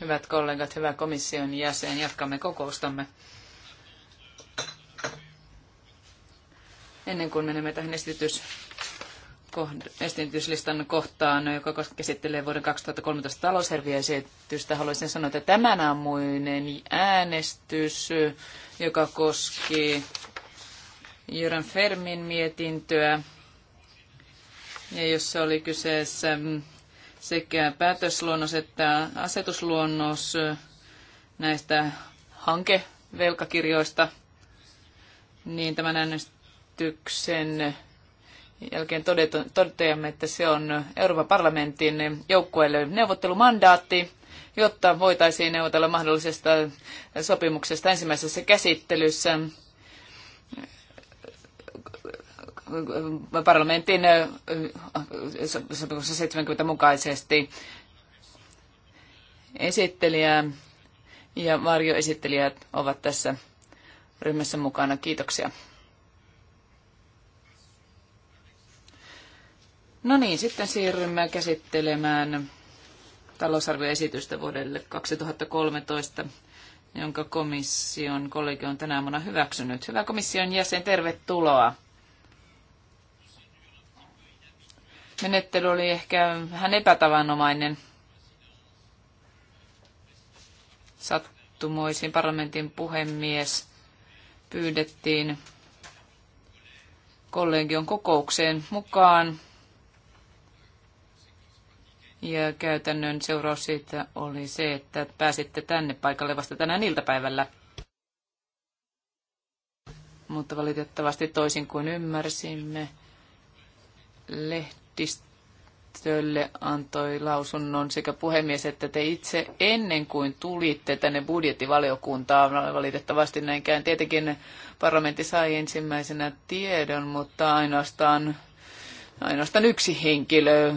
Hyvät kollegat, hyvä komission jäsen, jatkamme kokoustamme. Ennen kuin menemme tähän esitys, esityslistan kohtaan, joka käsittelee vuoden 2013 talousherviesitystä, haluaisin sanoa, että tämän aamuinen äänestys, joka koski Jyrän Fermin mietintöä, ja jossa oli kyseessä mm, sekä päätösluonnos että asetusluonnos näistä hankevelkakirjoista, niin tämän äänestyksen jälkeen toteamme, että se on Euroopan parlamentin joukkueelle neuvottelumandaatti, jotta voitaisiin neuvotella mahdollisesta sopimuksesta ensimmäisessä käsittelyssä parlamentin sopimuksen 70 mukaisesti esittelijä ja varjoesittelijät ovat tässä ryhmässä mukana. Kiitoksia. No niin, sitten siirrymme käsittelemään talousarvioesitystä vuodelle 2013, jonka komission kollegio on tänä vuonna hyväksynyt. Hyvä komission jäsen, tervetuloa. menettely oli ehkä vähän epätavanomainen. Sattumoisin parlamentin puhemies pyydettiin kollegion kokoukseen mukaan. Ja käytännön seuraus siitä oli se, että pääsitte tänne paikalle vasta tänään iltapäivällä. Mutta valitettavasti toisin kuin ymmärsimme, lehti lehdistölle antoi lausunnon sekä puhemies että te itse ennen kuin tulitte tänne budjettivaliokuntaan. Valitettavasti näinkään tietenkin parlamentti sai ensimmäisenä tiedon, mutta ainoastaan ainoastaan yksi henkilö.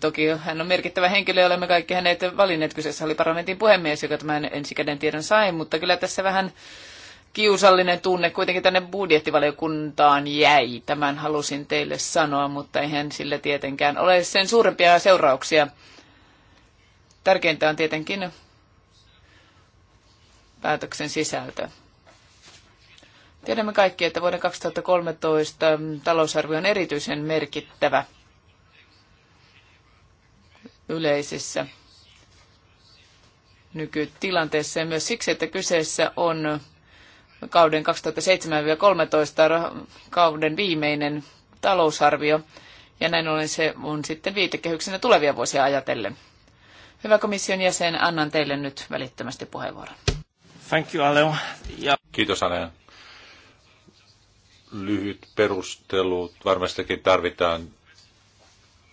Toki hän on merkittävä henkilö, olemme kaikki hänet valinneet. Kyseessä oli parlamentin puhemies, joka tämän ensikäden tiedon sai, mutta kyllä tässä vähän kiusallinen tunne kuitenkin tänne budjettivaliokuntaan jäi. Tämän halusin teille sanoa, mutta eihän sillä tietenkään ole sen suurempia seurauksia. Tärkeintä on tietenkin päätöksen sisältö. Tiedämme kaikki, että vuoden 2013 talousarvio on erityisen merkittävä yleisessä nykytilanteessa ja myös siksi, että kyseessä on kauden 2007-2013 kauden viimeinen talousarvio, ja näin ollen se on sitten viitekehyksenä tulevia vuosia ajatellen. Hyvä komission jäsen, annan teille nyt välittömästi puheenvuoron. Thank you, Aleo. Ja... Kiitos, Aleo. Lyhyt perustelu varmastikin tarvitaan,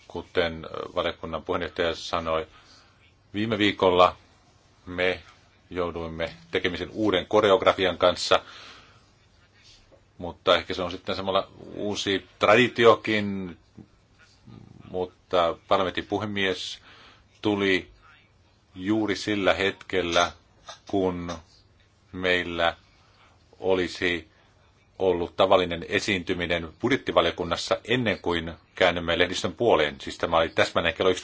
kuten valiokunnan puheenjohtaja sanoi. Viime viikolla me jouduimme tekemisen uuden koreografian kanssa, mutta ehkä se on sitten samalla uusi traditiokin, mutta parlamentin puhemies tuli juuri sillä hetkellä, kun meillä olisi ollut tavallinen esiintyminen budjettivaliokunnassa ennen kuin käännymme lehdistön puoleen. Siis tämä oli täsmälleen kello 11.30,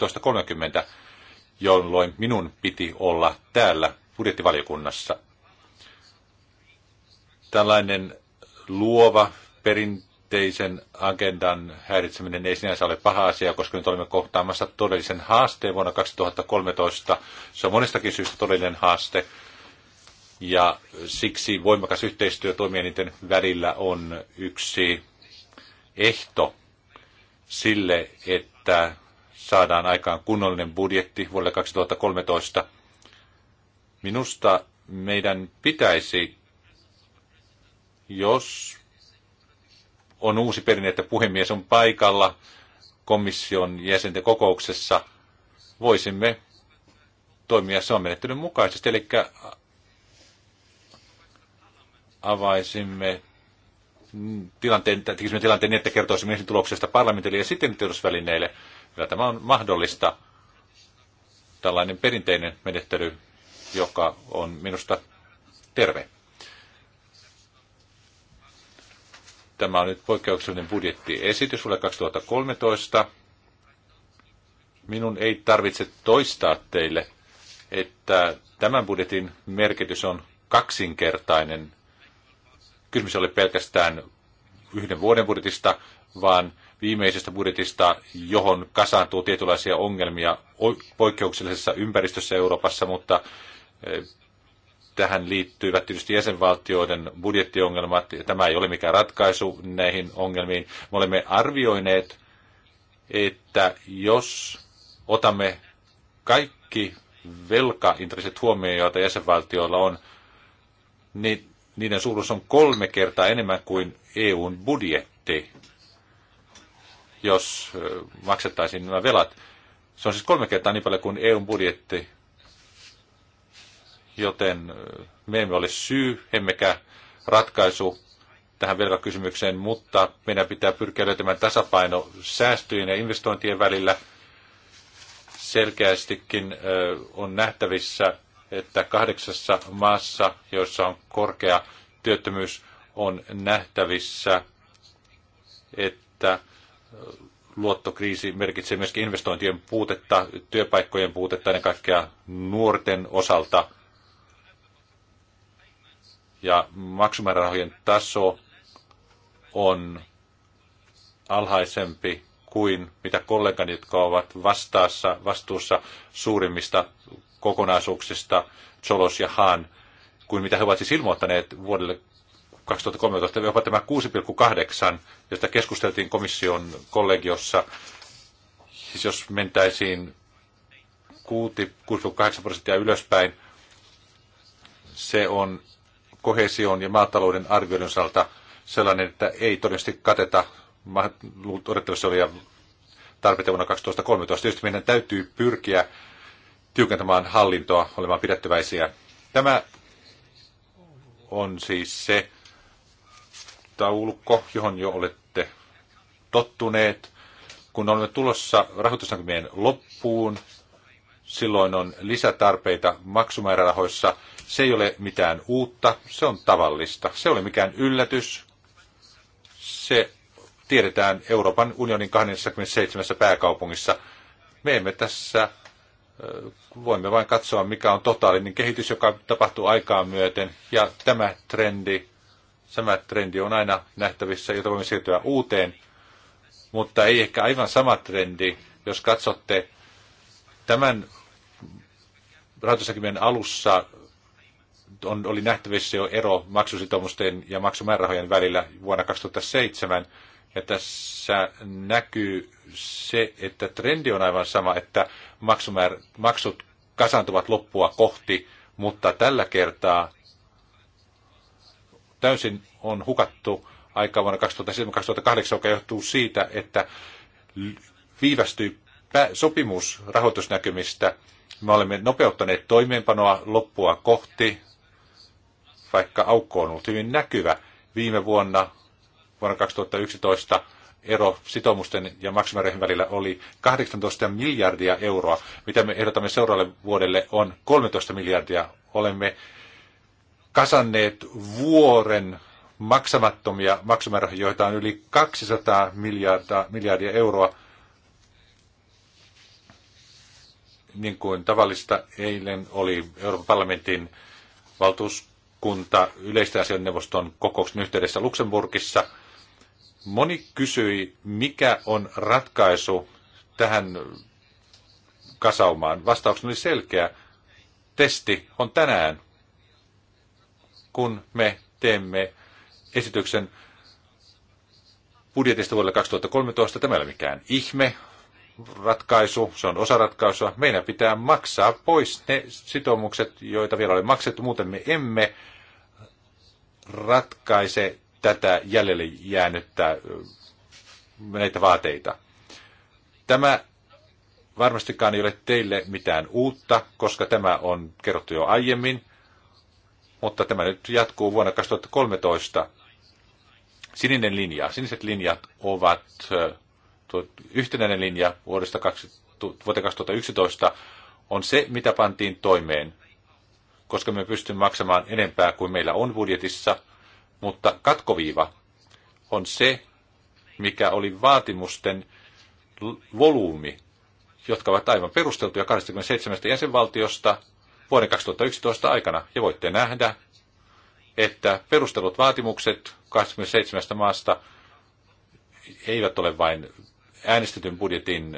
jolloin minun piti olla täällä budjettivaliokunnassa. Tällainen luova perinteisen agendan häiritseminen ei sinänsä ole paha asia, koska nyt olemme kohtaamassa todellisen haasteen vuonna 2013. Se on monestakin syystä todellinen haaste. Ja siksi voimakas yhteistyö toimielinten välillä on yksi ehto sille, että saadaan aikaan kunnollinen budjetti vuodelle 2013. Minusta meidän pitäisi, jos on uusi perinne, että puhemies on paikalla komission jäsenten kokouksessa, voisimme toimia saman menettelyn mukaisesti. Eli avaisimme tilanteen, tekisimme tilanteen niin, että kertoisimme ensin tuloksesta parlamentille ja sitten tiedotusvälineille. Kyllä tämä on mahdollista, tällainen perinteinen menettely joka on minusta terve. Tämä on nyt poikkeuksellinen budjettiesitys vuodelle 2013. Minun ei tarvitse toistaa teille, että tämän budjetin merkitys on kaksinkertainen. Kysymys oli pelkästään yhden vuoden budjetista, vaan viimeisestä budjetista, johon kasaantuu tietynlaisia ongelmia poikkeuksellisessa ympäristössä Euroopassa, mutta Tähän liittyvät tietysti jäsenvaltioiden budjettiongelmat. Tämä ei ole mikään ratkaisu näihin ongelmiin. Me olemme arvioineet, että jos otamme kaikki velkaintressit huomioon, joita jäsenvaltioilla on, niin niiden suuruus on kolme kertaa enemmän kuin EUn budjetti, jos maksettaisiin nämä velat. Se on siis kolme kertaa niin paljon kuin EUn budjetti joten me emme ole syy, emmekä ratkaisu tähän velkakysymykseen, mutta meidän pitää pyrkiä löytämään tasapaino säästöjen ja investointien välillä. Selkeästikin on nähtävissä, että kahdeksassa maassa, joissa on korkea työttömyys, on nähtävissä, että luottokriisi merkitsee myöskin investointien puutetta, työpaikkojen puutetta ennen kaikkea nuorten osalta – ja maksumäärärahojen taso on alhaisempi kuin mitä kollegani, jotka ovat vastaassa, vastuussa suurimmista kokonaisuuksista, Cholos ja Haan, kuin mitä he ovat siis ilmoittaneet vuodelle 2013, jopa tämä 6,8, josta keskusteltiin komission kollegiossa, siis jos mentäisiin 6,8 prosenttia ylöspäin, se on kohesioon ja maatalouden arvioiden osalta sellainen, että ei todennäköisesti kateta odottavissa olevia tarpeita vuonna 2013. Tietysti meidän täytyy pyrkiä tiukentamaan hallintoa, olemaan pidättyväisiä. Tämä on siis se taulukko, johon jo olette tottuneet. Kun olemme tulossa rahoitusnäkymien loppuun, silloin on lisätarpeita maksumäärärahoissa. Se ei ole mitään uutta, se on tavallista. Se ei ole mikään yllätys. Se tiedetään Euroopan unionin 27 pääkaupungissa. Me emme tässä voimme vain katsoa, mikä on totaalinen kehitys, joka tapahtuu aikaa myöten. Ja tämä trendi, tämä trendi on aina nähtävissä, jota voimme siirtyä uuteen. Mutta ei ehkä aivan sama trendi, jos katsotte tämän rahoitusnäkymien alussa on, oli nähtävissä jo ero maksusitoumusten ja maksumäärärahojen välillä vuonna 2007. Ja tässä näkyy se, että trendi on aivan sama, että maksumäär, maksut kasantuvat loppua kohti, mutta tällä kertaa täysin on hukattu aika vuonna 2007-2008, joka johtuu siitä, että viivästyy sopimus rahoitusnäkymistä me olemme nopeuttaneet toimeenpanoa loppua kohti, vaikka aukko on ollut hyvin näkyvä. Viime vuonna, vuonna 2011, ero sitoumusten ja maksimäärien välillä oli 18 miljardia euroa. Mitä me ehdotamme seuraavalle vuodelle on 13 miljardia. Olemme kasanneet vuoren maksamattomia maksamäärärahoja, joita on yli 200 miljardia, miljardia euroa. Niin kuin tavallista, eilen oli Euroopan parlamentin valtuuskunta yleistä asioiden neuvoston kokouksen yhteydessä Luxemburgissa. Moni kysyi, mikä on ratkaisu tähän kasaumaan. Vastaukseni oli selkeä. Testi on tänään, kun me teemme esityksen budjetista vuodelle 2013. Tämä ei ole mikään ihme ratkaisu, se on osaratkaisua. Meidän pitää maksaa pois ne sitoumukset, joita vielä oli maksettu, muuten me emme ratkaise tätä jäljelle jäänyttä näitä vaateita. Tämä varmastikaan ei ole teille mitään uutta, koska tämä on kerrottu jo aiemmin, mutta tämä nyt jatkuu vuonna 2013. Sininen linja, siniset linjat ovat yhtenäinen linja vuodesta 20, vuoteen 2011 on se, mitä pantiin toimeen, koska me pystymme maksamaan enempää kuin meillä on budjetissa, mutta katkoviiva on se, mikä oli vaatimusten volyymi, jotka ovat aivan perusteltuja 27 jäsenvaltiosta vuoden 2011 aikana. Ja voitte nähdä, että perustelut vaatimukset 27 maasta eivät ole vain äänestetyn budjetin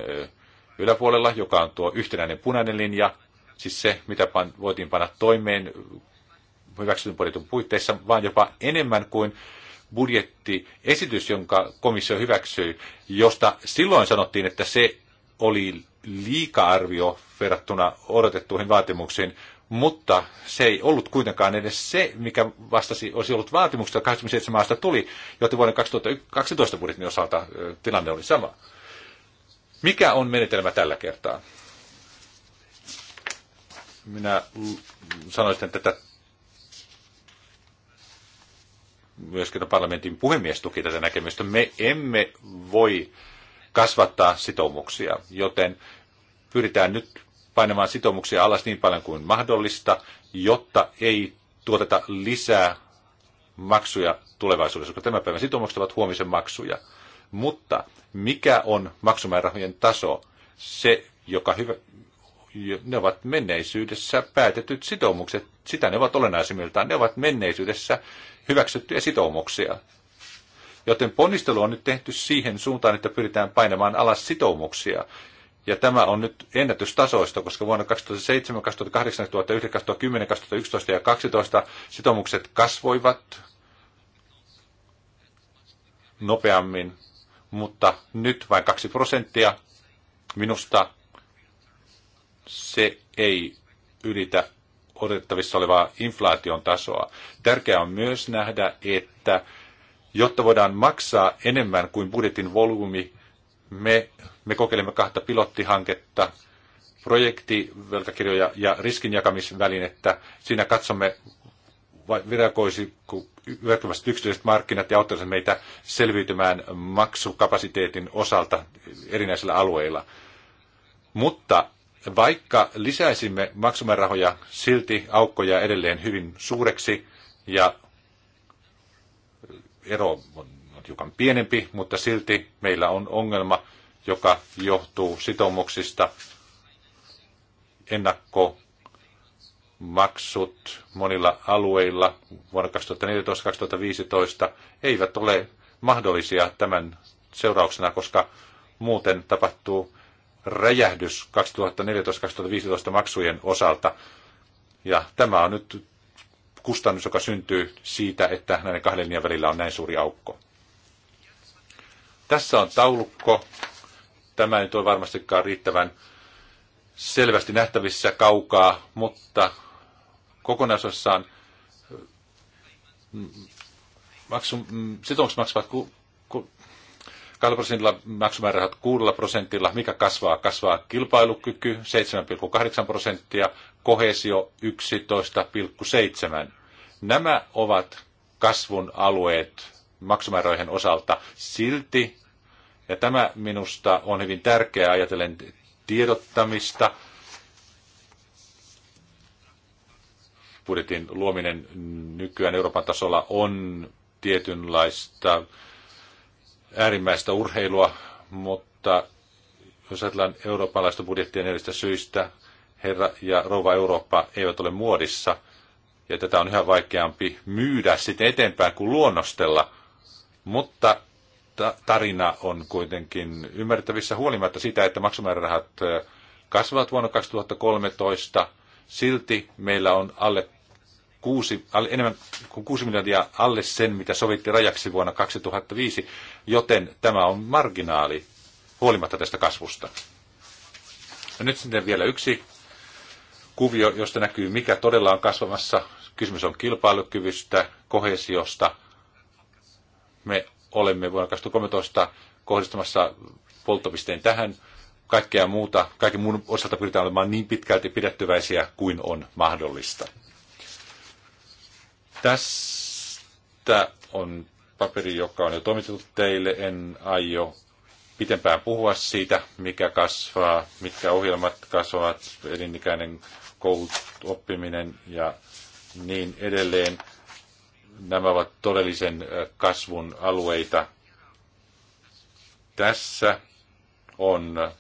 yläpuolella, joka on tuo yhtenäinen punainen linja, siis se, mitä pan, voitiin panna toimeen hyväksytyn budjetin puitteissa, vaan jopa enemmän kuin budjettiesitys, jonka komissio hyväksyi, josta silloin sanottiin, että se oli liika-arvio verrattuna odotettuihin vaatimuksiin, mutta se ei ollut kuitenkaan edes se, mikä vastasi, olisi ollut vaatimuksista, 27 maasta tuli, joten vuoden 2012 budjetin osalta tilanne oli sama. Mikä on menetelmä tällä kertaa? Minä sanoisin tätä myöskin parlamentin puhemies tuki tätä näkemystä. Me emme voi kasvattaa sitoumuksia, joten pyritään nyt painamaan sitoumuksia alas niin paljon kuin mahdollista, jotta ei tuoteta lisää maksuja tulevaisuudessa, koska tämän päivän sitoumukset ovat huomisen maksuja. Mutta mikä on maksumäärärahojen taso? Se, joka hyvä, ne ovat menneisyydessä päätetyt sitoumukset. Sitä ne ovat olennaisimmiltaan. Ne ovat menneisyydessä hyväksyttyjä sitoumuksia. Joten ponnistelu on nyt tehty siihen suuntaan, että pyritään painamaan alas sitoumuksia. Ja tämä on nyt ennätystasoista, koska vuonna 2007, 2008, 2009, 2010, 2011 ja 2012 sitoumukset kasvoivat nopeammin mutta nyt vain kaksi prosenttia. Minusta se ei ylitä odotettavissa olevaa inflaation tasoa. Tärkeää on myös nähdä, että jotta voidaan maksaa enemmän kuin budjetin volyymi, me, me kokeilemme kahta pilottihanketta, projektivelkakirjoja ja riskinjakamisvälinettä. Siinä katsomme, virakoisi hyötymässä yksityiset markkinat ja auttaisi meitä selviytymään maksukapasiteetin osalta erinäisillä alueilla. Mutta vaikka lisäisimme maksumäärärahoja, silti aukkoja edelleen hyvin suureksi ja ero on hiukan pienempi, mutta silti meillä on ongelma, joka johtuu sitoumuksista ennakko maksut monilla alueilla vuonna 2014-2015 eivät ole mahdollisia tämän seurauksena, koska muuten tapahtuu räjähdys 2014-2015 maksujen osalta. Ja tämä on nyt kustannus, joka syntyy siitä, että näiden kahden linjan välillä on näin suuri aukko. Tässä on taulukko. Tämä ei ole varmastikaan riittävän selvästi nähtävissä kaukaa, mutta kokonaisuudessaan mm, maksu, mm, sitoumukset maksavat ku, ku, 2 prosentilla maksumäärärahat 6 prosentilla, mikä kasvaa? Kasvaa kilpailukyky 7,8 prosenttia, kohesio 11,7. Nämä ovat kasvun alueet maksumäärärahojen osalta. Silti, ja tämä minusta on hyvin tärkeää ajatellen tiedottamista. Budjetin luominen nykyään Euroopan tasolla on tietynlaista äärimmäistä urheilua, mutta jos ajatellaan eurooppalaista budjettia näistä syistä, herra ja rouva Eurooppa eivät ole muodissa, ja tätä on yhä vaikeampi myydä sitten eteenpäin kuin luonnostella. Mutta tarina on kuitenkin ymmärrettävissä huolimatta sitä, että maksumäärärahat kasvavat vuonna 2013. Silti meillä on alle 6, alle, enemmän kuin 6 miljardia alle sen, mitä sovitti rajaksi vuonna 2005, joten tämä on marginaali huolimatta tästä kasvusta. Ja nyt sitten vielä yksi kuvio, josta näkyy, mikä todella on kasvamassa. Kysymys on kilpailukyvystä, kohesiosta. Me olemme vuonna 2013 kohdistamassa polttopisteen tähän. Kaikkea muuta, kaiken muun osalta pyritään olemaan niin pitkälti pidettyväisiä kuin on mahdollista. Tästä on paperi, joka on jo toimitettu teille. En aio pitempään puhua siitä, mikä kasvaa, mitkä ohjelmat kasvavat, elinikäinen koulut, oppiminen ja niin edelleen. Nämä ovat todellisen kasvun alueita. Tässä on,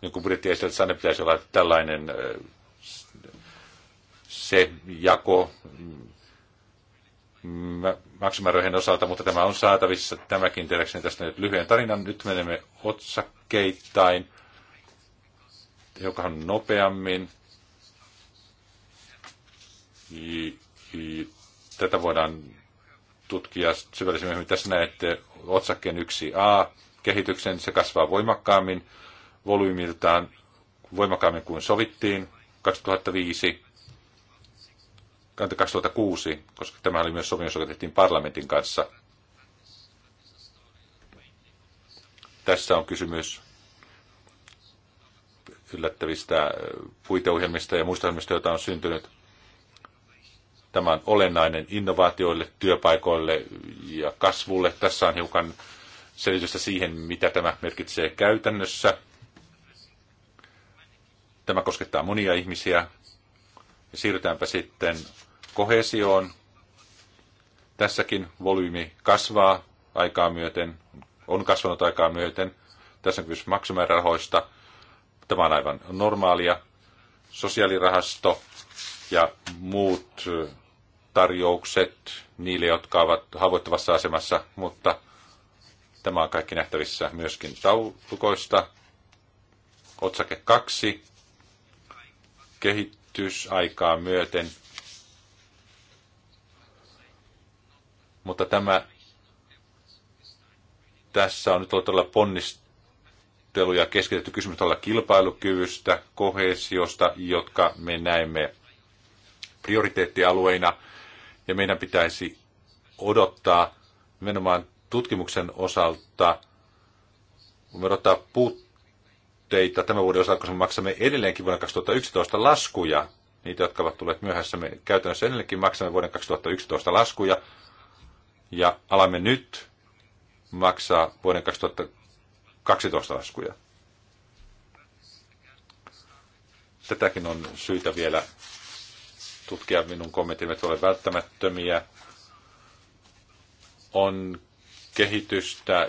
niin kuin budjettiesitys sanoi, pitäisi olla tällainen se jako mm, maksimäärärahojen osalta, mutta tämä on saatavissa tämäkin tiedäkseni tästä nyt lyhyen tarinan. Nyt menemme otsakkeittain, joka on nopeammin. Tätä voidaan tutkia syvällisemmin, tässä näette otsakkeen 1a kehityksen. Se kasvaa voimakkaammin volyymiltaan, voimakkaammin kuin sovittiin 2005 2006, koska tämä oli myös sopimus, joka tehtiin parlamentin kanssa. Tässä on kysymys yllättävistä puiteohjelmista ja muista ohjelmista, joita on syntynyt Tämä on olennainen innovaatioille, työpaikoille ja kasvulle. Tässä on hiukan selitystä siihen, mitä tämä merkitsee käytännössä. Tämä koskettaa monia ihmisiä. Ja siirrytäänpä sitten kohesioon. Tässäkin volyymi kasvaa aikaa myöten, on kasvanut aikaa myöten. Tässä on kysymys maksumäärärahoista. Tämä on aivan normaalia. Sosiaalirahasto ja muut tarjoukset niille, jotka ovat haavoittuvassa asemassa, mutta tämä on kaikki nähtävissä myöskin taulukoista. Otsake 2. Kehitysaikaa myöten. Mutta tämä tässä on nyt ollut todella ponnisteluja keskitetty kysymys tällä kilpailukyvystä, kohesiosta, jotka me näemme prioriteettialueina – ja meidän pitäisi odottaa nimenomaan tutkimuksen osalta, kun odottaa puutteita tämän vuoden osalta, koska me maksamme edelleenkin vuonna 2011 laskuja, niitä, jotka ovat tulleet myöhässä, me käytännössä edelleenkin maksamme vuoden 2011 laskuja, ja alamme nyt maksaa vuoden 2012 laskuja. Tätäkin on syytä vielä tutkia minun kommenttimme, ole välttämättömiä. On kehitystä,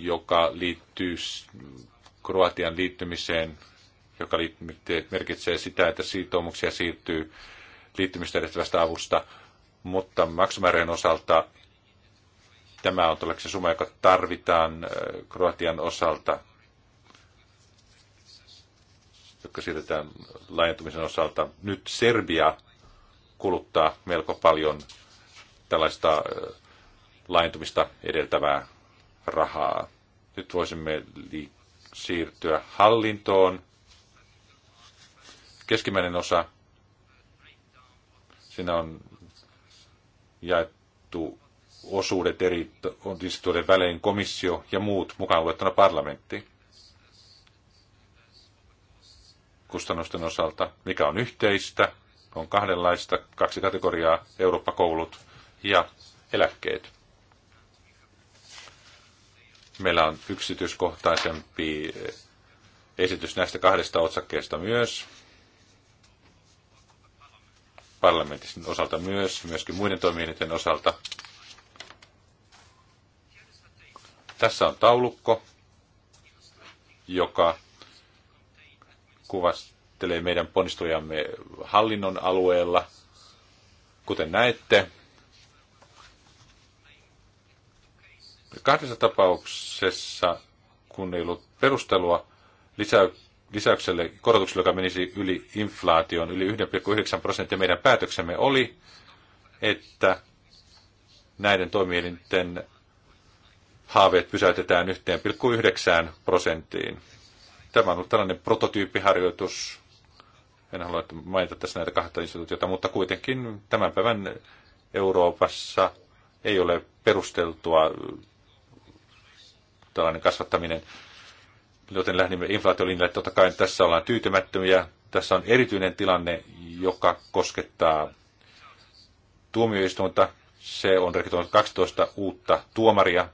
joka liittyy Kroatian liittymiseen, joka merkitsee sitä, että sitoumuksia siirtyy liittymistä edistävästä avusta, mutta maksumäärien osalta tämä on todellakin se summa, joka tarvitaan äh, Kroatian osalta jotka siirretään laajentumisen osalta. Nyt Serbia kuluttaa melko paljon tällaista laajentumista edeltävää rahaa. Nyt voisimme siirtyä hallintoon. Keskimmäinen osa, siinä on jaettu osuudet eri instituutioiden välein, komissio ja muut, mukaan luettuna parlamentti. kustannusten osalta, mikä on yhteistä, on kahdenlaista, kaksi kategoriaa, Eurooppa-koulut ja eläkkeet. Meillä on yksityiskohtaisempi eh, esitys näistä kahdesta otsakkeesta myös. Parlamentin osalta myös, myöskin muiden toimijoiden osalta. Tässä on taulukko, joka kuvastelee meidän ponnistujamme hallinnon alueella. Kuten näette, kahdessa tapauksessa, kun ei ollut perustelua lisä, lisäykselle, korotukselle, joka menisi yli inflaation, yli 1,9 prosenttia, meidän päätöksemme oli, että näiden toimielinten haaveet pysäytetään 1,9 prosenttiin. Tämä on ollut tällainen prototyyppiharjoitus. En halua mainita tässä näitä kahta instituutiota, mutta kuitenkin tämän päivän Euroopassa ei ole perusteltua tällainen kasvattaminen. Joten lähdimme inflaatiolinjalle. Totta kai tässä ollaan tyytymättömiä. Tässä on erityinen tilanne, joka koskettaa tuomioistuinta. Se on rekrytoinut 12 uutta tuomaria.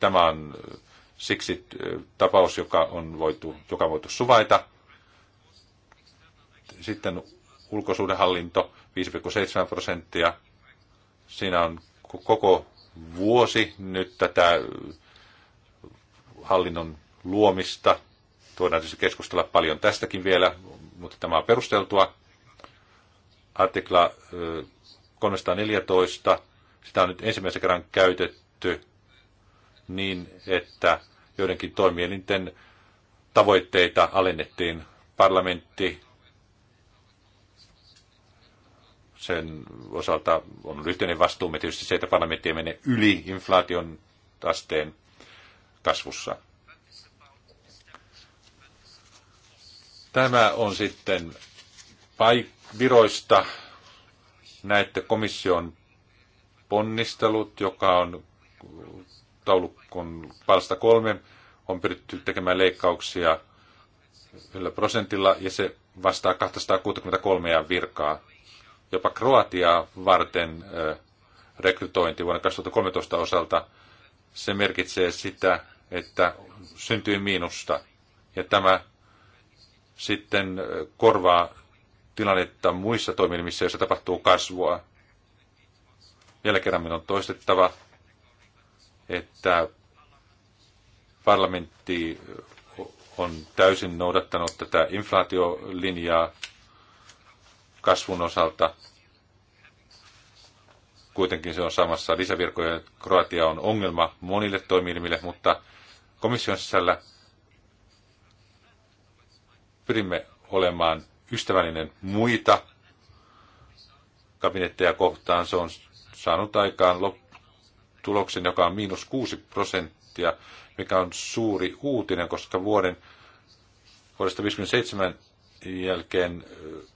Tämä on Siksi äh, tapaus, joka on voitu, joka on voitu suvaita. Sitten ulkosuudenhallinto 5,7 prosenttia. Siinä on koko vuosi nyt tätä äh, hallinnon luomista. Tuodaan tietysti keskustella paljon tästäkin vielä, mutta tämä on perusteltua. Artikla 314, äh, sitä on nyt ensimmäisen kerran käytetty niin, että joidenkin toimielinten tavoitteita alennettiin. Parlamentti sen osalta on yhteinen vastuumme tietysti se, että parlamentti ei mene yli inflaation asteen kasvussa. Tämä on sitten paik- viroista. Näette komission ponnistelut, joka on taulukon palsta kolme on pyritty tekemään leikkauksia yllä prosentilla ja se vastaa 263 virkaa. Jopa Kroatiaa varten rekrytointi vuonna 2013 osalta, se merkitsee sitä, että syntyy miinusta. Ja tämä sitten korvaa tilannetta muissa toimielimissä, joissa tapahtuu kasvua. Vielä kerran minun on toistettava, että parlamentti on täysin noudattanut tätä inflaatiolinjaa kasvun osalta. Kuitenkin se on samassa lisävirkoja. Kroatia on ongelma monille toimielimille, mutta komission sisällä pyrimme olemaan ystävällinen muita kabinetteja kohtaan. Se on saanut aikaan tuloksen, joka on miinus 6 prosenttia, mikä on suuri uutinen, koska vuoden, vuodesta 1957 jälkeen eh,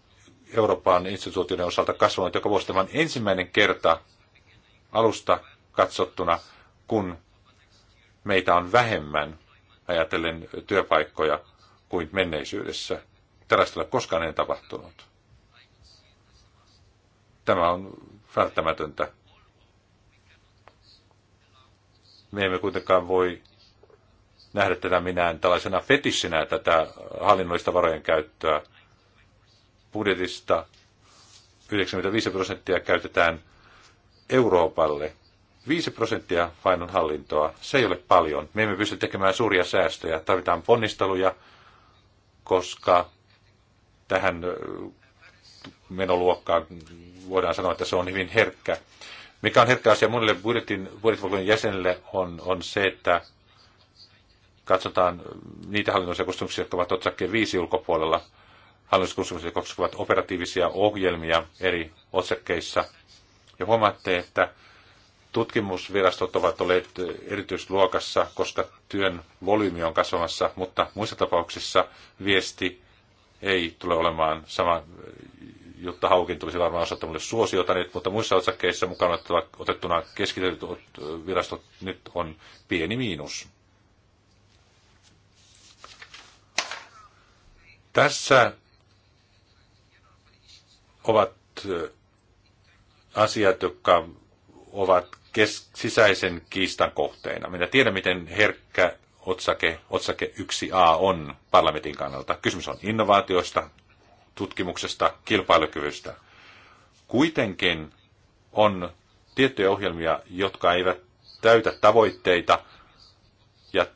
Euroopan instituutioiden osalta kasvanut joka vuosi tämän ensimmäinen kerta alusta katsottuna, kun meitä on vähemmän ajatellen työpaikkoja kuin menneisyydessä. Tällaista ei ole koskaan en tapahtunut. Tämä on välttämätöntä Me emme kuitenkaan voi nähdä tätä minään tällaisena fetissinä tätä hallinnollista varojen käyttöä. Budjetista 95 prosenttia käytetään Euroopalle. 5 prosenttia vain on hallintoa. Se ei ole paljon. Me emme pysty tekemään suuria säästöjä. Tarvitaan ponnisteluja, koska tähän menoluokkaan voidaan sanoa, että se on hyvin herkkä. Mikä on herkkä asia monille budjetin, budjetin jäsenille on, on se, että katsotaan niitä hallinnollisia kustannuksia, jotka ovat otsakkeen viisi ulkopuolella. Hallinnolliset kustannukset koskevat operatiivisia ohjelmia eri otsakkeissa. Ja huomaatte, että tutkimusvirastot ovat olleet erityisluokassa, koska työn volyymi on kasvamassa, mutta muissa tapauksissa viesti ei tule olemaan sama Jutta Haukin tulisi varmaan osoittamulle suosiota nyt, mutta muissa otsakkeissa mukaan otettuna keskitetyt virastot nyt on pieni miinus. Tässä ovat asiat, jotka ovat kes- sisäisen kiistan kohteena. Minä tiedän, miten herkkä otsake, otsake 1a on parlamentin kannalta. Kysymys on innovaatioista, tutkimuksesta, kilpailukyvystä. Kuitenkin on tiettyjä ohjelmia, jotka eivät täytä tavoitteita, ja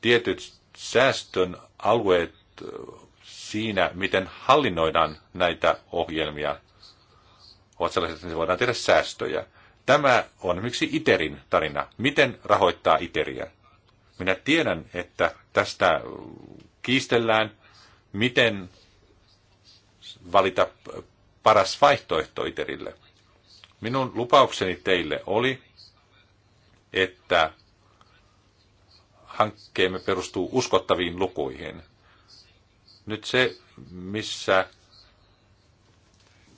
tietyt säästön alueet siinä, miten hallinnoidaan näitä ohjelmia, ovat sellaiset, että voidaan tehdä säästöjä. Tämä on miksi ITERin tarina. Miten rahoittaa ITERiä? Minä tiedän, että tästä kiistellään, miten valita paras vaihtoehto ITERille. Minun lupaukseni teille oli, että hankkeemme perustuu uskottaviin lukuihin. Nyt se, missä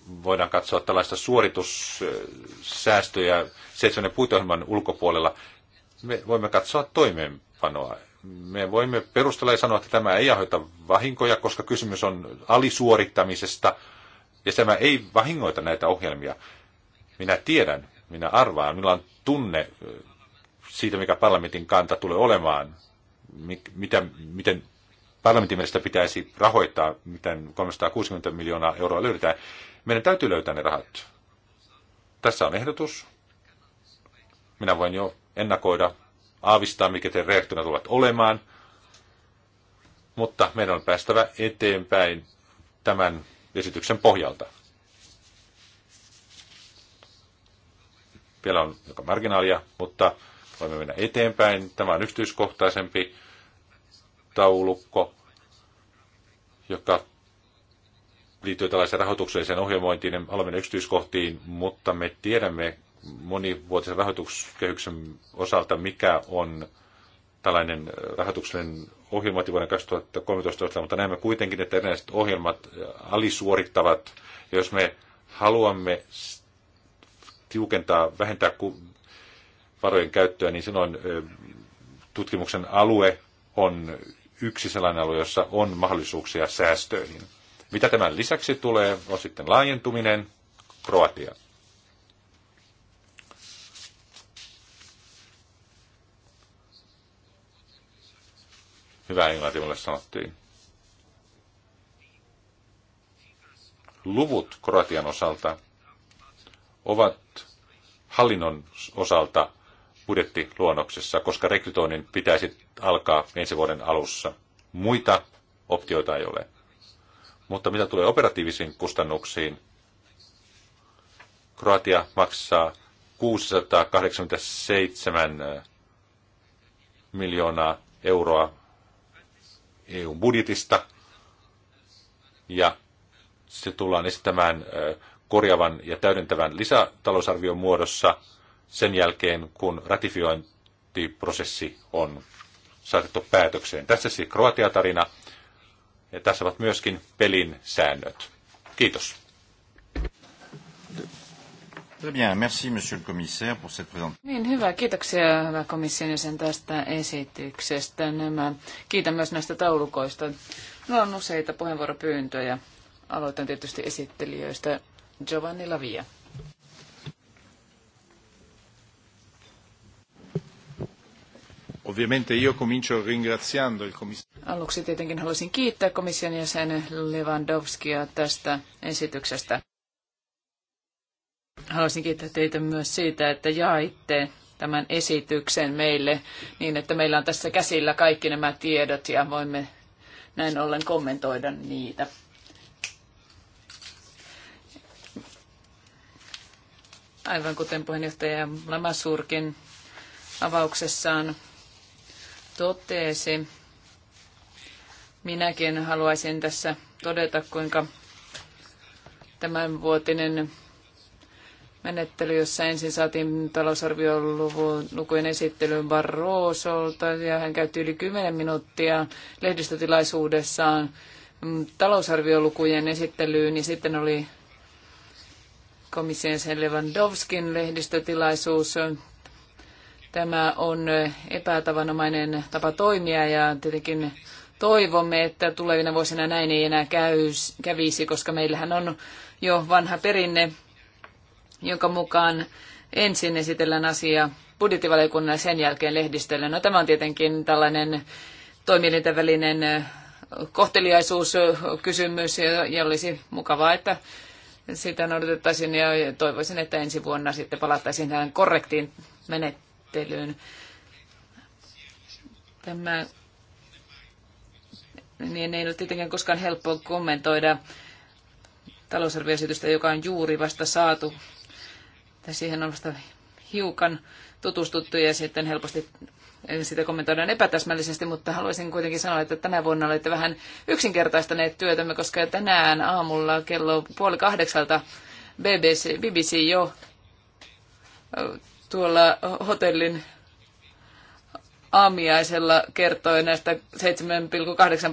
voidaan katsoa tällaista suoritussäästöjä seitsemän puitohjelman ulkopuolella, me voimme katsoa toimeenpanoa me voimme perustella ja sanoa, että tämä ei aiheuta vahinkoja, koska kysymys on alisuorittamisesta, ja tämä ei vahingoita näitä ohjelmia. Minä tiedän, minä arvaan, minulla on tunne siitä, mikä parlamentin kanta tulee olemaan, mitä, miten parlamentin mielestä pitäisi rahoittaa, miten 360 miljoonaa euroa löydetään. Meidän täytyy löytää ne rahat. Tässä on ehdotus. Minä voin jo ennakoida aavistaa, mikä te reaktiona tulevat olemaan. Mutta meidän on päästävä eteenpäin tämän esityksen pohjalta. Vielä on joka marginaalia, mutta voimme mennä eteenpäin. Tämä on yksityiskohtaisempi taulukko, joka liittyy tällaiseen rahoitukselliseen ohjelmointiin. Aloimme yksityiskohtiin, mutta me tiedämme monivuotisen rahoituskehyksen osalta, mikä on tällainen äh, rahoituksellinen ohjelma vuoden 2013 osalta, mutta näemme kuitenkin, että erilaiset ohjelmat äh, alisuorittavat. Ja jos me haluamme tiukentaa, vähentää varojen käyttöä, niin silloin tutkimuksen alue on yksi sellainen alue, jossa on mahdollisuuksia säästöihin. Mitä tämän lisäksi tulee, on sitten laajentuminen, Kroatia. Hyvä englanti mulle sanottiin. Luvut Kroatian osalta ovat hallinnon osalta budjettiluonnoksessa, koska rekrytoinnin pitäisi alkaa ensi vuoden alussa. Muita optioita ei ole. Mutta mitä tulee operatiivisiin kustannuksiin, Kroatia maksaa 687 miljoonaa euroa EU-budjetista. Ja se tullaan esittämään korjavan ja täydentävän lisätalousarvion muodossa sen jälkeen, kun ratifiointiprosessi on saatettu päätökseen. Tässä siis Kroatia-tarina ja tässä ovat myöskin pelin säännöt. Kiitos. Très bien, merci monsieur le commissaire pour cette présentation. Niin, hyvä. Kiitoksia hyvä komission jäsen tästä esityksestä. Nämä, kiitän myös näistä taulukoista. Minulla on useita puheenvuoropyyntöjä. Aloitan tietysti esittelijöistä. Giovanni Lavia. Ovviamente io comincio ringraziando il commissario. Aluksi tietenkin haluaisin kiittää komission jäsen Lewandowskia tästä esityksestä. Haluaisin kiittää teitä myös siitä, että jaitte tämän esityksen meille niin, että meillä on tässä käsillä kaikki nämä tiedot ja voimme näin ollen kommentoida niitä. Aivan kuten puheenjohtaja Lamasurkin avauksessaan totesi, minäkin haluaisin tässä todeta, kuinka tämänvuotinen menettely, jossa ensin saatiin talousarvioluvun lukujen esittelyyn Barrosolta ja hän käytti yli 10 minuuttia lehdistötilaisuudessaan talousarviolukujen esittelyyn ja sitten oli komission sen Lewandowskin lehdistötilaisuus. Tämä on epätavanomainen tapa toimia ja tietenkin toivomme, että tulevina vuosina näin ei enää käy, kävisi, koska meillähän on jo vanha perinne jonka mukaan ensin esitellään asia budjettivaliokunnan ja sen jälkeen lehdistölle. No tämä on tietenkin tällainen toimielinten välinen kohteliaisuuskysymys ja olisi mukavaa, että sitä noudatettaisiin ja toivoisin, että ensi vuonna sitten palattaisiin tähän korrektiin menettelyyn. Tämä niin ei ole tietenkään koskaan helppoa kommentoida talousarvioesitystä, joka on juuri vasta saatu tai siihen on vasta hiukan tutustuttu ja sitten helposti sitä kommentoidaan epätäsmällisesti, mutta haluaisin kuitenkin sanoa, että tänä vuonna olette vähän yksinkertaistaneet työtämme, koska tänään aamulla kello puoli kahdeksalta BBC, BBC jo tuolla hotellin aamiaisella kertoi näistä 7,8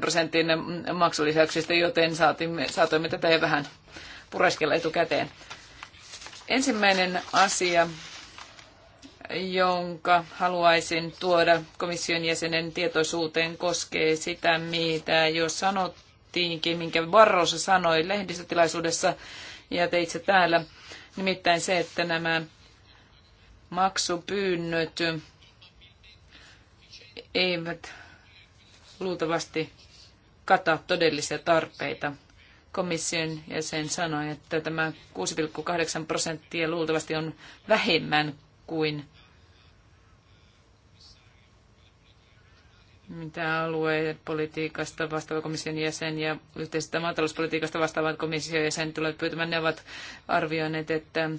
prosentin maksulisäyksistä, joten saatimme, saatoimme tätä jo vähän pureskella etukäteen. Ensimmäinen asia, jonka haluaisin tuoda komission jäsenen tietoisuuteen, koskee sitä, mitä jo sanottiinkin, minkä Barroso sanoi lehdistötilaisuudessa ja teitse täällä. Nimittäin se, että nämä maksupyynnöt eivät luultavasti kata todellisia tarpeita komission jäsen sanoi, että tämä 6,8 prosenttia luultavasti on vähemmän kuin mitä aluepolitiikasta vastaava komission jäsen ja yhteisestä maatalouspolitiikasta vastaavat komission jäsen tulevat pyytämään. Ne ovat arvioineet, että,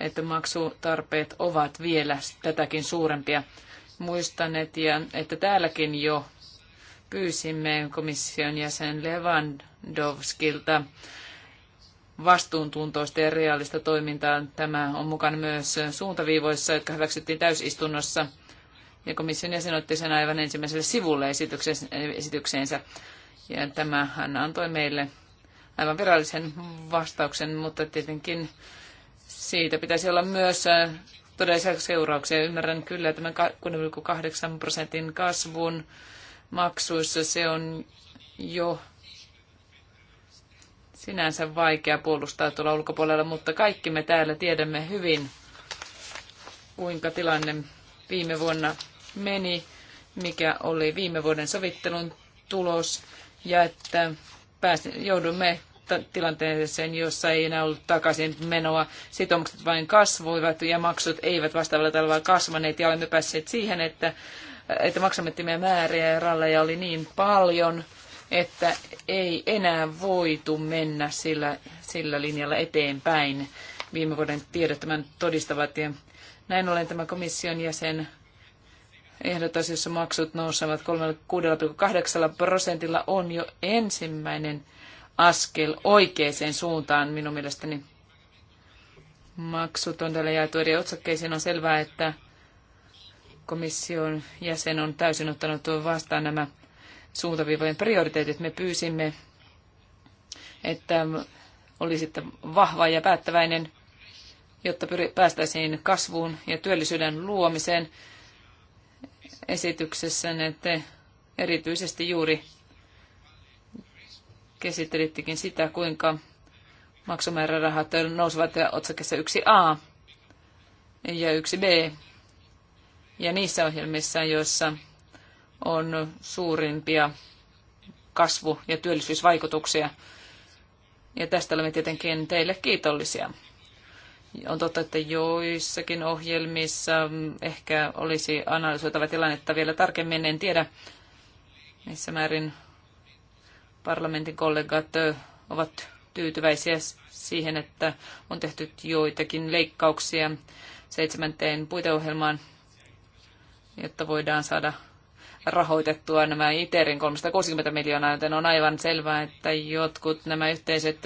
että maksutarpeet ovat vielä tätäkin suurempia. Muistaneet, ja, että täälläkin jo pyysimme komission jäsen Levan Lewandowskilta vastuuntuntoista ja reaalista toimintaa. Tämä on mukana myös suuntaviivoissa, jotka hyväksyttiin täysistunnossa. Ja komission jäsen otti sen aivan ensimmäiselle sivulle esitykseensä. Ja hän antoi meille aivan virallisen vastauksen, mutta tietenkin siitä pitäisi olla myös äh, todellisia seurauksia. Ymmärrän kyllä tämän 6,8 prosentin kasvun maksuissa. Se on jo sinänsä vaikea puolustaa tuolla ulkopuolella, mutta kaikki me täällä tiedämme hyvin, kuinka tilanne viime vuonna meni, mikä oli viime vuoden sovittelun tulos ja että pääsin, joudumme tilanteeseen, jossa ei enää ollut takaisin menoa. Sitoumukset vain kasvoivat ja maksut eivät vastaavalla tavalla kasvaneet ja olemme päässeet siihen, että, että maksamattomia määriä ja ralleja oli niin paljon – että ei enää voitu mennä sillä, sillä linjalla eteenpäin. Viime vuoden tiedot tämän todistavat ja näin ollen tämä komission jäsen ehdotus, jossa maksut nousevat 36,8 prosentilla, on jo ensimmäinen askel oikeaan suuntaan minun mielestäni. Maksut on tällä jaettu eri otsakkeisiin. On selvää, että komission jäsen on täysin ottanut vastaan nämä suuntaviivojen prioriteetit. Me pyysimme, että olisitte vahva ja päättäväinen, jotta päästäisiin kasvuun ja työllisyyden luomiseen. esityksessä, te erityisesti juuri käsittelittekin sitä, kuinka maksumäärärahat nousevat otsakessa 1a ja 1b. Ja niissä ohjelmissa, joissa on suurimpia kasvu- ja työllisyysvaikutuksia. Ja tästä olemme tietenkin teille kiitollisia. On totta, että joissakin ohjelmissa ehkä olisi analysoitava tilannetta vielä tarkemmin, en tiedä missä määrin parlamentin kollegat ovat tyytyväisiä siihen, että on tehty joitakin leikkauksia seitsemänteen puiteohjelmaan, jotta voidaan saada rahoitettua nämä ITERin 360 miljoonaa, joten on aivan selvää, että jotkut nämä yhteiset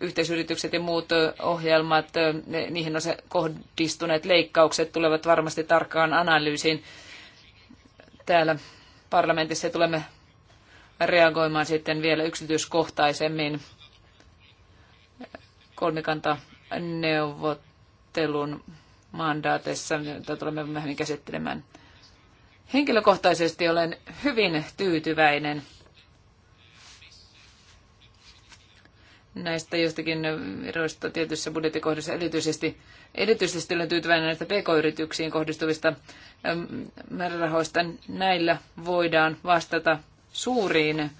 yhteisyritykset ja muut ohjelmat, niihin on se kohdistuneet leikkaukset tulevat varmasti tarkkaan analyysiin täällä parlamentissa tulemme reagoimaan sitten vielä yksityiskohtaisemmin kolmikantaneuvottelun mandaatissa, jota tulemme myöhemmin käsittelemään. Henkilökohtaisesti olen hyvin tyytyväinen näistä jostakin eroista tietyissä budjettikohdissa erityisesti. Erityisesti olen tyytyväinen näistä pk-yrityksiin kohdistuvista määrärahoista. Näillä voidaan vastata suuriin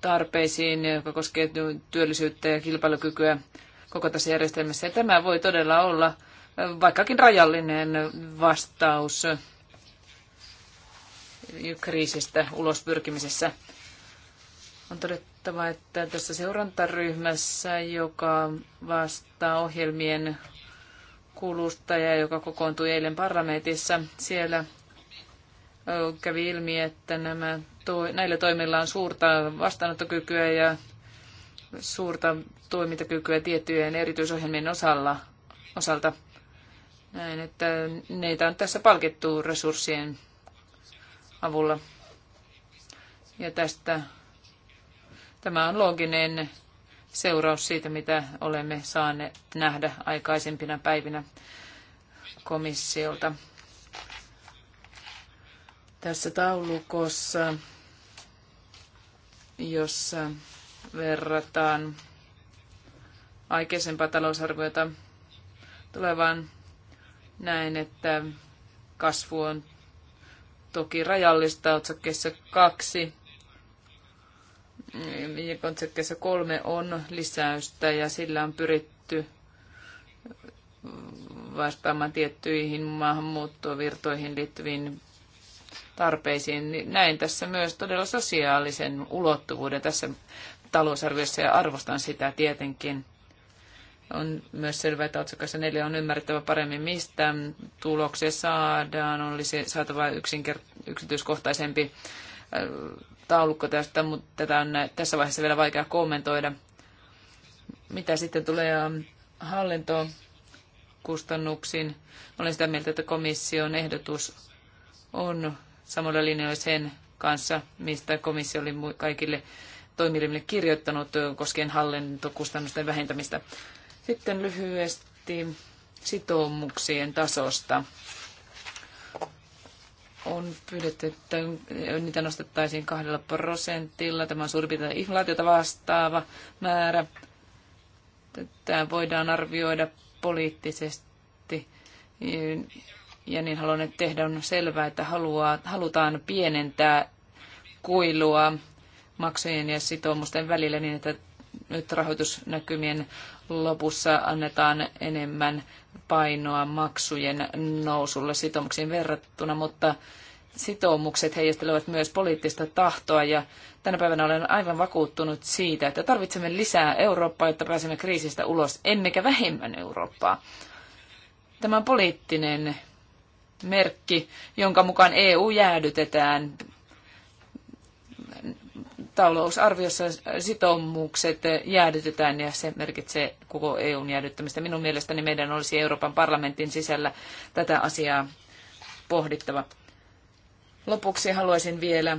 tarpeisiin, jotka koskevat työllisyyttä ja kilpailukykyä koko tässä järjestelmässä. Ja tämä voi todella olla vaikkakin rajallinen vastaus kriisistä ulospyrkimisessä. On todettava, että tässä seurantaryhmässä, joka vastaa ohjelmien kulusta ja joka kokoontui eilen parlamentissa, siellä kävi ilmi, että nämä to, näillä toimilla on suurta vastaanottokykyä ja suurta toimintakykyä tiettyjen erityisohjelmien osalla, osalta. Näin, että niitä on tässä palkittu resurssien avulla. Ja tästä tämä on looginen seuraus siitä, mitä olemme saaneet nähdä aikaisempina päivinä komissiolta. Tässä taulukossa, jossa verrataan aikaisempaa talousarviota tulevaan Näen, että kasvu on toki rajallista otsakkeessa kaksi. Ja otsakkeessa kolme on lisäystä ja sillä on pyritty vastaamaan tiettyihin maahanmuuttovirtoihin liittyviin tarpeisiin. Näin tässä myös todella sosiaalisen ulottuvuuden tässä talousarviossa ja arvostan sitä tietenkin. On myös selvää, että otsakassa neljä on ymmärrettävä paremmin, mistä tuloksia saadaan. Olisi saatava yksinkert- yksityiskohtaisempi äh, taulukko tästä, mutta tätä on tässä vaiheessa vielä vaikea kommentoida. Mitä sitten tulee ähm, hallintoon? kustannuksiin. Olen sitä mieltä, että komission ehdotus on samalla linjoilla sen kanssa, mistä komissio oli kaikille toimielimille kirjoittanut äh, koskien hallintokustannusten vähentämistä. Sitten lyhyesti sitoumuksien tasosta. On pyydetty, että niitä nostettaisiin kahdella prosentilla. Tämä on suurin piirtein inflaatiota vastaava määrä. Tämä voidaan arvioida poliittisesti. Ja niin haluan tehdä on selvää, että haluaa, halutaan pienentää kuilua maksujen ja sitoumusten välillä niin, että nyt rahoitusnäkymien lopussa annetaan enemmän painoa maksujen nousulle sitoumuksiin verrattuna, mutta sitoumukset heijastelevat myös poliittista tahtoa ja tänä päivänä olen aivan vakuuttunut siitä, että tarvitsemme lisää Eurooppaa, jotta pääsemme kriisistä ulos, emmekä vähemmän Eurooppaa. Tämä on poliittinen merkki, jonka mukaan EU jäädytetään talousarviossa sitoumukset jäädytetään ja se merkitsee koko EUn jäädyttämistä. Minun mielestäni meidän olisi Euroopan parlamentin sisällä tätä asiaa pohdittava. Lopuksi haluaisin vielä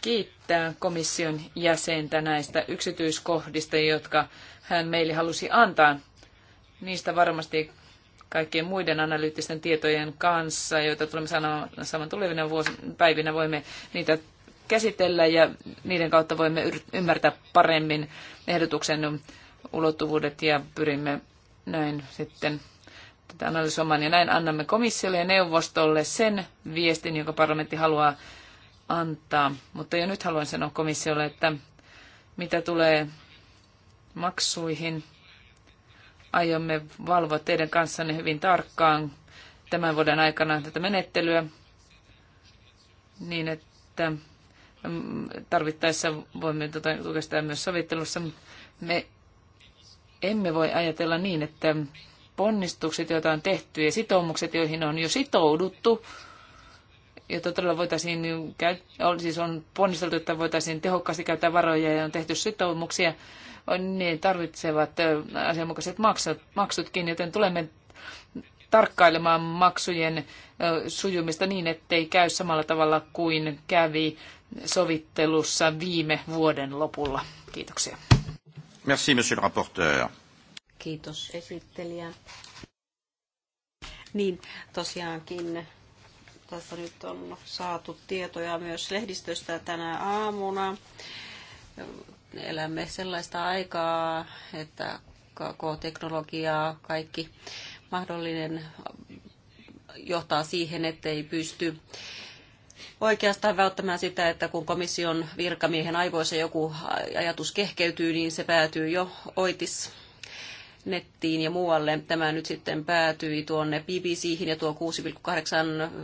kiittää komission jäsentä näistä yksityiskohdista, jotka hän meille halusi antaa. Niistä varmasti kaikkien muiden analyyttisten tietojen kanssa, joita tulemme saamaan tulevina vuos- päivinä, voimme niitä käsitellä ja niiden kautta voimme ymmärtää paremmin ehdotuksen ulottuvuudet ja pyrimme näin sitten tätä analysoimaan. Ja näin annamme komissiolle ja neuvostolle sen viestin, jonka parlamentti haluaa antaa. Mutta jo nyt haluan sanoa komissiolle, että mitä tulee maksuihin, aiomme valvoa teidän kanssanne hyvin tarkkaan tämän vuoden aikana tätä menettelyä niin, että Mm, tarvittaessa voimme tuota, tukea sitä myös sovittelussa. Me emme voi ajatella niin, että ponnistukset, joita on tehty ja sitoumukset, joihin on jo sitouduttu, jotta todella voitaisiin, siis on ponnisteltu, että voitaisiin tehokkaasti käyttää varoja ja on tehty sitoumuksia, niin tarvitsevat asianmukaiset maksut, maksutkin, joten tulemme tarkkailemaan maksujen sujumista niin, ettei käy samalla tavalla kuin kävi sovittelussa viime vuoden lopulla. Kiitoksia. Merci, monsieur le rapporteur. Kiitos esittelijä. Niin, tosiaankin tässä nyt on saatu tietoja myös lehdistöstä tänä aamuna. Elämme sellaista aikaa, että koko teknologia, kaikki mahdollinen johtaa siihen, ettei pysty oikeastaan välttämään sitä, että kun komission virkamiehen aivoissa joku ajatus kehkeytyy, niin se päätyy jo oitis nettiin ja muualle. Tämä nyt sitten päätyi tuonne BBChin ja tuo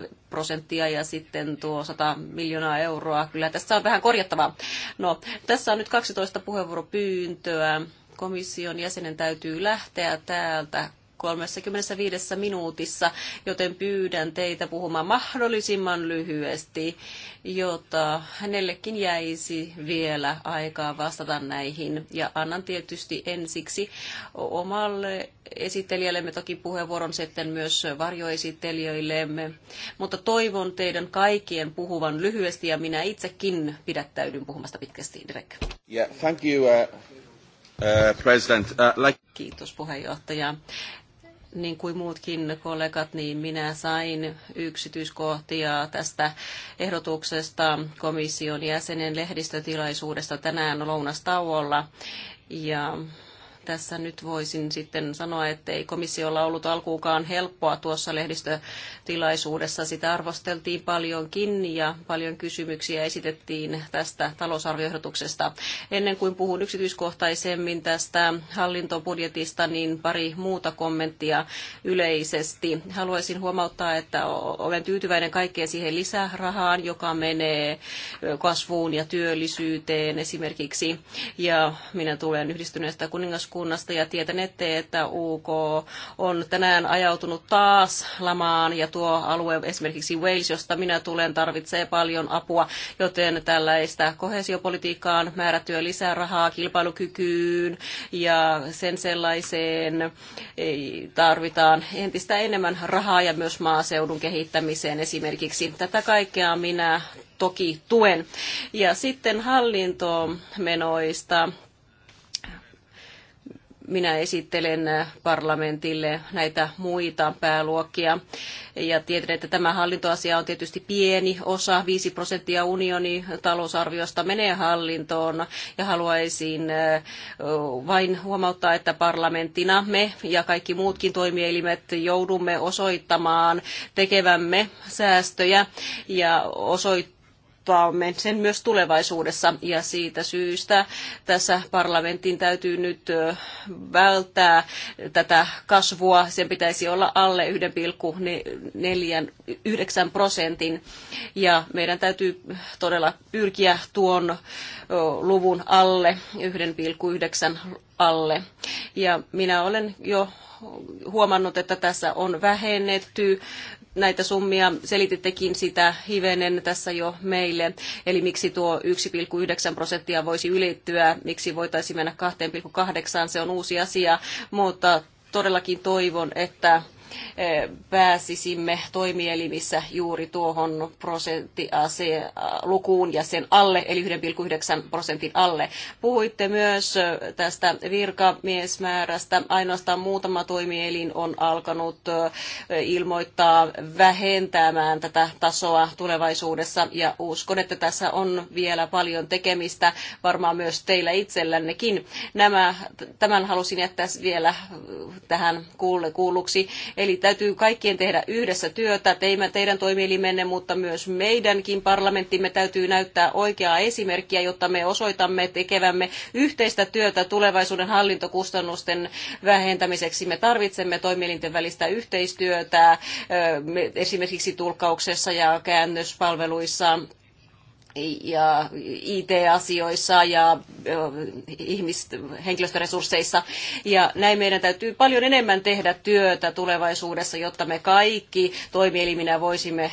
6,8 prosenttia ja sitten tuo 100 miljoonaa euroa. Kyllä tässä on vähän korjattavaa. No, tässä on nyt 12 puheenvuoropyyntöä. Komission jäsenen täytyy lähteä täältä 35 minuutissa, joten pyydän teitä puhumaan mahdollisimman lyhyesti, jotta hänellekin jäisi vielä aikaa vastata näihin. Ja annan tietysti ensiksi omalle esittelijällemme toki puheenvuoron sitten myös varjoesittelijöillemme, mutta toivon teidän kaikkien puhuvan lyhyesti ja minä itsekin pidättäydyn puhumasta pitkästi, Direk. Yeah, thank you, uh... uh President, uh, like... Kiitos puheenjohtaja niin kuin muutkin kollegat, niin minä sain yksityiskohtia tästä ehdotuksesta komission jäsenen lehdistötilaisuudesta tänään lounastauolla. Ja tässä nyt voisin sitten sanoa, että ei komissiolla ollut alkuukaan helppoa tuossa lehdistötilaisuudessa. Sitä arvosteltiin paljonkin ja paljon kysymyksiä esitettiin tästä talousarvioehdotuksesta. Ennen kuin puhun yksityiskohtaisemmin tästä hallintobudjetista, niin pari muuta kommenttia yleisesti. Haluaisin huomauttaa, että olen tyytyväinen kaikkeen siihen lisärahaan, joka menee kasvuun ja työllisyyteen esimerkiksi. Ja minä tulen yhdistyneestä kuningaskunnasta yhteiskunnasta ja tietänette, että UK on tänään ajautunut taas lamaan ja tuo alue esimerkiksi Wales, josta minä tulen, tarvitsee paljon apua, joten tällaista kohesiopolitiikkaan määrättyä lisää rahaa kilpailukykyyn ja sen sellaiseen tarvitaan entistä enemmän rahaa ja myös maaseudun kehittämiseen esimerkiksi. Tätä kaikkea minä toki tuen. Ja sitten hallintomenoista minä esittelen parlamentille näitä muita pääluokkia. Ja tiedän, että tämä hallintoasia on tietysti pieni osa, 5 prosenttia unionin talousarviosta menee hallintoon. Ja haluaisin vain huomauttaa, että parlamenttina me ja kaikki muutkin toimielimet joudumme osoittamaan tekevämme säästöjä ja osoittamaan toivottaamme sen myös tulevaisuudessa. Ja siitä syystä tässä parlamentin täytyy nyt välttää tätä kasvua. Sen pitäisi olla alle 1,49 prosentin. Ja meidän täytyy todella pyrkiä tuon luvun alle, 1,9 alle. Ja minä olen jo huomannut, että tässä on vähennetty näitä summia. Selitittekin sitä hivenen tässä jo meille. Eli miksi tuo 1,9 prosenttia voisi ylittyä, miksi voitaisiin mennä 2,8, se on uusi asia, mutta todellakin toivon, että pääsisimme toimielimissä juuri tuohon lukuun ja sen alle, eli 1,9 prosentin alle. Puhuitte myös tästä virkamiesmäärästä. Ainoastaan muutama toimielin on alkanut ilmoittaa vähentämään tätä tasoa tulevaisuudessa, ja uskon, että tässä on vielä paljon tekemistä, varmaan myös teillä itsellännekin. Nämä, tämän halusin jättää vielä tähän kuulluksi. Eli Eli täytyy kaikkien tehdä yhdessä työtä, teimme teidän toimielimenne, mutta myös meidänkin parlamenttimme täytyy näyttää oikeaa esimerkkiä, jotta me osoitamme tekevämme yhteistä työtä tulevaisuuden hallintokustannusten vähentämiseksi. Me tarvitsemme toimielinten välistä yhteistyötä esimerkiksi tulkkauksessa ja käännöspalveluissa ja IT-asioissa ja ihmist, henkilöstöresursseissa. Ja näin meidän täytyy paljon enemmän tehdä työtä tulevaisuudessa, jotta me kaikki toimieliminä voisimme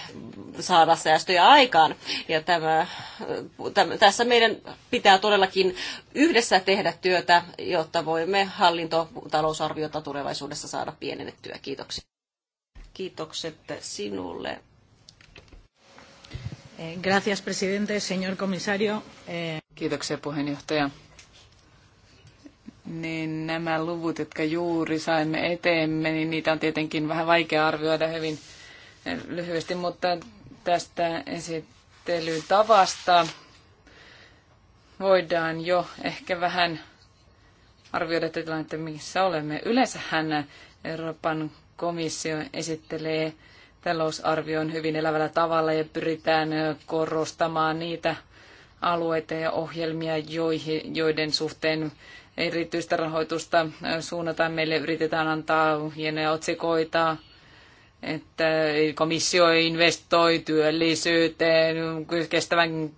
saada säästöjä aikaan. Ja tämä, tämä, tässä meidän pitää todellakin yhdessä tehdä työtä, jotta voimme hallintotalousarviota tulevaisuudessa saada pienennettyä. Kiitoksia. Kiitokset sinulle. Eh, gracias, presidente, señor komisario. Eh, Kiitoksia, puheenjohtaja. Niin nämä luvut, jotka juuri saimme eteemme, niin niitä on tietenkin vähän vaikea arvioida hyvin eh, lyhyesti, mutta tästä esittelytavasta voidaan jo ehkä vähän arvioida että missä olemme. Yleensähän Euroopan komissio esittelee talousarvioon hyvin elävällä tavalla ja pyritään korostamaan niitä alueita ja ohjelmia, joiden suhteen erityistä rahoitusta suunnataan. Meille yritetään antaa hienoja otsikoita, että komissio investoi työllisyyteen, kestävän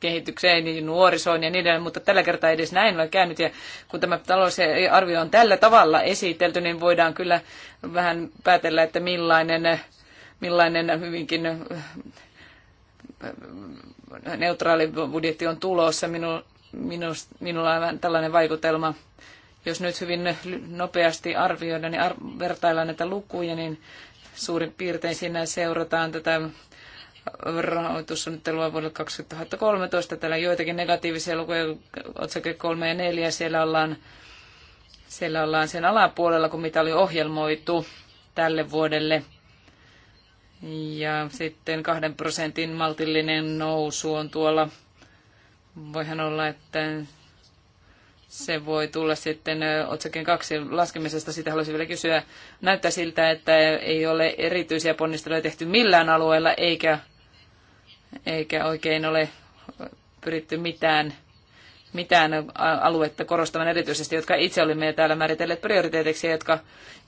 kehitykseen ja nuorisoon ja niin edelleen, mutta tällä kertaa edes näin ole käynyt. Ja kun tämä talousarvio on tällä tavalla esitelty, niin voidaan kyllä vähän päätellä, että millainen, millainen hyvinkin äh, neutraali budjetti on tulossa. Minu, minus, minulla on tällainen vaikutelma. Jos nyt hyvin nopeasti arvioida, niin ar- vertaillaan näitä lukuja, niin suurin piirtein siinä seurataan tätä rahoitussuunnittelua vuodelle 2013. Täällä on joitakin negatiivisia lukuja, otsake 3 ja 4, siellä ollaan, siellä ollaan sen alapuolella, kun mitä oli ohjelmoitu tälle vuodelle. Ja sitten kahden prosentin maltillinen nousu on tuolla. Voihan olla, että se voi tulla sitten otsakkeen kaksi laskemisesta. Sitä haluaisin vielä kysyä. Näyttää siltä, että ei ole erityisiä ponnisteluja tehty millään alueella, eikä eikä oikein ole pyritty mitään, mitään aluetta korostamaan erityisesti, jotka itse olimme jo täällä määritelleet prioriteeteiksi, jotka,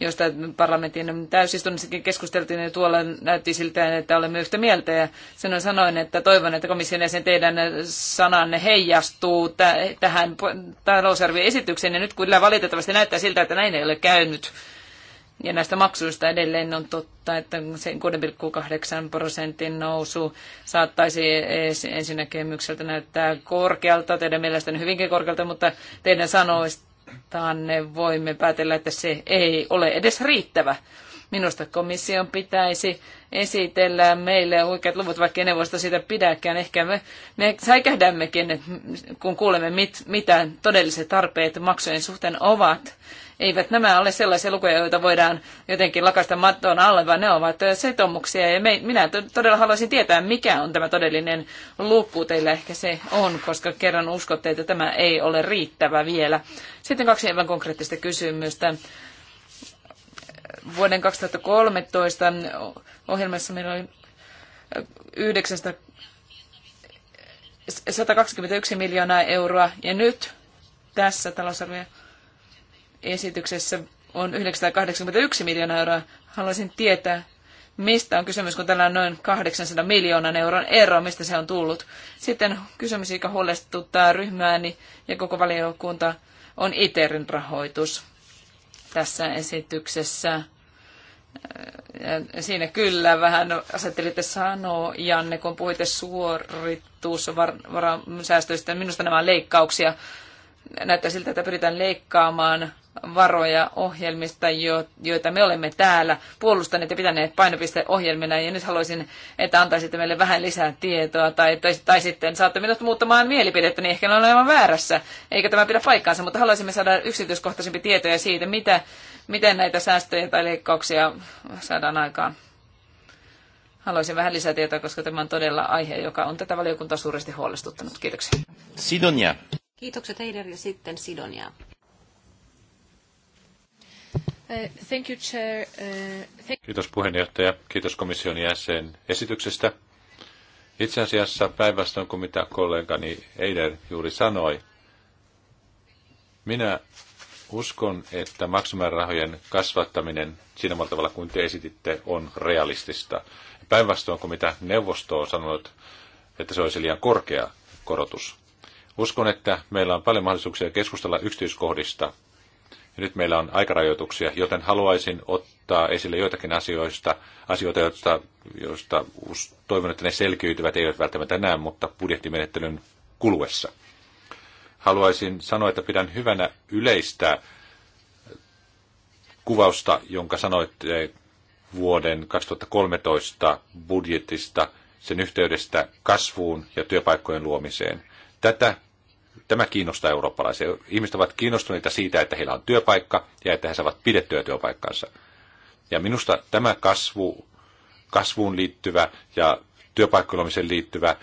joista parlamentin täysistunnissakin keskusteltiin, ja tuolla näytti siltä, että olemme yhtä mieltä, ja sen on sanoin, että toivon, että komission jäsen teidän sananne heijastuu t- tähän talousarvioesitykseen, ja nyt kyllä valitettavasti näyttää siltä, että näin ei ole käynyt. Ja näistä maksuista edelleen on totta, että sen 6,8 prosentin nousu saattaisi ensinäkemykseltä näyttää korkealta, teidän mielestänne hyvinkin korkealta, mutta teidän sanoistanne voimme päätellä, että se ei ole edes riittävä. Minusta komission pitäisi esitellä meille oikeat luvut, vaikka neuvosta siitä pidäkään. Ehkä me, me säikähdämmekin, kun kuulemme, mit, mitä todelliset tarpeet maksujen suhteen ovat. Eivät nämä ole sellaisia lukuja, joita voidaan jotenkin lakasta mattoon alle, vaan ne ovat setomuksia. Ja me, minä todella haluaisin tietää, mikä on tämä todellinen luku. Teillä ehkä se on, koska kerran uskotte, että tämä ei ole riittävä vielä. Sitten kaksi aivan konkreettista kysymystä vuoden 2013 ohjelmassa meillä oli 900, miljoonaa euroa ja nyt tässä talousarvion esityksessä on 981 miljoonaa euroa. Haluaisin tietää, mistä on kysymys, kun tällä on noin 800 miljoonan euron ero, mistä se on tullut. Sitten kysymys, joka huolestuttaa ryhmääni ja koko valiokunta, on ITERin rahoitus tässä esityksessä. Siinä kyllä vähän asettelitte sanoa, Janne, kun puhuitte suoritus säästöistä. Minusta nämä leikkauksia näyttää siltä, että pyritään leikkaamaan varoja ohjelmista, joita me olemme täällä puolustaneet ja pitäneet painopisteohjelmina. Ja nyt haluaisin, että antaisitte meille vähän lisää tietoa tai, tai, tai sitten saatte minut muuttamaan mielipidettä, niin ehkä olen aivan väärässä, eikä tämä pidä paikkaansa, mutta haluaisimme saada yksityiskohtaisempi tietoja siitä, mitä, miten näitä säästöjä tai leikkauksia saadaan aikaan. Haluaisin vähän lisää tietoa, koska tämä on todella aihe, joka on tätä valiokuntaa suuresti huolestuttanut. Kiitoksia. Sidonia. Kiitokset Heider ja sitten Sidonia. Uh, thank you, chair. Uh, thank... Kiitos puheenjohtaja, kiitos komission jäsen esityksestä. Itse asiassa päinvastoin kuin mitä kollegani Eider juuri sanoi, minä uskon, että maksumäärärahojen kasvattaminen siinä tavalla kuin te esititte on realistista. Päinvastoin kuin mitä neuvosto on sanonut, että se olisi liian korkea korotus. Uskon, että meillä on paljon mahdollisuuksia keskustella yksityiskohdista. Ja nyt meillä on aikarajoituksia, joten haluaisin ottaa esille joitakin asioista, asioita, joista, joista toivon, että ne selkiytyvät, eivät välttämättä tänään, mutta budjettimenettelyn kuluessa. Haluaisin sanoa, että pidän hyvänä yleistä kuvausta, jonka sanoitte vuoden 2013 budjetista, sen yhteydestä kasvuun ja työpaikkojen luomiseen. Tätä, tämä kiinnostaa eurooppalaisia. Ihmiset ovat kiinnostuneita siitä, että heillä on työpaikka ja että he saavat pidettyä työpaikkansa. Ja minusta tämä kasvu, kasvuun liittyvä ja työpaikkoilumiseen liittyvä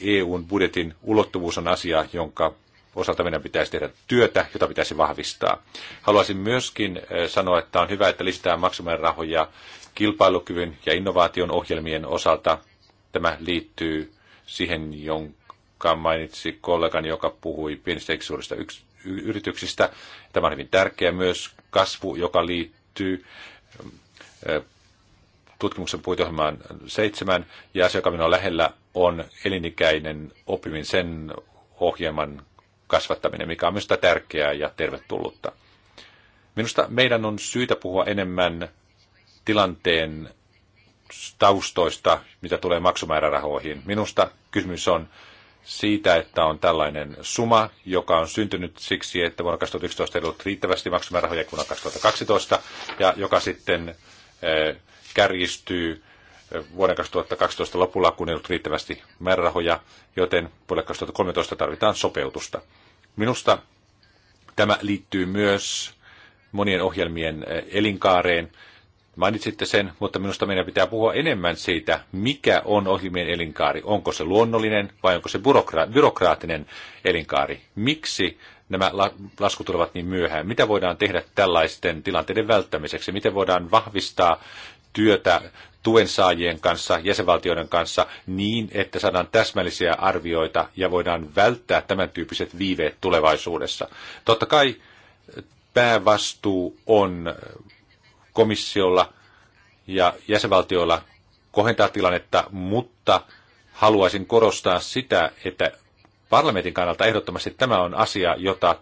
EUn budjetin ulottuvuus on asia, jonka osalta meidän pitäisi tehdä työtä, jota pitäisi vahvistaa. Haluaisin myöskin eh, sanoa, että on hyvä, että lisätään rahoja kilpailukyvyn ja innovaation ohjelmien osalta. Tämä liittyy siihen, jonka tarkkaan mainitsi kollegani, joka puhui pienistä ja yks, yrityksistä. Tämä on hyvin tärkeä myös kasvu, joka liittyy tutkimuksen puitohjelmaan seitsemän. Ja asia, joka minua lähellä, on elinikäinen oppiminen sen ohjelman kasvattaminen, mikä on minusta tärkeää ja tervetullutta. Minusta meidän on syytä puhua enemmän tilanteen taustoista, mitä tulee maksumäärärahoihin. Minusta kysymys on siitä, että on tällainen suma, joka on syntynyt siksi, että vuonna 2011 ei ollut riittävästi maksumäärärahoja kuin vuonna 2012, ja joka sitten eh, kärjistyy eh, vuoden 2012 lopulla, kun ei ollut riittävästi määrärahoja, joten vuonna 2013 tarvitaan sopeutusta. Minusta tämä liittyy myös monien ohjelmien eh, elinkaareen, Mainitsitte sen, mutta minusta meidän pitää puhua enemmän siitä, mikä on ohjelmien elinkaari. Onko se luonnollinen vai onko se byrokra- byrokraattinen elinkaari? Miksi nämä la- laskut tulevat niin myöhään? Mitä voidaan tehdä tällaisten tilanteiden välttämiseksi? Miten voidaan vahvistaa työtä tuensaajien kanssa, jäsenvaltioiden kanssa niin, että saadaan täsmällisiä arvioita ja voidaan välttää tämän tyyppiset viiveet tulevaisuudessa. Totta kai eh, päävastuu on komissiolla ja jäsenvaltioilla kohentaa tilannetta, mutta haluaisin korostaa sitä, että parlamentin kannalta ehdottomasti tämä on asia, jota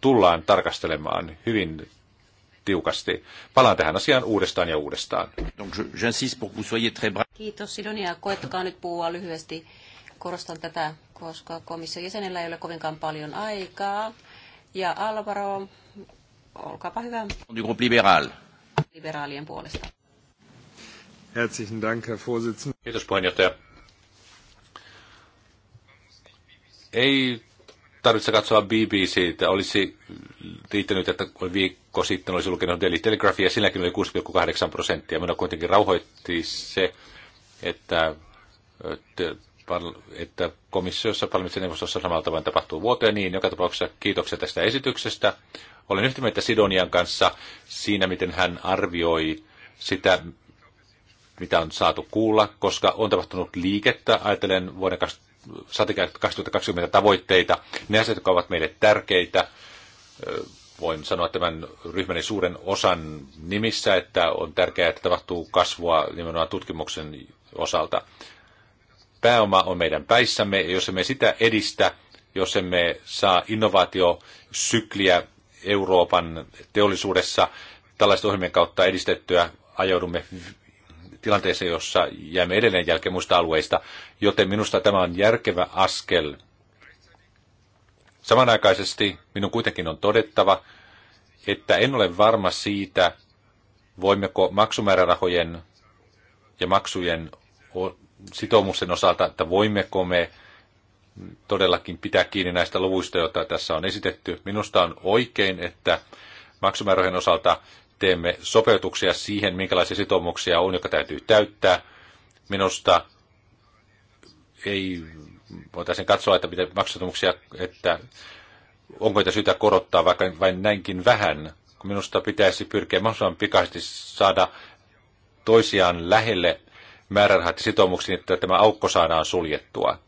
tullaan tarkastelemaan hyvin tiukasti. Palaan tähän asiaan uudestaan ja uudestaan. Kiitos Sidonia. Koettakaa nyt puhua lyhyesti. Korostan tätä, koska komission jäsenellä ei ole kovinkaan paljon aikaa. Ja Alvaro, olkaapa hyvä. Du groupe libéral liberaalien puolesta. Herzlichen Dank, Herr Vorsitzender. Kiitos puheenjohtaja. Ei tarvitse katsoa BBC, että Olisi riittänyt, että viikko sitten olisi lukenut Daily Telegraphia, ja silläkin oli 6,8 prosenttia. Minua kuitenkin rauhoitti se, että että komissiossa, parlamentin neuvostossa samalla tavoin tapahtuu vuoteen, niin joka tapauksessa kiitoksia tästä esityksestä. Olen yhtä mieltä Sidonian kanssa siinä, miten hän arvioi sitä, mitä on saatu kuulla, koska on tapahtunut liikettä, ajatellen vuoden 2020 tavoitteita, ne asiat, jotka ovat meille tärkeitä. Voin sanoa tämän ryhmän suuren osan nimissä, että on tärkeää, että tapahtuu kasvua nimenomaan tutkimuksen osalta pääoma on meidän päissämme, ja jos emme sitä edistä, jos emme saa innovaatiosykliä Euroopan teollisuudessa tällaisten ohjelmien kautta edistettyä, ajoudumme tilanteeseen, jossa jäämme edelleen jälkeen muista alueista, joten minusta tämä on järkevä askel. Samanaikaisesti minun kuitenkin on todettava, että en ole varma siitä, voimmeko maksumäärärahojen ja maksujen sitoumus sen osalta, että voimmeko me todellakin pitää kiinni näistä luvuista, joita tässä on esitetty. Minusta on oikein, että maksumäärähen osalta teemme sopeutuksia siihen, minkälaisia sitoumuksia on, joka täytyy täyttää. Minusta ei voitaisiin katsoa, että mitä maksutumuksia, että onko niitä syytä korottaa vaikka vain näinkin vähän, kun minusta pitäisi pyrkiä mahdollisimman pikaisesti saada toisiaan lähelle määrärahat ja sitoumuksiin, että tämä aukko saadaan suljettua.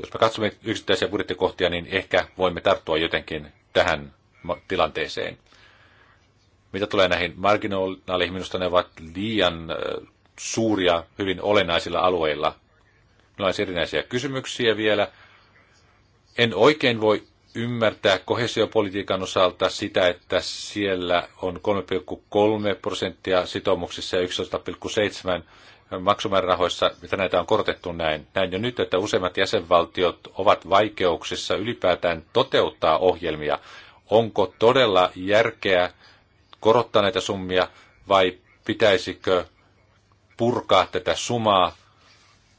Jos me katsomme yksittäisiä budjettikohtia, niin ehkä voimme tarttua jotenkin tähän tilanteeseen. Mitä tulee näihin marginaaleihin, minusta ne ovat liian suuria hyvin olennaisilla alueilla. Minulla on erinäisiä kysymyksiä vielä. En oikein voi ymmärtää kohesiopolitiikan osalta sitä, että siellä on 3,3 prosenttia sitoumuksissa ja 11,7 maksumäärärahoissa, mitä näitä on korotettu näin. Näin jo nyt, että useimmat jäsenvaltiot ovat vaikeuksissa ylipäätään toteuttaa ohjelmia. Onko todella järkeä korottaa näitä summia vai pitäisikö purkaa tätä sumaa?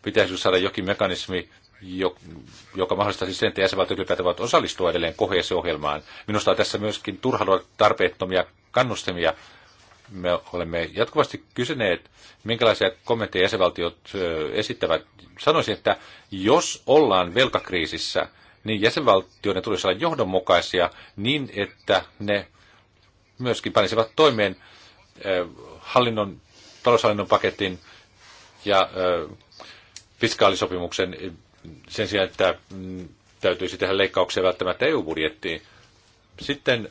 Pitäisikö saada jokin mekanismi joka mahdollistaa siis sen, että jäsenvaltiot ylipäätään voivat osallistua edelleen koheesiohjelmaan. Minusta on tässä myöskin turha tarpeettomia kannustimia. Me olemme jatkuvasti kysyneet, minkälaisia kommentteja jäsenvaltiot esittävät. Sanoisin, että jos ollaan velkakriisissä, niin jäsenvaltioiden tulisi olla johdonmukaisia niin, että ne myöskin panisivat toimeen hallinnon, taloushallinnon paketin ja fiskaalisopimuksen sen sijaan, että mm, täytyisi tehdä leikkauksia välttämättä EU-budjettiin. Sitten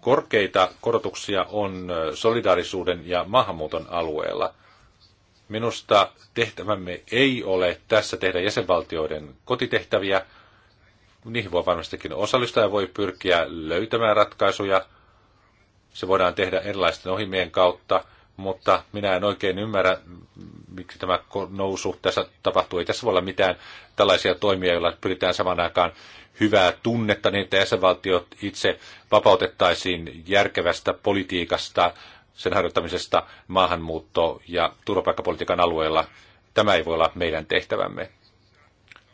korkeita korotuksia on solidaarisuuden ja maahanmuuton alueella. Minusta tehtävämme ei ole tässä tehdä jäsenvaltioiden kotitehtäviä. Niihin voi varmastikin osallistua ja voi pyrkiä löytämään ratkaisuja. Se voidaan tehdä erilaisten ohimien kautta, mutta minä en oikein ymmärrä, miksi tämä nousu tässä tapahtuu. Ei tässä voi olla mitään tällaisia toimia, joilla pyritään saman aikaan hyvää tunnetta niin, että jäsenvaltiot itse vapautettaisiin järkevästä politiikasta, sen harjoittamisesta maahanmuutto- ja turvapaikkapolitiikan alueella. Tämä ei voi olla meidän tehtävämme.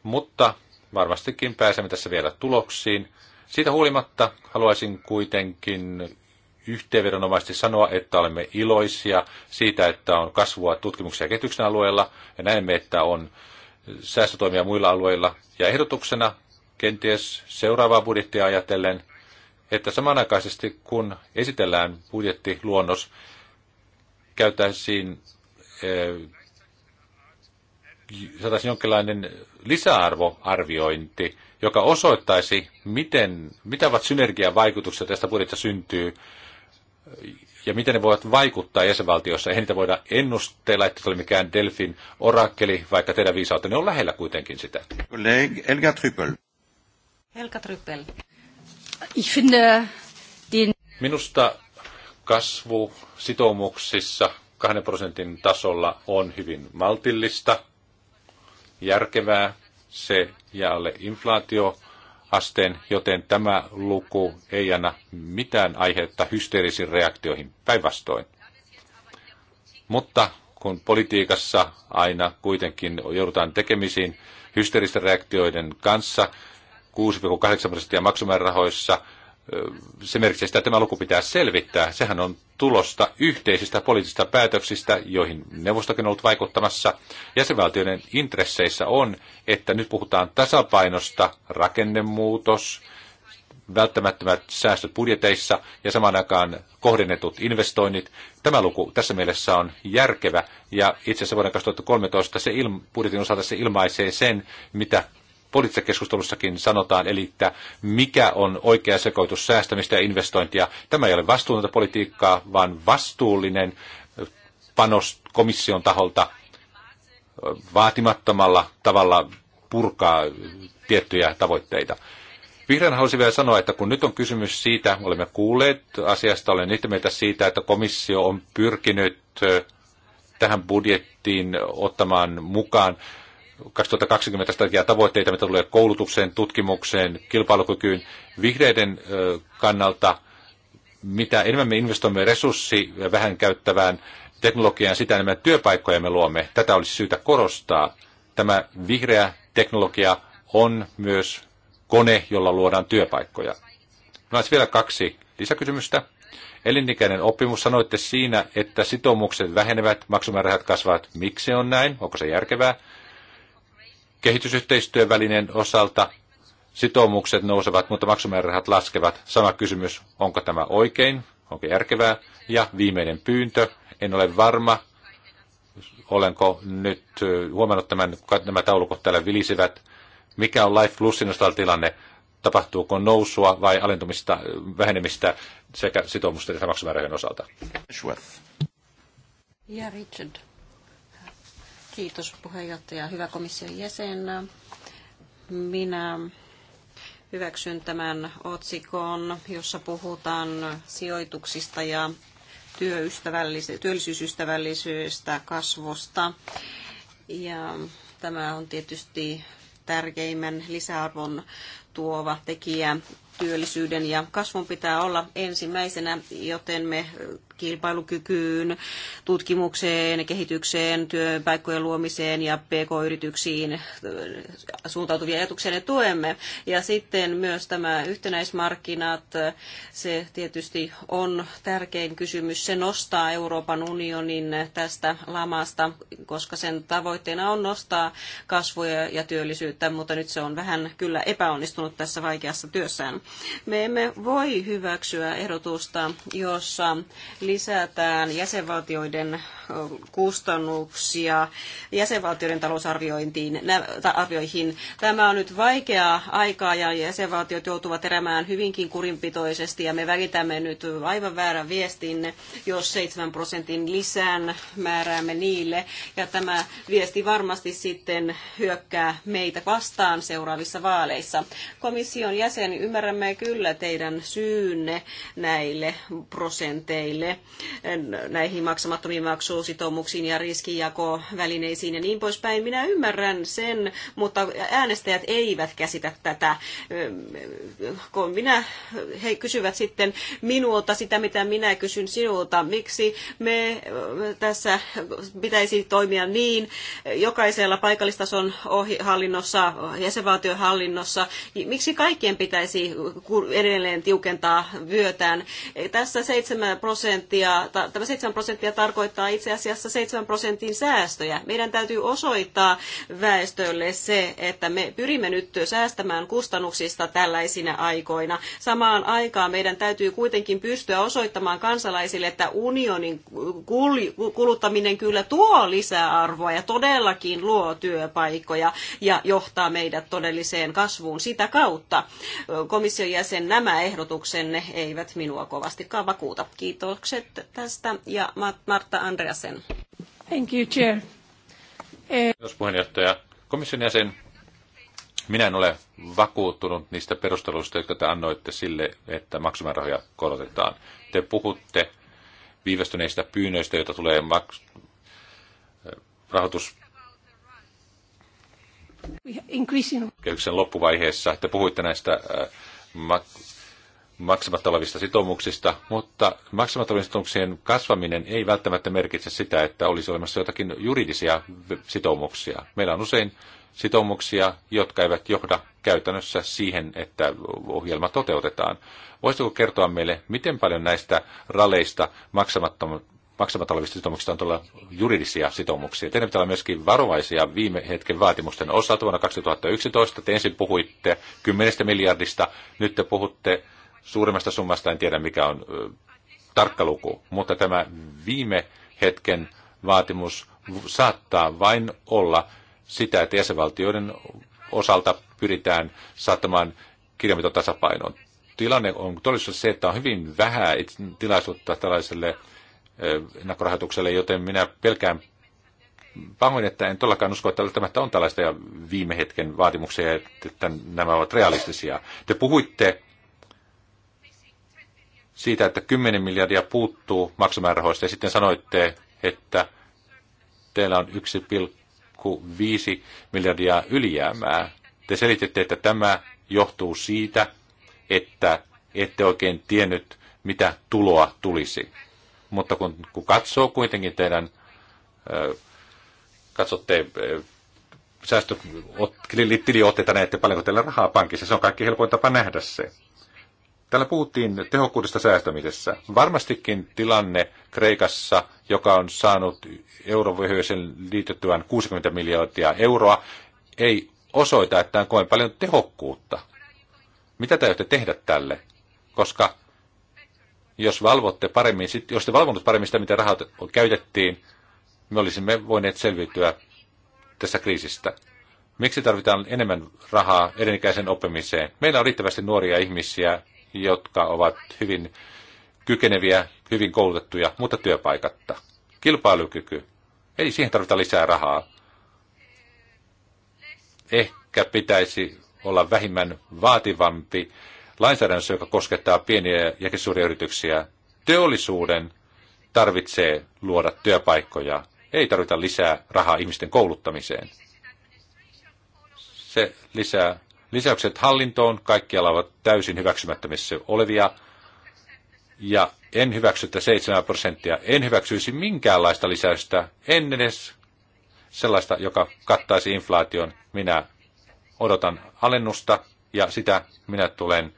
Mutta varmastikin pääsemme tässä vielä tuloksiin. Siitä huolimatta haluaisin kuitenkin yhteenvedonomaisesti sanoa, että olemme iloisia siitä, että on kasvua tutkimuksia ja kehityksen alueella ja näemme, että on säästötoimia muilla alueilla. Ja ehdotuksena kenties seuraavaa budjettia ajatellen, että samanaikaisesti kun esitellään budjettiluonnos, käytäisiin eh, saataisiin jonkinlainen lisäarvoarviointi, joka osoittaisi, miten, mitä ovat synergiavaikutuksia tästä budjetista syntyy ja miten ne voivat vaikuttaa jäsenvaltiossa. Ei niitä voida ennustella, että se oli mikään Delfin orakkeli, vaikka teidän ne on lähellä kuitenkin sitä. Helga Tryppel. Helga Tryppel. Minusta kasvu sitoumuksissa kahden prosentin tasolla on hyvin maltillista, järkevää, se jää alle inflaatio asteen, joten tämä luku ei anna mitään aihetta hysteerisiin reaktioihin päinvastoin. Mutta kun politiikassa aina kuitenkin joudutaan tekemisiin hysteeristen reaktioiden kanssa, 6,8 prosenttia maksumäärärahoissa – se merkitsee sitä, että tämä luku pitää selvittää. Sehän on tulosta yhteisistä poliittisista päätöksistä, joihin neuvostokin on ollut vaikuttamassa. Jäsenvaltioiden intresseissä on, että nyt puhutaan tasapainosta, rakennemuutos, välttämättömät säästöt budjeteissa ja samaan aikaan kohdennetut investoinnit. Tämä luku tässä mielessä on järkevä ja itse asiassa vuoden 2013 se ilma, budjetin osalta se ilmaisee sen, mitä poliittisessa keskustelussakin sanotaan, eli että mikä on oikea sekoitus säästämistä ja investointia. Tämä ei ole vastuullista politiikkaa, vaan vastuullinen panos komission taholta vaatimattomalla tavalla purkaa tiettyjä tavoitteita. Vihreän halusin vielä sanoa, että kun nyt on kysymys siitä, olemme kuulleet asiasta, olen yhtä mieltä siitä, että komissio on pyrkinyt tähän budjettiin ottamaan mukaan 2020 strategian tavoitteita, mitä tulee koulutukseen, tutkimukseen, kilpailukykyyn. Vihreiden kannalta, mitä enemmän me investoimme resurssi vähän käyttävään teknologiaan, sitä enemmän työpaikkoja me luomme. Tätä olisi syytä korostaa. Tämä vihreä teknologia on myös kone, jolla luodaan työpaikkoja. No olisi vielä kaksi lisäkysymystä. Elinikäinen oppimus sanoitte siinä, että sitoumukset vähenevät, maksumäärät kasvavat. Miksi on näin? Onko se järkevää? kehitysyhteistyövälineen osalta sitoumukset nousevat, mutta maksumäärärahat laskevat. Sama kysymys, onko tämä oikein, onko järkevää. Ja viimeinen pyyntö, en ole varma, olenko nyt huomannut tämän, kun nämä taulukot täällä vilisivät. Mikä on Life Plusin osalta tilanne? Tapahtuuko nousua vai alentumista, vähenemistä sekä sitoumusten ja maksumäärärahojen osalta? Ja Richard. Kiitos puheenjohtaja, hyvä komission jäsen. Minä hyväksyn tämän otsikon, jossa puhutaan sijoituksista ja työllisyysystävällisyydestä kasvusta. Ja tämä on tietysti tärkeimmän lisäarvon tuova tekijä työllisyyden ja kasvun pitää olla ensimmäisenä, joten me kilpailukykyyn, tutkimukseen, kehitykseen, työpaikkojen luomiseen ja pk-yrityksiin suuntautuvia ajatuksia ne tuemme. Ja sitten myös tämä yhtenäismarkkinat, se tietysti on tärkein kysymys. Se nostaa Euroopan unionin tästä lamasta, koska sen tavoitteena on nostaa kasvua ja työllisyyttä, mutta nyt se on vähän kyllä epäonnistunut tässä vaikeassa työssään. Me emme voi hyväksyä ehdotusta, jossa lisätään jäsenvaltioiden kustannuksia jäsenvaltioiden talousarviointiin, arvioihin. Tämä on nyt vaikeaa aikaa ja jäsenvaltiot joutuvat erämään hyvinkin kurinpitoisesti ja me välitämme nyt aivan väärän viestin, jos 7 prosentin lisään määräämme niille. Ja tämä viesti varmasti sitten hyökkää meitä vastaan seuraavissa vaaleissa. Komission jäsen, ymmärrämme kyllä teidän syynne näille prosenteille näihin maksamattomiin maksusitoumuksiin ja riskijakovälineisiin ja niin poispäin. Minä ymmärrän sen, mutta äänestäjät eivät käsitä tätä. Kun minä, he kysyvät sitten minulta sitä, mitä minä kysyn sinulta. Miksi me tässä pitäisi toimia niin jokaisella paikallistason ohi, hallinnossa, jäsenvaltion hallinnossa. Niin miksi kaikkien pitäisi edelleen tiukentaa vyötään? Tässä 7 prosenttia prosenttia, tämä 7 prosenttia tarkoittaa itse asiassa 7 prosentin säästöjä. Meidän täytyy osoittaa väestölle se, että me pyrimme nyt säästämään kustannuksista tällaisina aikoina. Samaan aikaan meidän täytyy kuitenkin pystyä osoittamaan kansalaisille, että unionin kuluttaminen kyllä tuo lisäarvoa ja todellakin luo työpaikkoja ja johtaa meidät todelliseen kasvuun sitä kautta. Komission jäsen nämä ehdotuksenne eivät minua kovastikaan vakuuta. Kiitoksia. Kiitokset tästä ja Marta Andreasen. Thank you, Chair. Eh, Kiitos puheenjohtaja. Komission jäsen, minä en ole vakuuttunut niistä perusteluista, jotka te annoitte sille, että maksimäärärahoja korotetaan. Te puhutte viivästyneistä pyynnöistä, joita tulee maks- rahoitus kehyksen loppuvaiheessa. Te puhuitte näistä äh, maksamatta olevista sitoumuksista, mutta maksamatta olevien sitoumuksien kasvaminen ei välttämättä merkitse sitä, että olisi olemassa jotakin juridisia sitoumuksia. Meillä on usein sitoumuksia, jotka eivät johda käytännössä siihen, että ohjelma toteutetaan. Voisitko kertoa meille, miten paljon näistä raleista maksamatta olevista sitoumuksista on tuolla juridisia sitoumuksia? Teidän pitää olla myöskin varovaisia viime hetken vaatimusten osalta vuonna 2011. Te ensin puhuitte 10 miljardista, nyt te puhutte Suurimmasta summasta en tiedä, mikä on tarkka luku, mutta tämä viime hetken vaatimus saattaa vain olla sitä, että jäsenvaltioiden osalta pyritään saattamaan kirjanpito tasapainoon. Tilanne on todellisuudessa se, että on hyvin vähän tilaisuutta tällaiselle ennakkorahoitukselle, joten minä pelkään pahoin, että en todellakaan usko, että välttämättä on tällaista ja viime hetken vaatimuksia, että nämä ovat realistisia. Te puhuitte siitä, että 10 miljardia puuttuu maksumäärärahoista ja sitten sanoitte, että teillä on 1,5 miljardia ylijäämää. Te selititte, että tämä johtuu siitä, että ette oikein tiennyt, mitä tuloa tulisi. Mutta kun, kun katsoo kuitenkin teidän, katsotte säästötiliotteita, näette paljonko teillä rahaa pankissa, se on kaikki helpoin tapa nähdä se. Täällä puhuttiin tehokkuudesta säästämisessä. Varmastikin tilanne Kreikassa, joka on saanut eurovyhyisen liitettyään 60 miljardia euroa, ei osoita, että on koen paljon tehokkuutta. Mitä täytyy tehdä tälle? Koska jos valvotte paremmin, jos te valvonnut paremmin sitä, mitä rahat käytettiin, me olisimme voineet selviytyä tässä kriisistä. Miksi tarvitaan enemmän rahaa elinikäisen oppimiseen? Meillä on riittävästi nuoria ihmisiä, jotka ovat hyvin kykeneviä, hyvin koulutettuja, mutta työpaikatta. Kilpailukyky. Ei siihen tarvita lisää rahaa. Ehkä pitäisi olla vähemmän vaativampi lainsäädännössä, joka koskettaa pieniä ja suuria yrityksiä. Teollisuuden tarvitsee luoda työpaikkoja. Ei tarvita lisää rahaa ihmisten kouluttamiseen. Se lisää Lisäykset hallintoon kaikkialla ovat täysin hyväksymättömissä olevia. Ja en hyväksy että 7 prosenttia. En hyväksyisi minkäänlaista lisäystä, en edes sellaista, joka kattaisi inflaation. Minä odotan alennusta ja sitä minä tulen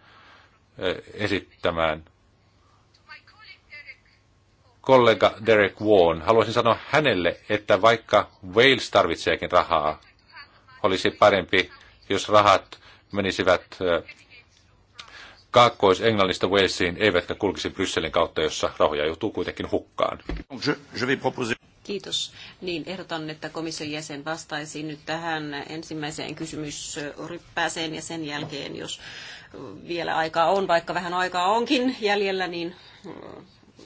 esittämään. Kollega Derek Warren, haluaisin sanoa hänelle, että vaikka Wales tarvitseekin rahaa, olisi parempi, jos rahat menisivät Kaakkois-Englannista Walesiin, eivätkä kulkisi Brysselin kautta, jossa rahoja joutuu kuitenkin hukkaan. Kiitos. Niin, ehdotan, että komission jäsen vastaisi nyt tähän ensimmäiseen kysymysryppääseen ja sen jälkeen, jos vielä aikaa on, vaikka vähän aikaa onkin jäljellä, niin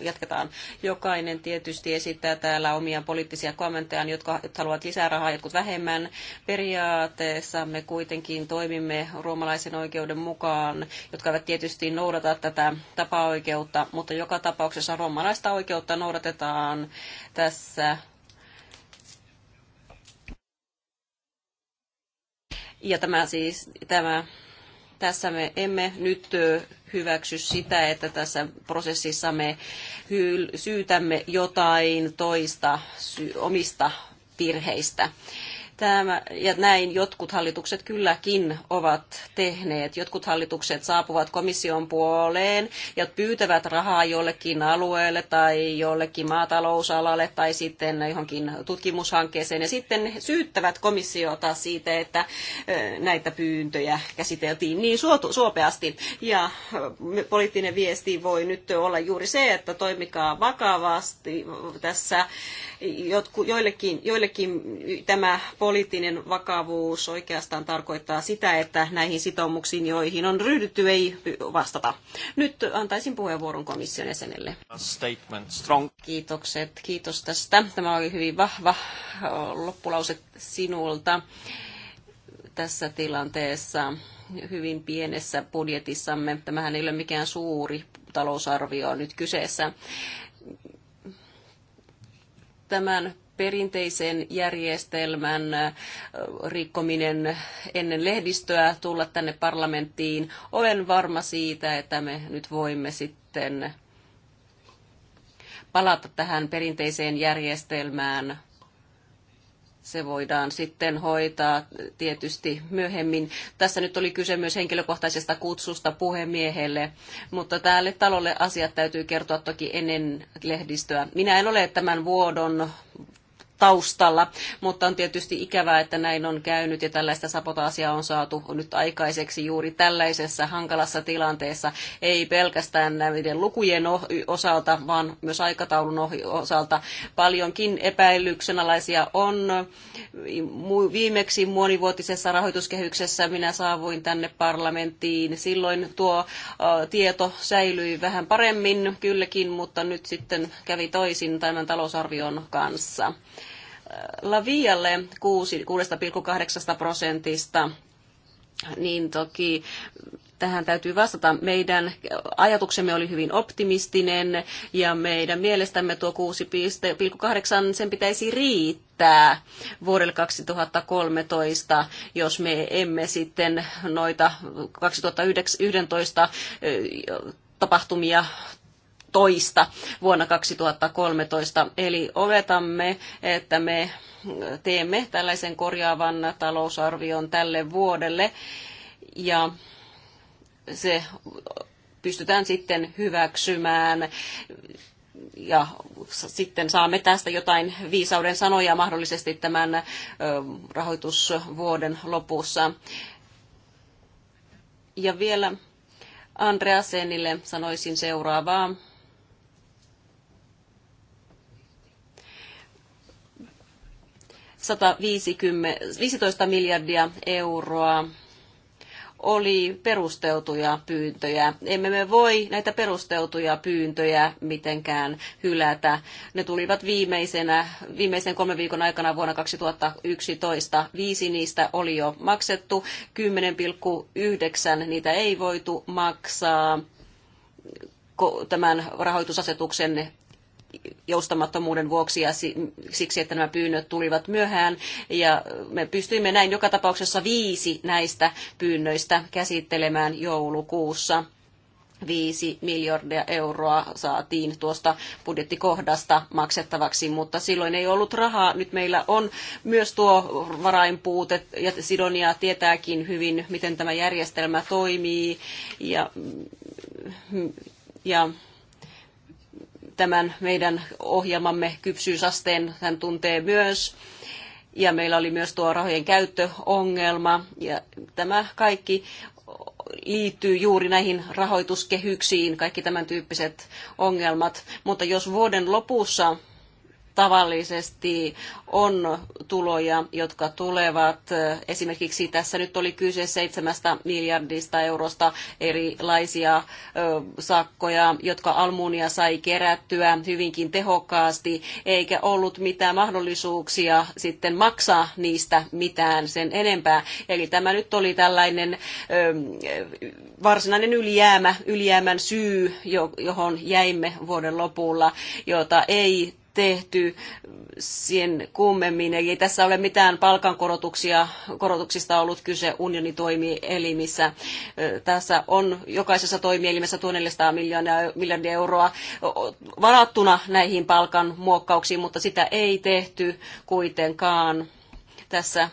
jatketaan. Jokainen tietysti esittää täällä omia poliittisia kommentteja, jotka haluavat lisää rahaa, jotkut vähemmän. Periaatteessa me kuitenkin toimimme ruomalaisen oikeuden mukaan, jotka eivät tietysti noudata tätä tapaoikeutta, mutta joka tapauksessa ruomalaista oikeutta noudatetaan tässä ja tämä siis, tämä tässä me emme nyt hyväksy sitä, että tässä prosessissa me syytämme jotain toista omista virheistä. Tämä, ja näin jotkut hallitukset kylläkin ovat tehneet. Jotkut hallitukset saapuvat komission puoleen ja pyytävät rahaa jollekin alueelle tai jollekin maatalousalalle tai sitten johonkin tutkimushankkeeseen ja sitten syyttävät komissiota siitä, että näitä pyyntöjä käsiteltiin niin suotu, suopeasti. Ja poliittinen viesti voi nyt olla juuri se, että toimikaa vakavasti tässä. Jotku, joillekin, joillekin tämä poliittinen vakavuus oikeastaan tarkoittaa sitä, että näihin sitoumuksiin, joihin on ryhdytty, ei vastata. Nyt antaisin puheenvuoron komission jäsenelle. Statement strong. Kiitokset, kiitos tästä. Tämä oli hyvin vahva loppulause sinulta tässä tilanteessa hyvin pienessä budjetissamme. Tämähän ei ole mikään suuri talousarvio nyt kyseessä. Tämän perinteisen järjestelmän rikkominen ennen lehdistöä tulla tänne parlamenttiin. Olen varma siitä, että me nyt voimme sitten palata tähän perinteiseen järjestelmään se voidaan sitten hoitaa tietysti myöhemmin. Tässä nyt oli kyse myös henkilökohtaisesta kutsusta puhemiehelle, mutta täällä talolle asiat täytyy kertoa toki ennen lehdistöä. Minä en ole tämän vuodon taustalla, mutta on tietysti ikävää, että näin on käynyt ja tällaista sapotaasia on saatu nyt aikaiseksi juuri tällaisessa hankalassa tilanteessa, ei pelkästään näiden lukujen osalta, vaan myös aikataulun osalta. Paljonkin epäilyksenalaisia on. Viimeksi monivuotisessa rahoituskehyksessä minä saavuin tänne parlamenttiin. Silloin tuo tieto säilyi vähän paremmin kylläkin, mutta nyt sitten kävi toisin tämän talousarvion kanssa kanssa. Lavialle 6,8 prosentista, niin toki tähän täytyy vastata. Meidän ajatuksemme oli hyvin optimistinen ja meidän mielestämme tuo 6,8 sen pitäisi riittää vuodelle 2013, jos me emme sitten noita 2011 tapahtumia toista vuonna 2013. Eli oletamme, että me teemme tällaisen korjaavan talousarvion tälle vuodelle ja se pystytään sitten hyväksymään ja sitten saamme tästä jotain viisauden sanoja mahdollisesti tämän rahoitusvuoden lopussa. Ja vielä Andreasenille sanoisin seuraavaa. 115 miljardia euroa oli perusteltuja pyyntöjä. Emme me voi näitä perusteltuja pyyntöjä mitenkään hylätä. Ne tulivat viimeisenä, viimeisen kolmen viikon aikana vuonna 2011. Viisi niistä oli jo maksettu, 10,9 niitä ei voitu maksaa tämän rahoitusasetuksen joustamattomuuden vuoksi ja siksi, että nämä pyynnöt tulivat myöhään. Ja me pystyimme näin joka tapauksessa viisi näistä pyynnöistä käsittelemään joulukuussa. 5 miljardia euroa saatiin tuosta budjettikohdasta maksettavaksi, mutta silloin ei ollut rahaa. Nyt meillä on myös tuo varainpuute ja Sidonia tietääkin hyvin, miten tämä järjestelmä toimii ja, ja tämän meidän ohjelmamme kypsyysasteen hän tuntee myös. Ja meillä oli myös tuo rahojen käyttöongelma. Ja tämä kaikki liittyy juuri näihin rahoituskehyksiin, kaikki tämän tyyppiset ongelmat. Mutta jos vuoden lopussa tavallisesti on tuloja, jotka tulevat. Esimerkiksi tässä nyt oli kyse seitsemästä miljardista eurosta erilaisia sakkoja, jotka Almunia sai kerättyä hyvinkin tehokkaasti, eikä ollut mitään mahdollisuuksia sitten maksaa niistä mitään sen enempää. Eli tämä nyt oli tällainen varsinainen ylijäämä, ylijäämän syy, johon jäimme vuoden lopulla, jota ei tehty sen kummemmin. Eli ei tässä ole mitään palkankorotuksia, korotuksista ollut kyse unionin toimielimissä. Tässä on jokaisessa toimielimessä 400 miljoonaa, miljardia euroa varattuna näihin palkan muokkauksiin, mutta sitä ei tehty kuitenkaan tässä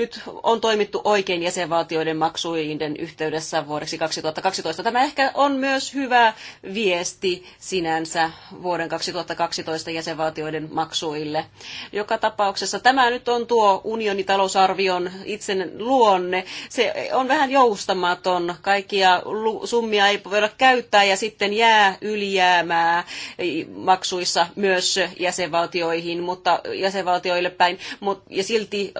nyt on toimittu oikein jäsenvaltioiden maksuiden yhteydessä vuodeksi 2012. Tämä ehkä on myös hyvä viesti sinänsä vuoden 2012 jäsenvaltioiden maksuille. Joka tapauksessa tämä nyt on tuo unionitalousarvion itsen luonne. Se on vähän joustamaton. Kaikkia summia ei voida käyttää ja sitten jää ylijäämää maksuissa myös jäsenvaltioihin, mutta jäsenvaltioille päin. Ja silti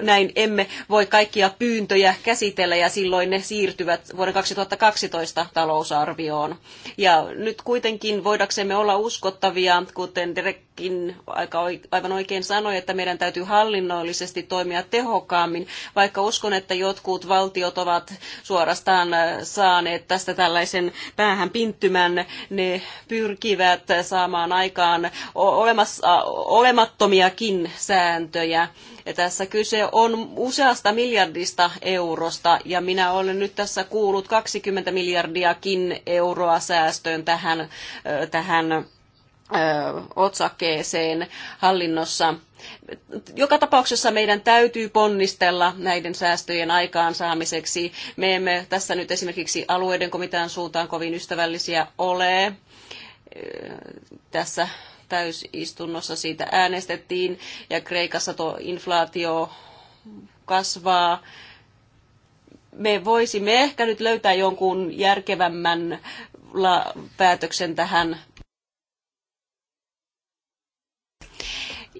näin niin emme voi kaikkia pyyntöjä käsitellä ja silloin ne siirtyvät vuoden 2012 talousarvioon. Ja nyt kuitenkin voidaksemme olla uskottavia, kuten Derekkin aika, aivan oikein sanoi, että meidän täytyy hallinnollisesti toimia tehokkaammin, vaikka uskon, että jotkut valtiot ovat suorastaan äh, saaneet tästä tällaisen päähän pinttymän. Ne pyrkivät saamaan aikaan olemassa, olemattomiakin sääntöjä ja tässä kyse on useasta miljardista eurosta, ja minä olen nyt tässä kuullut 20 miljardiakin euroa säästöön tähän, tähän otsakkeeseen hallinnossa. Joka tapauksessa meidän täytyy ponnistella näiden säästöjen aikaansaamiseksi. Me emme tässä nyt esimerkiksi alueiden komitean suuntaan kovin ystävällisiä ole. Tässä täysistunnossa siitä äänestettiin ja Kreikassa tuo inflaatio kasvaa. Me voisimme ehkä nyt löytää jonkun järkevämmän päätöksen tähän.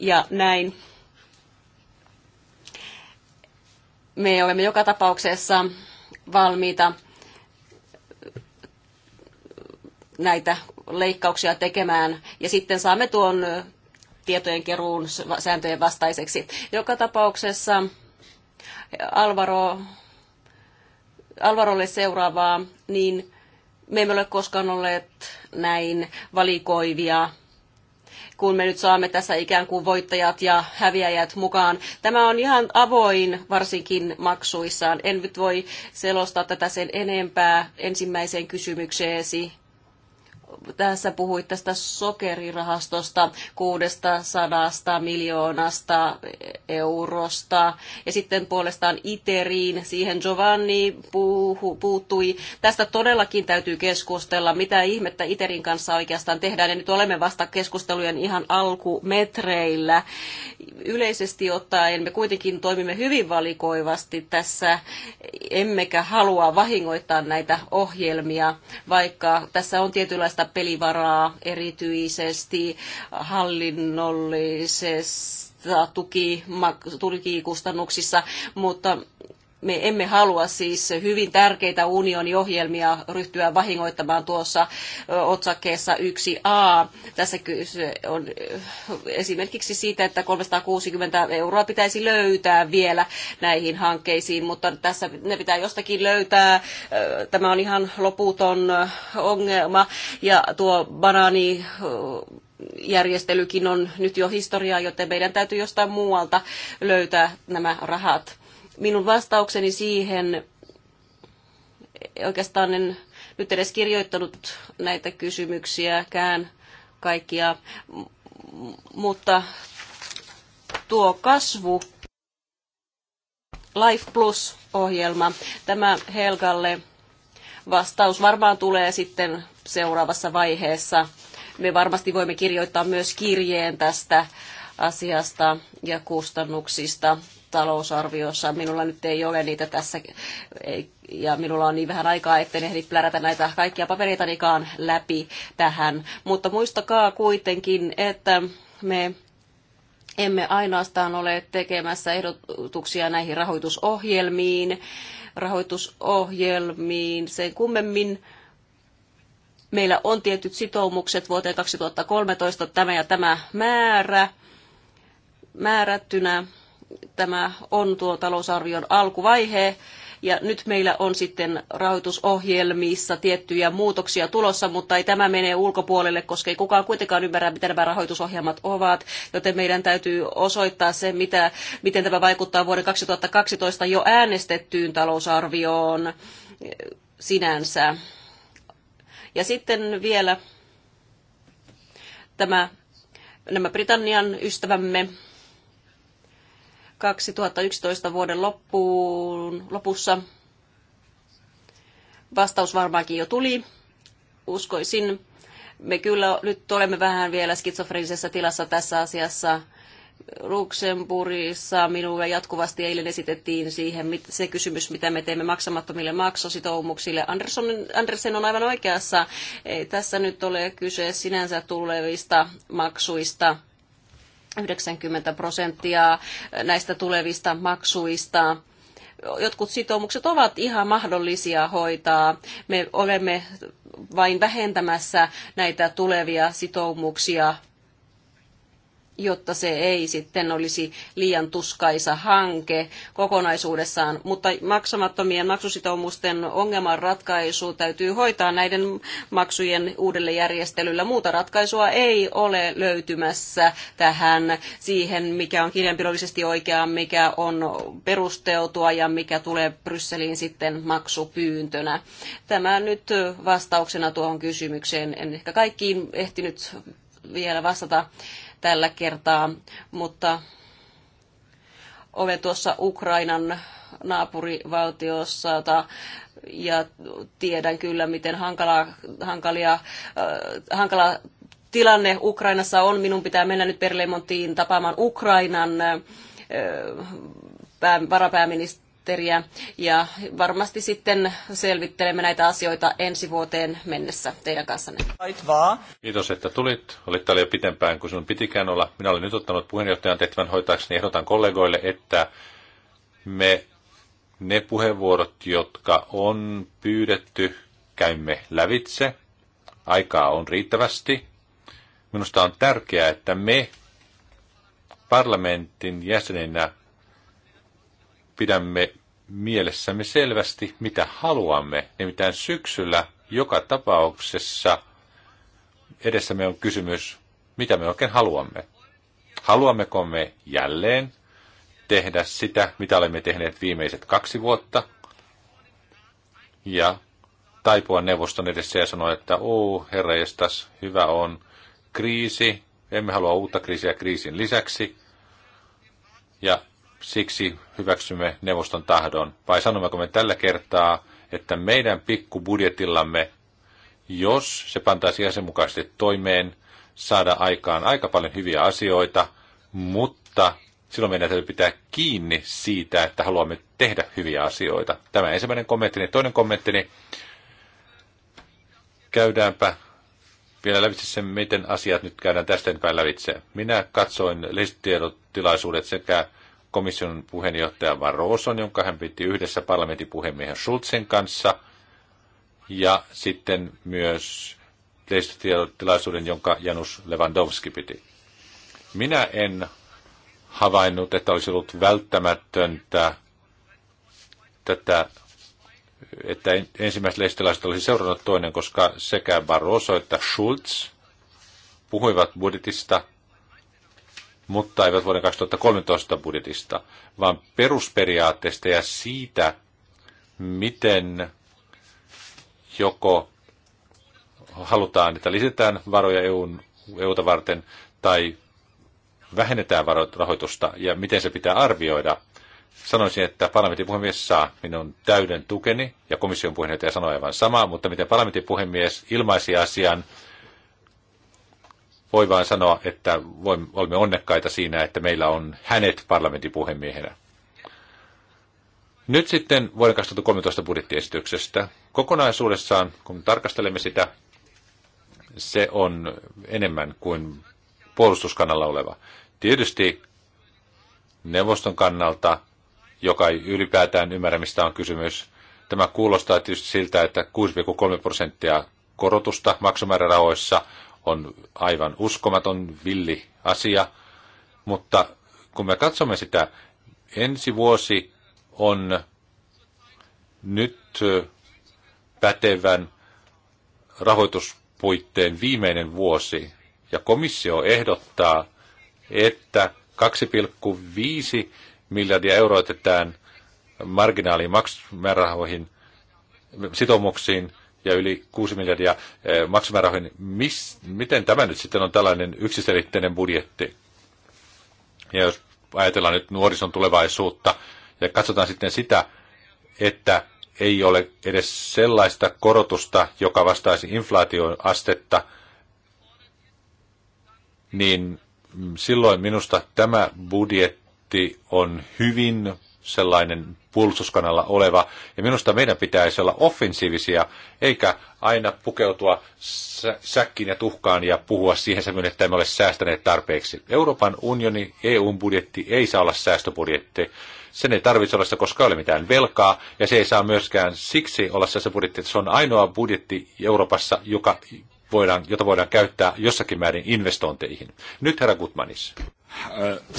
Ja näin. Me olemme joka tapauksessa valmiita näitä leikkauksia tekemään ja sitten saamme tuon tietojen keruun sääntöjen vastaiseksi. Joka tapauksessa Alvaro, Alvarolle seuraavaa, niin me emme ole koskaan olleet näin valikoivia kun me nyt saamme tässä ikään kuin voittajat ja häviäjät mukaan. Tämä on ihan avoin, varsinkin maksuissaan. En nyt voi selostaa tätä sen enempää ensimmäiseen kysymykseesi tässä puhuit tästä sokerirahastosta 600 miljoonasta eurosta ja sitten puolestaan ITERiin, siihen Giovanni puhu, puuttui. Tästä todellakin täytyy keskustella, mitä ihmettä ITERin kanssa oikeastaan tehdään ja nyt olemme vasta keskustelujen ihan alkumetreillä. Yleisesti ottaen me kuitenkin toimimme hyvin valikoivasti tässä, emmekä halua vahingoittaa näitä ohjelmia, vaikka tässä on tietynlaista sellaista pelivaraa erityisesti hallinnollisessa tukikustannuksissa, mutta me emme halua siis hyvin tärkeitä unioniohjelmia ryhtyä vahingoittamaan tuossa otsakkeessa 1a. Tässä kyse on esimerkiksi siitä, että 360 euroa pitäisi löytää vielä näihin hankkeisiin, mutta tässä ne pitää jostakin löytää. Tämä on ihan loputon ongelma ja tuo banaani järjestelykin on nyt jo historiaa, joten meidän täytyy jostain muualta löytää nämä rahat. Minun vastaukseni siihen, oikeastaan en nyt edes kirjoittanut näitä kysymyksiäkään kaikkia, mutta tuo kasvu, Life Plus-ohjelma, tämä Helgalle vastaus varmaan tulee sitten seuraavassa vaiheessa. Me varmasti voimme kirjoittaa myös kirjeen tästä asiasta ja kustannuksista talousarviossa. Minulla nyt ei ole niitä tässä ja minulla on niin vähän aikaa, etten ehdi plärätä näitä kaikkia paperitanikaan läpi tähän. Mutta muistakaa kuitenkin, että me emme ainoastaan ole tekemässä ehdotuksia näihin rahoitusohjelmiin, rahoitusohjelmiin sen kummemmin, meillä on tietyt sitoumukset vuoteen 2013 tämä ja tämä määrä määrättynä tämä on tuo talousarvion alkuvaihe. Ja nyt meillä on sitten rahoitusohjelmissa tiettyjä muutoksia tulossa, mutta ei tämä mene ulkopuolelle, koska ei kukaan kuitenkaan ymmärrä, mitä nämä rahoitusohjelmat ovat. Joten meidän täytyy osoittaa se, mitä, miten tämä vaikuttaa vuoden 2012 jo äänestettyyn talousarvioon sinänsä. Ja sitten vielä tämä, nämä Britannian ystävämme 2011 vuoden loppuun, lopussa. Vastaus varmaankin jo tuli, uskoisin. Me kyllä nyt olemme vähän vielä skitsofrenisessa tilassa tässä asiassa. Luxemburgissa minulle jatkuvasti eilen esitettiin siihen se kysymys, mitä me teemme maksamattomille maksositoumuksille. Anderson, Andersen on aivan oikeassa. Ei tässä nyt ole kyse sinänsä tulevista maksuista 90 prosenttia näistä tulevista maksuista jotkut sitoumukset ovat ihan mahdollisia hoitaa. Me olemme vain vähentämässä näitä tulevia sitoumuksia jotta se ei sitten olisi liian tuskaisa hanke kokonaisuudessaan. Mutta maksamattomien maksusitoumusten ongelman ratkaisu täytyy hoitaa näiden maksujen uudelleenjärjestelyllä. Muuta ratkaisua ei ole löytymässä tähän siihen, mikä on kirjanpidollisesti oikeaa, mikä on perusteutua ja mikä tulee Brysseliin sitten maksupyyntönä. Tämä nyt vastauksena tuohon kysymykseen. En ehkä kaikkiin ehtinyt vielä vastata tällä kertaa, mutta olen tuossa Ukrainan naapurivaltiossa ja tiedän kyllä, miten hankala, hankalia, hankala tilanne Ukrainassa on. Minun pitää mennä nyt Perlemontiin tapaamaan Ukrainan varapääministeri teatteria. ja varmasti sitten selvittelemme näitä asioita ensi vuoteen mennessä teidän kanssanne. Kiitos, että tulit. Olit täällä jo pitempään kuin sinun pitikään olla. Minä olen nyt ottanut puheenjohtajan tehtävän hoitaakseni. Ehdotan kollegoille, että me ne puheenvuorot, jotka on pyydetty, käymme lävitse. Aikaa on riittävästi. Minusta on tärkeää, että me parlamentin jäseninä pidämme mielessämme selvästi, mitä haluamme. Nimittäin syksyllä joka tapauksessa edessämme on kysymys, mitä me oikein haluamme. Haluammeko me jälleen tehdä sitä, mitä olemme tehneet viimeiset kaksi vuotta, ja taipua neuvoston edessä ja sanoa, että oo, herra Estas, hyvä on kriisi, emme halua uutta kriisiä kriisin lisäksi, ja siksi hyväksymme neuvoston tahdon? Vai sanommeko me tällä kertaa, että meidän pikkubudjetillamme, jos se pantaisi jäsenmukaisesti toimeen, saada aikaan aika paljon hyviä asioita, mutta silloin meidän täytyy pitää kiinni siitä, että haluamme tehdä hyviä asioita. Tämä ensimmäinen kommenttini. Toinen kommenttini. Käydäänpä vielä lävitse sen, miten asiat nyt käydään tästä eteenpäin lävitse. Minä katsoin lehtitietotilaisuudet sekä komission puheenjohtaja Barroson, jonka hän piti yhdessä parlamentin puhemiehen Schulzen kanssa, ja sitten myös tilaisuuden, jonka Janus Lewandowski piti. Minä en havainnut, että olisi ollut välttämätöntä tätä, että ensimmäiset lehdistötilaiset olisi seurannut toinen, koska sekä Barroso että Schulz puhuivat budjetista – mutta eivät vuoden 2013 budjetista, vaan perusperiaatteesta ja siitä, miten joko halutaan, että lisätään varoja EUn, EUta varten tai vähennetään rahoitusta ja miten se pitää arvioida. Sanoisin, että parlamentin puhemies saa minun täyden tukeni ja komission puheenjohtaja sanoi aivan samaa, mutta miten parlamentin puhemies ilmaisi asian, voi vain sanoa, että olemme onnekkaita siinä, että meillä on hänet parlamentin puhemiehenä. Nyt sitten vuoden 2013 budjettiesityksestä. Kokonaisuudessaan, kun tarkastelemme sitä, se on enemmän kuin puolustuskannalla oleva. Tietysti neuvoston kannalta, joka ei ylipäätään ymmärrä, mistä on kysymys, tämä kuulostaa tietysti siltä, että 6,3 prosenttia korotusta maksumäärärahoissa on aivan uskomaton villi asia, mutta kun me katsomme sitä, ensi vuosi on nyt pätevän rahoituspuitteen viimeinen vuosi, ja komissio ehdottaa, että 2,5 miljardia euroa otetaan marginaaliin sitoumuksiin, ja yli 6 miljardia eh, maksumäärärahoihin. Mis, miten tämä nyt sitten on tällainen yksiselitteinen budjetti? Ja jos ajatellaan nyt nuorison tulevaisuutta ja katsotaan sitten sitä, että ei ole edes sellaista korotusta, joka vastaisi inflaation astetta, niin silloin minusta tämä budjetti on hyvin sellainen puolustuskanalla oleva. Ja minusta meidän pitäisi olla offensiivisia, eikä aina pukeutua sä- säkkiin ja tuhkaan ja puhua siihen semmoinen että emme ole säästäneet tarpeeksi. Euroopan unioni, eu budjetti ei saa olla säästöbudjetti. Sen ei tarvitse olla sitä, koska ei ole mitään velkaa, ja se ei saa myöskään siksi olla budjetti, että se on ainoa budjetti Euroopassa, joka voidaan, jota voidaan käyttää jossakin määrin investointeihin. Nyt herra Gutmanis. Uh,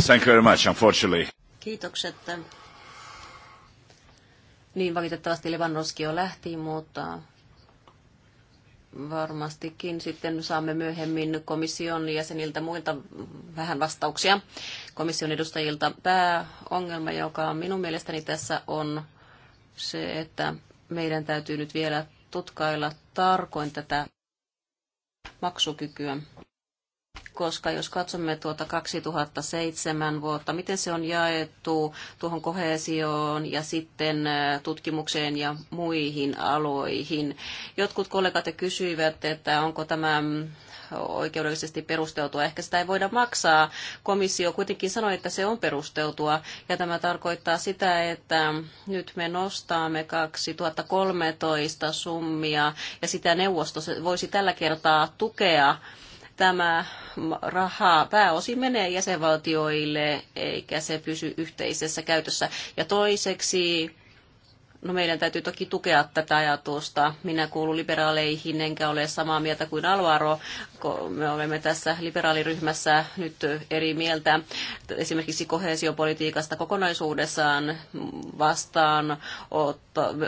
thank you very much, unfortunately. Kiitokset. Niin valitettavasti Levanoski jo lähti, mutta varmastikin sitten saamme myöhemmin komission jäseniltä muilta vähän vastauksia komission edustajilta. Pääongelma, joka minun mielestäni tässä on se, että meidän täytyy nyt vielä tutkailla tarkoin tätä maksukykyä koska jos katsomme tuota 2007 vuotta, miten se on jaettu tuohon kohesioon ja sitten tutkimukseen ja muihin aloihin. Jotkut kollegat kysyivät, että onko tämä mm, oikeudellisesti perusteltua. Ehkä sitä ei voida maksaa. Komissio kuitenkin sanoi, että se on perusteltua. Ja tämä tarkoittaa sitä, että mm, nyt me nostamme 2013 summia ja sitä neuvosto voisi tällä kertaa tukea tämä raha pääosin menee jäsenvaltioille eikä se pysy yhteisessä käytössä. Ja toiseksi No meidän täytyy toki tukea tätä ajatusta. Minä kuulun liberaaleihin enkä ole samaa mieltä kuin Alvaro. Me olemme tässä liberaaliryhmässä nyt eri mieltä esimerkiksi kohesiopolitiikasta kokonaisuudessaan vastaan.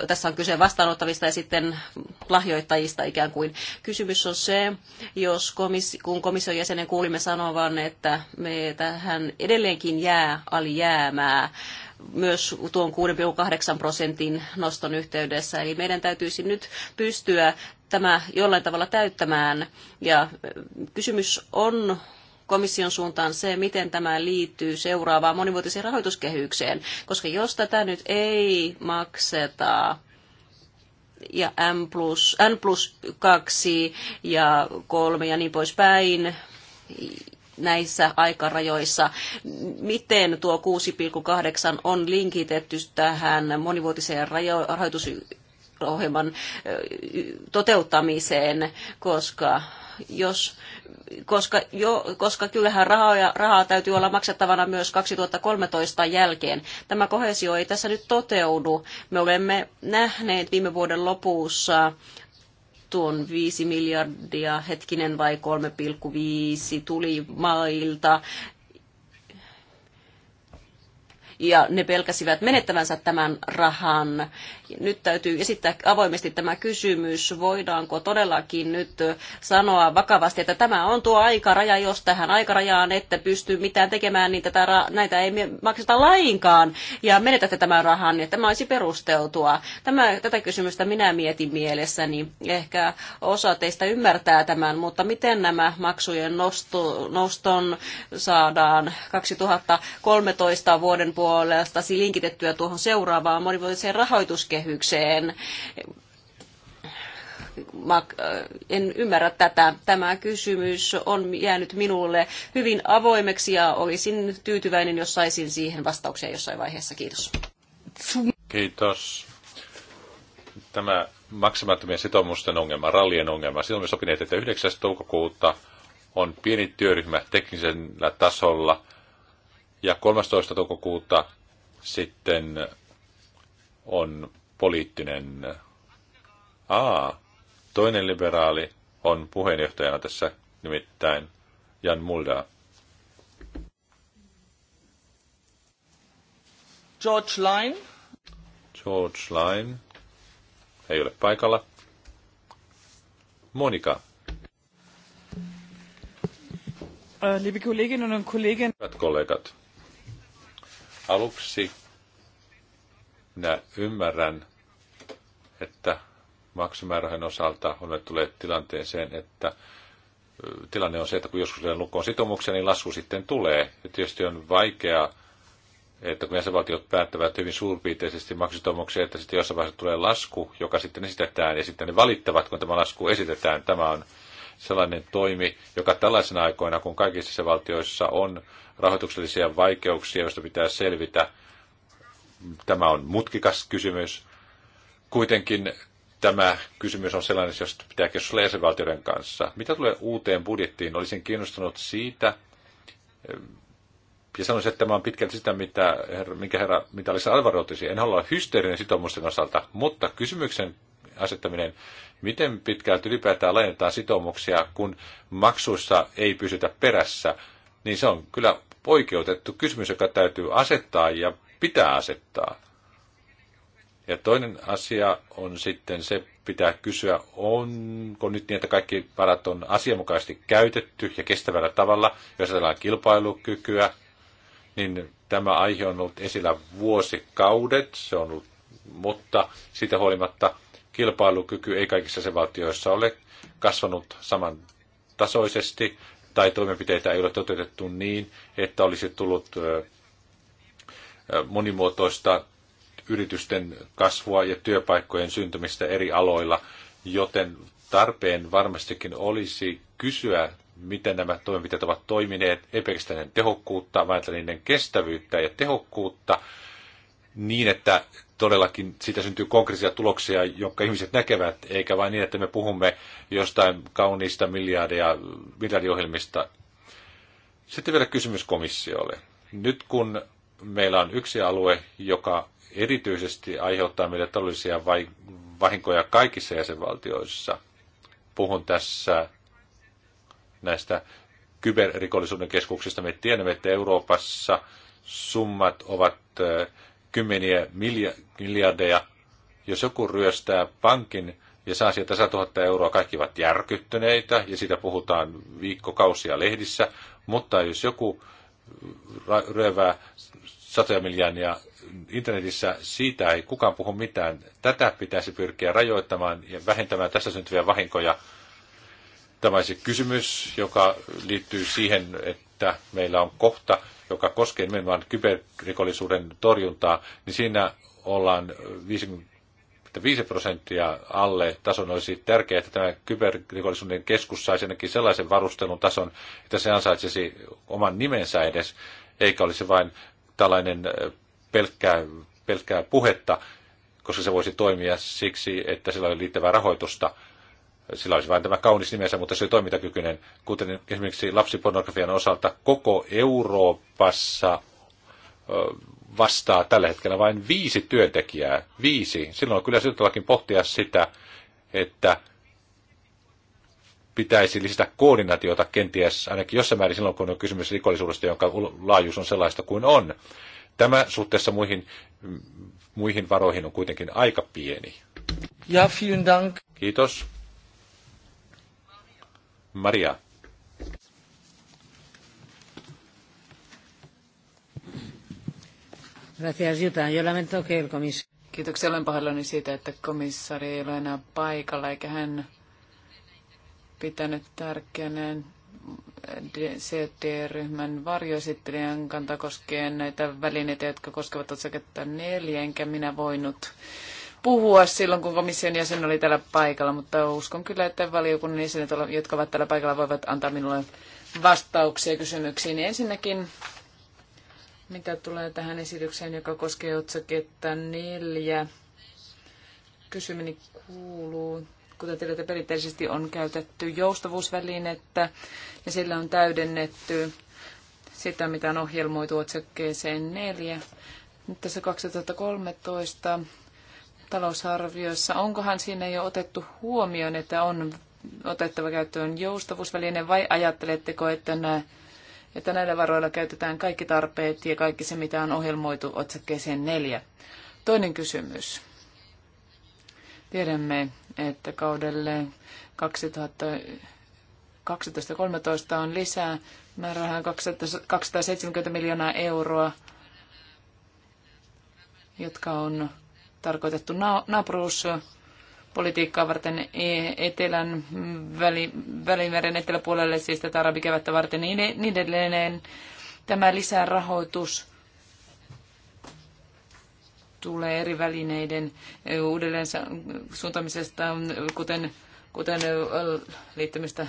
Tässä on kyse vastaanottavista ja sitten lahjoittajista ikään kuin. Kysymys on se, jos komissi- kun komission jäsenen kuulimme sanovan, että me tähän edelleenkin jää alijäämää, myös tuon 6,8 prosentin noston yhteydessä. Eli meidän täytyisi nyt pystyä tämä jollain tavalla täyttämään. Ja kysymys on komission suuntaan se, miten tämä liittyy seuraavaan monivuotiseen rahoituskehykseen, koska jos tätä nyt ei makseta ja n plus, N plus 2 ja 3 ja niin poispäin, näissä aikarajoissa. Miten tuo 6,8 on linkitetty tähän monivuotiseen rahoitusohjelman toteuttamiseen, koska jos koska, jo, koska kyllähän rahaa, ja, rahaa täytyy olla maksettavana myös 2013 jälkeen. Tämä kohesio ei tässä nyt toteudu. Me olemme nähneet viime vuoden lopussa tuon 5 miljardia, hetkinen vai 3,5 tuli mailta. Ja ne pelkäsivät menettävänsä tämän rahan nyt täytyy esittää avoimesti tämä kysymys, voidaanko todellakin nyt sanoa vakavasti, että tämä on tuo aikaraja, jos tähän aikarajaan ette pysty mitään tekemään, niin tätä, näitä ei makseta lainkaan ja menetätte tämän rahan, niin tämä olisi perusteltua. Tämä, tätä kysymystä minä mietin mielessäni. Ehkä osa teistä ymmärtää tämän, mutta miten nämä maksujen nosto, noston saadaan 2013 vuoden puolesta linkitettyä tuohon seuraavaan monivuotiseen rahoituskehitykseen? kehykseen mä en ymmärrä tätä. Tämä kysymys on jäänyt minulle hyvin avoimeksi ja olisin tyytyväinen, jos saisin siihen vastauksia jossain vaiheessa. Kiitos. Kiitos. Tämä maksamattomien sitoumusten ongelma, rallien ongelma. Silloin me sopineet, että 9. toukokuuta on pieni työryhmä teknisellä tasolla ja 13. toukokuuta sitten on poliittinen. A. Toinen liberaali on puheenjohtajana tässä nimittäin Jan Mulda. George Line. George Line. Ei ole paikalla. Monika. Äh, liebe Kolleginnen und Kollegen. Hyvät kollegat. Aluksi minä ymmärrän että maksimäärähän osalta olemme tulleet tilanteeseen, että tilanne on se, että kun joskus löydään lukkoon sitoumuksia, niin lasku sitten tulee. Ja tietysti on vaikeaa, että kun jäsenvaltiot päättävät hyvin suurpiirteisesti maksusitoumuksia, että sitten jossain vaiheessa tulee lasku, joka sitten esitetään, ja sitten ne valittavat, kun tämä lasku esitetään. Tämä on sellainen toimi, joka tällaisena aikoina, kun kaikissa jäsenvaltioissa on rahoituksellisia vaikeuksia, joista pitää selvitä, tämä on mutkikas kysymys, Kuitenkin tämä kysymys on sellainen, jos pitää keskustella jäsenvaltioiden kanssa. Mitä tulee uuteen budjettiin, olisin kiinnostunut siitä, eh, ja sanoisin, että tämä on pitkälti sitä, mitä, herra, minkä herra, mitä olisi alvarotisi. En halua olla hysteerinen sitoumusten osalta, mutta kysymyksen asettaminen, miten pitkälti ylipäätään laajennetaan sitoumuksia, kun maksuissa ei pysytä perässä, niin se on kyllä oikeutettu kysymys, joka täytyy asettaa ja pitää asettaa. Ja toinen asia on sitten se, pitää kysyä, onko nyt niin, että kaikki varat on asianmukaisesti käytetty ja kestävällä tavalla, jos ajatellaan kilpailukykyä, niin tämä aihe on ollut esillä vuosikaudet, se on ollut, mutta siitä huolimatta kilpailukyky ei kaikissa se valtioissa ole kasvanut saman tasoisesti tai toimenpiteitä ei ole toteutettu niin, että olisi tullut monimuotoista yritysten kasvua ja työpaikkojen syntymistä eri aloilla, joten tarpeen varmastikin olisi kysyä, miten nämä toimenpiteet ovat toimineet, ei pelkästään tehokkuutta, vaan niiden kestävyyttä ja tehokkuutta niin, että todellakin siitä syntyy konkreettisia tuloksia, jotka ihmiset näkevät, eikä vain niin, että me puhumme jostain kauniista miljardia, miljardiohjelmista. Sitten vielä kysymys komissiolle. Nyt kun meillä on yksi alue, joka erityisesti aiheuttaa meille taloudellisia vahinkoja kaikissa jäsenvaltioissa. Puhun tässä näistä kyberrikollisuuden keskuksista. Me tiedämme, että Euroopassa summat ovat kymmeniä miljardeja. Jos joku ryöstää pankin ja saa sieltä 100 000 euroa, kaikki ovat järkyttyneitä ja siitä puhutaan viikkokausia lehdissä. Mutta jos joku ryövää satoja miljoonia internetissä, siitä ei kukaan puhu mitään. Tätä pitäisi pyrkiä rajoittamaan ja vähentämään tässä syntyviä vahinkoja. Tämä se kysymys, joka liittyy siihen, että meillä on kohta, joka koskee nimenomaan kyberrikollisuuden torjuntaa, niin siinä ollaan 55 prosenttia alle tason. Olisi tärkeää, että tämä kyberrikollisuuden keskus saisi ainakin sellaisen varustelun tason, että se ansaitsisi oman nimensä edes, eikä olisi vain tällainen pelkkää, pelkkää puhetta, koska se voisi toimia siksi, että sillä oli liittävää rahoitusta. Sillä olisi vain tämä kaunis nimensä, mutta se oli toimintakykyinen. Kuten esimerkiksi lapsipornografian osalta koko Euroopassa vastaa tällä hetkellä vain viisi työntekijää. Viisi. Silloin on kyllä syytäkin pohtia sitä, että pitäisi lisätä koordinaatiota kenties ainakin jossain määrin silloin, kun on kysymys rikollisuudesta, jonka laajuus on sellaista kuin on. Tämä suhteessa muihin, muihin varoihin on kuitenkin aika pieni. Ja, vielen dank. Kiitos. Maria. Gracias, Jutta. Yo lamento que el Kiitoksia. Olen pahoillani siitä, että komissaari ei ole enää paikalla, eikä hän pitänyt tärkeänä CT-ryhmän varjoesittelijän kanta koskien näitä välineitä, jotka koskevat otsaketta neljä, enkä minä voinut puhua silloin, kun komission jäsen oli täällä paikalla, mutta uskon kyllä, että valiokunnan jäsenet, jotka ovat täällä paikalla, voivat antaa minulle vastauksia kysymyksiin. Ensinnäkin, mitä tulee tähän esitykseen, joka koskee otsaketta neljä, kysymyni kuuluu, Kuten tiedätte, perinteisesti on käytetty joustavuusvälinettä ja sillä on täydennetty sitä, mitä on ohjelmoitu otsakkeeseen 4. Nyt tässä 2013 talousarviossa, onkohan siinä jo otettu huomioon, että on otettava käyttöön joustavuusväline vai ajatteletteko, että, nämä, että näillä varoilla käytetään kaikki tarpeet ja kaikki se, mitä on ohjelmoitu otsakkeeseen 4? Toinen kysymys. Tiedämme, että kaudelle 2012-2013 on lisää määrärahaa 270 miljoonaa euroa, jotka on tarkoitettu naapuruuspolitiikkaa varten e- etelän väli, välimeren eteläpuolelle, siis tätä arabikevättä varten niin, e- niin edelleen. Tämä lisärahoitus tulee eri välineiden uudelleen suuntaamisesta, kuten kuten liittymistä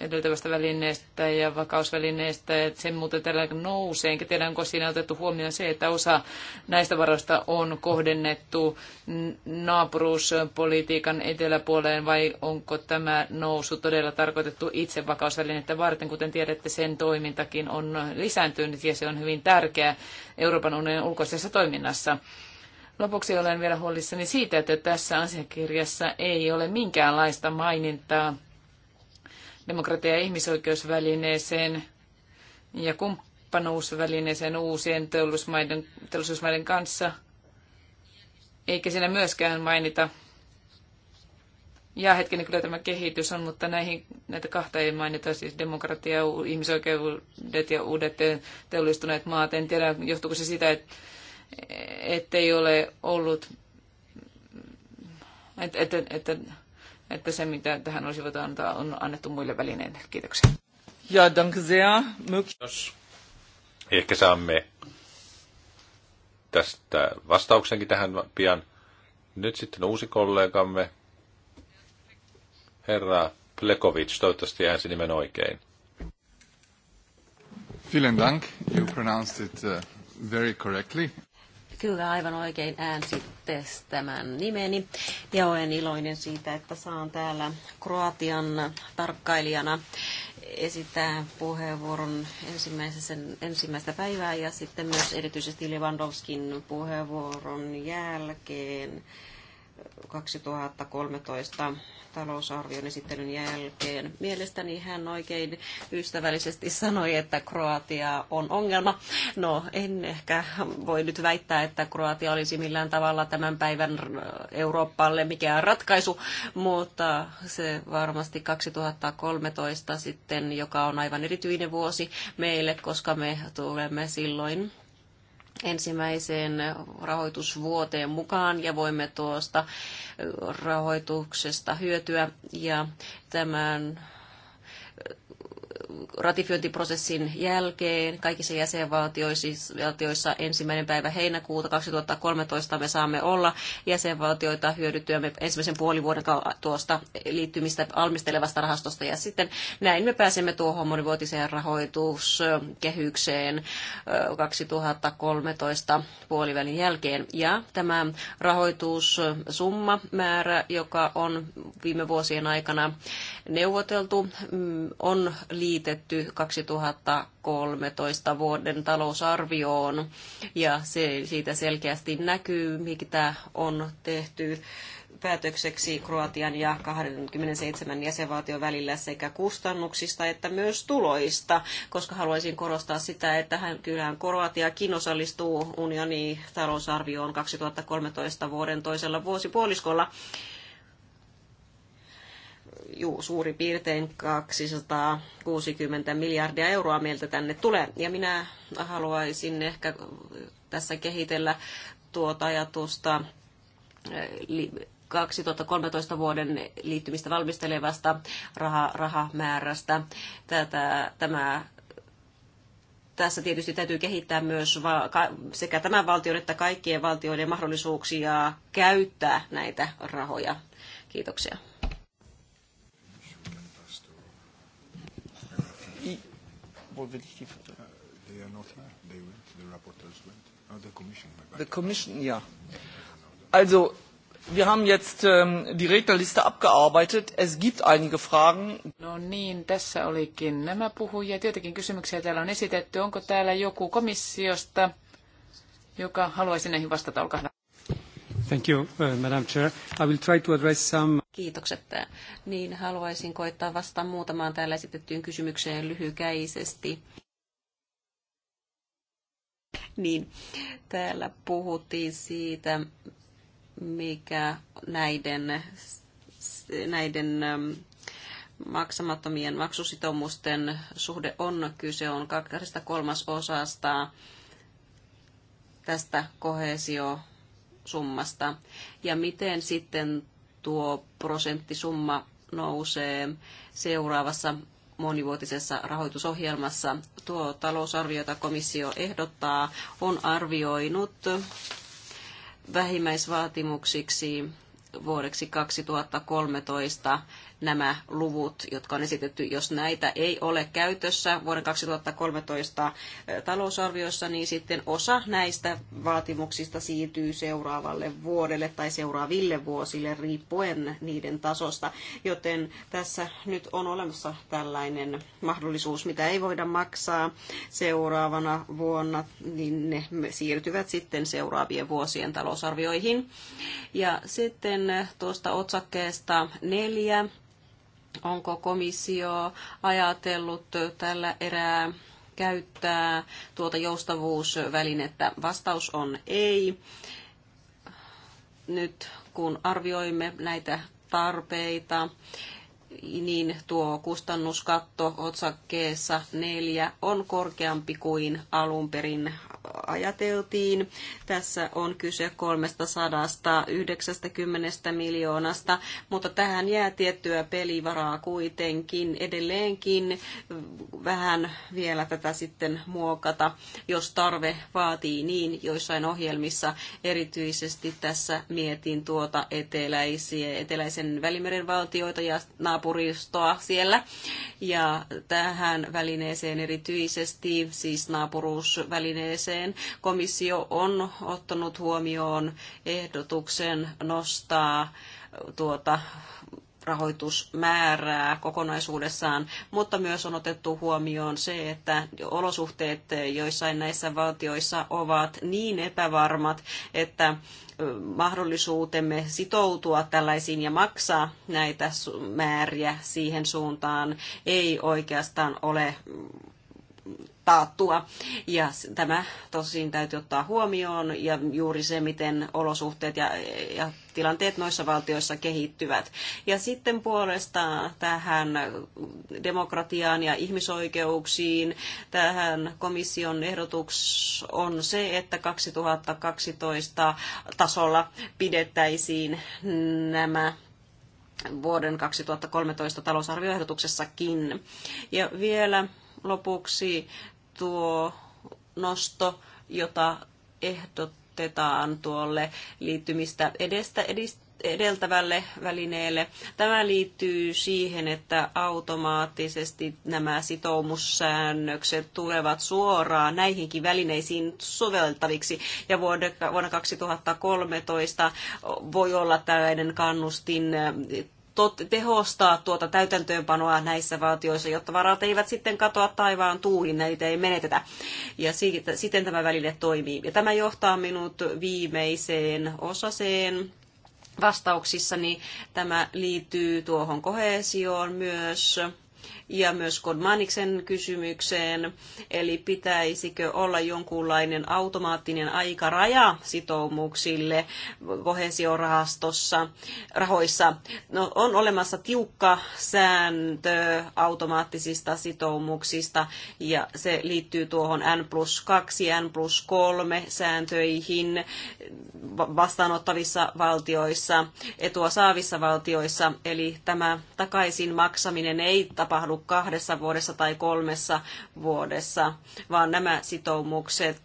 edeltävästä välineestä ja vakausvälineestä, että sen muuten tällä nousee. Enkä tiedä, onko siinä otettu huomioon se, että osa näistä varoista on kohdennettu naapuruuspolitiikan eteläpuoleen, vai onko tämä nousu todella tarkoitettu itse vakausvälineettä varten, kuten tiedätte, sen toimintakin on lisääntynyt ja se on hyvin tärkeä Euroopan unionin ulkoisessa toiminnassa. Lopuksi olen vielä huolissani siitä, että tässä asiakirjassa ei ole minkäänlaista mainintaa demokratia- ja ihmisoikeusvälineeseen ja kumppanuusvälineeseen uusien teollisuusmaiden, teollisuusmaiden kanssa, eikä siinä myöskään mainita ja hetkinen kyllä tämä kehitys on, mutta näihin, näitä kahta ei mainita, siis demokratia, ihmisoikeudet ja uudet teollistuneet maat. En tiedä, johtuuko se sitä, että ei ole ollut, että, että, että, että se mitä tähän olisivat antaa on annettu muille välineille. Kiitoksia. Ja danke sehr. Ehkä saamme tästä vastauksenkin tähän pian. Nyt sitten uusi kollegamme, herra Plekovic, toivottavasti äänsi nimen oikein. Vielen Dank. You pronounced it uh, very correctly kyllä aivan oikein äänsitte tämän nimeni. Ja olen iloinen siitä, että saan täällä Kroatian tarkkailijana esittää puheenvuoron ensimmäistä päivää ja sitten myös erityisesti Lewandowskin puheenvuoron jälkeen 2013 talousarvion esittelyn jälkeen. Mielestäni hän oikein ystävällisesti sanoi, että Kroatia on ongelma. No, en ehkä voi nyt väittää, että Kroatia olisi millään tavalla tämän päivän Euroopalle mikään ratkaisu, mutta se varmasti 2013 sitten, joka on aivan erityinen vuosi meille, koska me tulemme silloin ensimmäiseen rahoitusvuoteen mukaan ja voimme tuosta rahoituksesta hyötyä. Ja tämän ratifiointiprosessin jälkeen kaikissa jäsenvaltioissa ensimmäinen päivä heinäkuuta 2013 me saamme olla jäsenvaltioita hyödyttyämme ensimmäisen puolivuoden tuosta liittymistä valmistelevasta rahastosta ja sitten näin me pääsemme tuohon monivuotiseen rahoituskehykseen 2013 puolivälin jälkeen ja tämä rahoitussumma määrä, joka on viime vuosien aikana neuvoteltu, mm, on liittynyt liitetty 2013 vuoden talousarvioon ja se, siitä selkeästi näkyy, mitä on tehty päätökseksi Kroatian ja 27 jäsenvaltion välillä sekä kustannuksista että myös tuloista, koska haluaisin korostaa sitä, että hän kyllähän Kroatiakin osallistuu unionin talousarvioon 2013 vuoden toisella vuosipuoliskolla juu, suurin piirtein 260 miljardia euroa meiltä tänne tulee. Ja minä haluaisin ehkä tässä kehitellä tuota ajatusta 2013 eh, vuoden liittymistä valmistelevasta raha, rahamäärästä. Tätä, tämä tässä tietysti täytyy kehittää myös sekä tämän valtion että kaikkien valtioiden mahdollisuuksia käyttää näitä rahoja. Kiitoksia. will ich die Vertreter? They are not here. They went. The rapporteurs went. Oh, the commission. The commission, ja. Also, wir haben jetzt ähm, die Rednerliste abgearbeitet. Es gibt einige Fragen. No niin, tässä olikin nämä puhujat. Joitakin kysymyksiä täällä on esitetty. Onko täällä joku komissiosta, joka haluaisi näihin vastata? Olkaa hyvä. Thank you, uh, Madam Chair. I will try to address some... Kiitokset. Niin haluaisin koittaa vastaa muutamaan täällä esitettyyn kysymykseen lyhykäisesti. Niin, täällä puhuttiin siitä, mikä näiden, näiden ähm, maksamattomien maksusitoumusten suhde on. Kyse on kahdesta kolmasosasta tästä kohesio summasta. Ja miten sitten tuo prosenttisumma nousee seuraavassa monivuotisessa rahoitusohjelmassa. Tuo talousarviota komissio ehdottaa on arvioinut vähimmäisvaatimuksiksi vuodeksi 2013 nämä luvut, jotka on esitetty. Jos näitä ei ole käytössä vuoden 2013 talousarviossa, niin sitten osa näistä vaatimuksista siirtyy seuraavalle vuodelle tai seuraaville vuosille riippuen niiden tasosta. Joten tässä nyt on olemassa tällainen mahdollisuus, mitä ei voida maksaa seuraavana vuonna, niin ne siirtyvät sitten seuraavien vuosien talousarvioihin. Ja sitten tuosta otsakkeesta neljä Onko komissio ajatellut tällä erää käyttää tuota joustavuusvälinettä? Vastaus on ei. Nyt kun arvioimme näitä tarpeita, niin tuo kustannuskatto otsakkeessa neljä on korkeampi kuin alun perin ajateltiin. Tässä on kyse 390 miljoonasta, mutta tähän jää tiettyä pelivaraa kuitenkin edelleenkin vähän vielä tätä sitten muokata, jos tarve vaatii niin joissain ohjelmissa. Erityisesti tässä mietin tuota eteläisiä, eteläisen välimeren valtioita ja naapuristoa siellä. Ja tähän välineeseen erityisesti, siis naapuruusvälineeseen, komissio on ottanut huomioon ehdotuksen nostaa tuota rahoitusmäärää kokonaisuudessaan, mutta myös on otettu huomioon se, että olosuhteet joissain näissä valtioissa ovat niin epävarmat, että mahdollisuutemme sitoutua tällaisiin ja maksaa näitä määriä siihen suuntaan ei oikeastaan ole taattua. Ja tämä tosin täytyy ottaa huomioon ja juuri se, miten olosuhteet ja, ja tilanteet noissa valtioissa kehittyvät. Ja sitten puolestaan tähän demokratiaan ja ihmisoikeuksiin, tähän komission ehdotus on se, että 2012 tasolla pidettäisiin nämä vuoden 2013 talousarvioehdotuksessakin. Ja vielä lopuksi tuo nosto, jota ehdotetaan tuolle liittymistä edestä, edistä edeltävälle välineelle. Tämä liittyy siihen, että automaattisesti nämä sitoumussäännökset tulevat suoraan näihinkin välineisiin soveltaviksi. Ja vuonna 2013 voi olla tällainen kannustin tot, tehostaa tuota täytäntöönpanoa näissä valtioissa, jotta varat eivät sitten katoa taivaan tuuhin, näitä ei menetetä. Ja siitä, siten tämä väline toimii. Ja tämä johtaa minut viimeiseen osaseen vastauksissani. Tämä liittyy tuohon kohesioon myös ja myös Kodmaniksen kysymykseen, eli pitäisikö olla jonkunlainen automaattinen aikaraja sitoumuksille kohesiorahastossa rahoissa. No, on olemassa tiukka sääntö automaattisista sitoumuksista ja se liittyy tuohon N plus 2, N plus 3 sääntöihin vastaanottavissa valtioissa, etua saavissa valtioissa, eli tämä takaisin maksaminen ei tapahdu ollut kahdessa vuodessa tai kolmessa vuodessa, vaan nämä sitoumukset,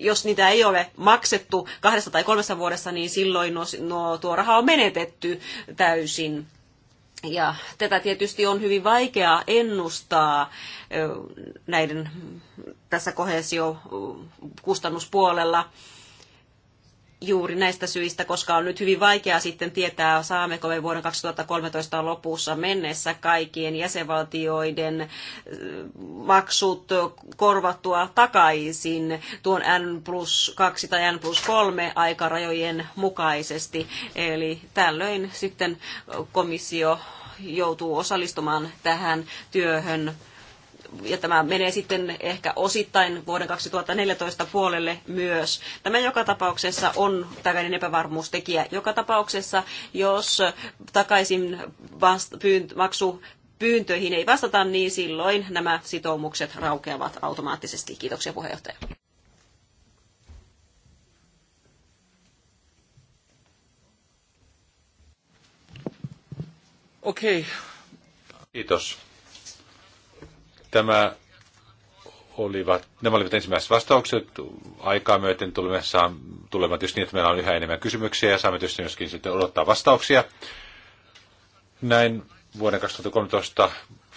jos niitä ei ole maksettu kahdessa tai kolmessa vuodessa, niin silloin nuo, nuo, tuo raha on menetetty täysin. Ja tätä tietysti on hyvin vaikea ennustaa näiden tässä kohesio kustannuspuolella juuri näistä syistä, koska on nyt hyvin vaikeaa sitten tietää, saammeko me vuoden 2013 lopussa mennessä kaikkien jäsenvaltioiden maksut korvattua takaisin tuon N plus 2 tai N plus 3 aikarajojen mukaisesti. Eli tällöin sitten komissio joutuu osallistumaan tähän työhön ja tämä menee sitten ehkä osittain vuoden 2014 puolelle myös. Tämä joka tapauksessa on tällainen epävarmuustekijä. Joka tapauksessa, jos takaisin vast, pyynt, maksu pyyntöihin ei vastata, niin silloin nämä sitoumukset raukeavat automaattisesti. Kiitoksia puheenjohtaja. Okei. Okay. Kiitos. Tämä olivat, nämä olivat ensimmäiset vastaukset. Aikaa myöten tulemme saamaan tulemaan tietysti niin, että meillä on yhä enemmän kysymyksiä ja saamme tietysti myöskin sitten odottaa vastauksia. Näin vuoden 2013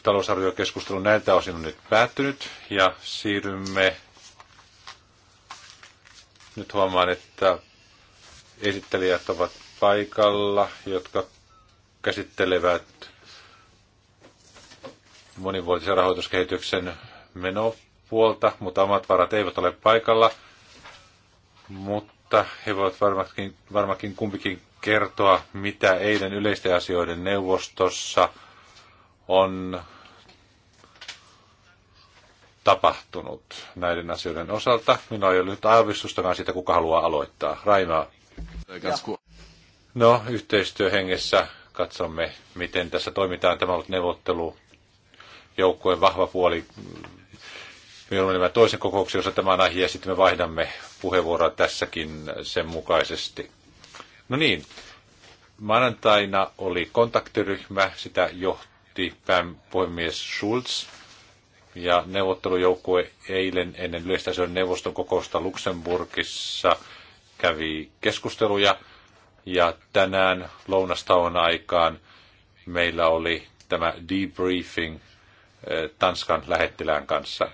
talousarviokeskustelu näiltä osin on nyt päättynyt ja siirrymme nyt huomaan, että esittelijät ovat paikalla, jotka käsittelevät monivuotisen rahoituskehityksen menopuolta, mutta omat varat eivät ole paikalla. Mutta he voivat varmakin, varmakin kumpikin kertoa, mitä eilen yleisten asioiden neuvostossa on tapahtunut näiden asioiden osalta. Minulla ei ole nyt aavistustakaan siitä, kuka haluaa aloittaa. Raimaa. No, yhteistyöhengessä katsomme, miten tässä toimitaan. Tämä on ollut neuvottelu joukkueen vahva puoli. Me on toisen kokouksen osa tämän aihe ja sitten me vaihdamme puheenvuoroa tässäkin sen mukaisesti. No niin, maanantaina oli kontaktiryhmä, sitä johti puhemies Schulz ja neuvottelujoukkue eilen ennen yleistäisyyden neuvoston kokousta Luxemburgissa kävi keskusteluja ja tänään lounastauon aikaan meillä oli tämä debriefing Tanskan lähettilään kanssa.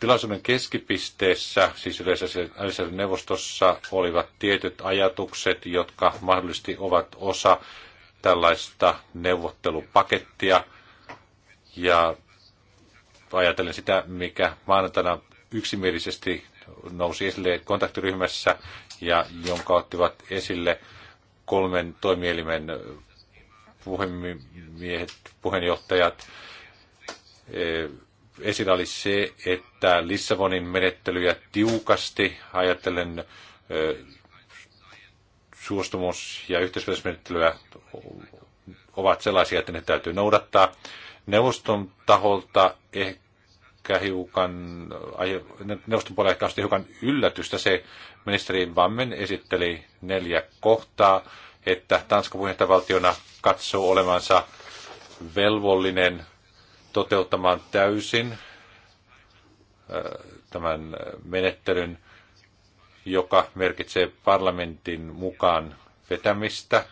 Tilaisuuden keskipisteessä, siis yleisessä neuvostossa, olivat tietyt ajatukset, jotka mahdollisesti ovat osa tällaista neuvottelupakettia. Ja ajatellen sitä, mikä maanantaina yksimielisesti nousi esille kontaktiryhmässä ja jonka ottivat esille kolmen toimielimen puhemiehet, puheenjohtajat, e, esillä oli se, että Lissabonin menettelyjä tiukasti ajatellen e, suostumus- ja yhteisvälismenettelyä ovat sellaisia, että ne täytyy noudattaa. Neuvoston taholta ehkä hiukan, neuvoston puolella ehkä hiukan yllätystä se ministeri Vammen esitteli neljä kohtaa, että Tanska puheenjohtajavaltiona katsoo olevansa velvollinen toteuttamaan täysin äh, tämän menettelyn, joka merkitsee parlamentin mukaan vetämistä.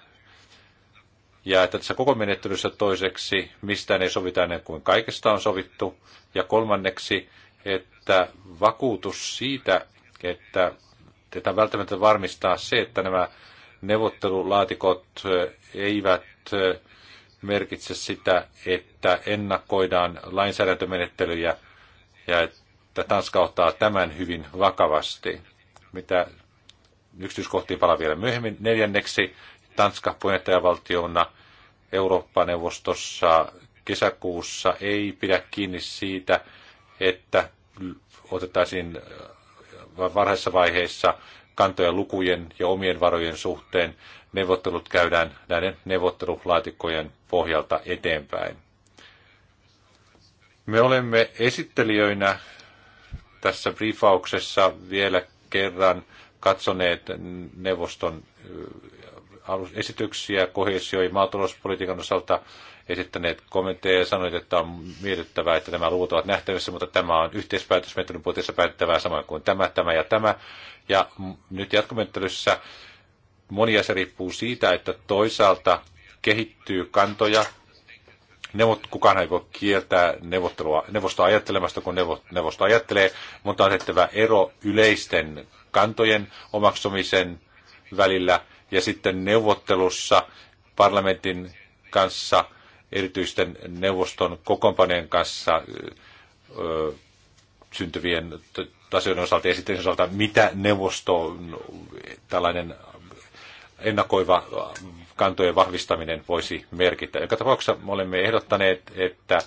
Ja että tässä koko menettelyssä toiseksi mistä ei sovita ennen kuin kaikesta on sovittu. Ja kolmanneksi, että vakuutus siitä, että tätä välttämättä varmistaa se, että nämä neuvottelulaatikot eh, eivät eh, merkitse sitä, että ennakoidaan lainsäädäntömenettelyjä ja että Tanska ottaa tämän hyvin vakavasti. Mitä yksityiskohtiin palaa vielä myöhemmin. Neljänneksi Tanska puheenjohtajavaltiona Eurooppa-neuvostossa kesäkuussa ei pidä kiinni siitä, että otettaisiin varhaisessa vaiheessa kantojen lukujen ja omien varojen suhteen. Neuvottelut käydään näiden neuvottelulaatikkojen pohjalta eteenpäin. Me olemme esittelijöinä tässä briefauksessa vielä kerran katsoneet neuvoston esityksiä kohesio- ja maatalouspolitiikan osalta esittäneet kommentteja ja sanoneet, että on mietittävää, että nämä luvut ovat nähtävissä, mutta tämä on yhteispäätösmenettelyn puitteissa päätettävää samoin kuin tämä, tämä ja tämä. Ja nyt jatkomenettelyssä moni asia riippuu siitä, että toisaalta kehittyy kantoja, Neuvot, kukaan ei voi kieltää neuvottelua, neuvostoa ajattelemasta, kun neuvosto ajattelee, mutta on tehtävä ero yleisten kantojen omaksumisen välillä ja sitten neuvottelussa parlamentin kanssa erityisten neuvoston kokoonpanojen kanssa ö, syntyvien tasojen osalta ja sitten osalta, mitä neuvosto tällainen ennakoiva kantojen vahvistaminen voisi merkitä. Joka tapauksessa me olemme ehdottaneet, että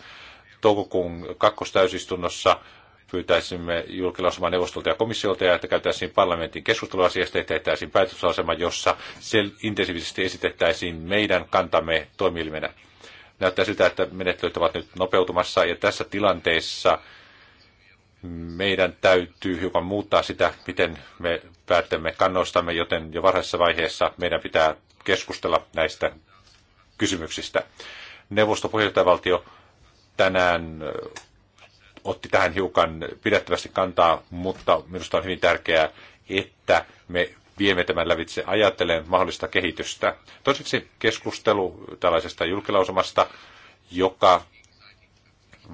toukokuun kakkostäysistunnossa pyytäisimme julkilausuma neuvostolta ja komissiolta ja että käytäisiin parlamentin keskusteluasiasta ja tehtäisiin päätösasema, jossa intensiivisesti esitettäisiin meidän kantamme toimielimenä. Näyttää siltä, että menettelyt ovat nyt nopeutumassa ja tässä tilanteessa meidän täytyy hiukan muuttaa sitä, miten me päätämme kannostamme, joten jo varhaisessa vaiheessa meidän pitää keskustella näistä kysymyksistä. Neuvosto puheenjohtajavaltio tänään otti tähän hiukan pidättävästi kantaa, mutta minusta on hyvin tärkeää, että me viemme tämän lävitse ajattelen mahdollista kehitystä. Toiseksi keskustelu tällaisesta julkilausumasta, joka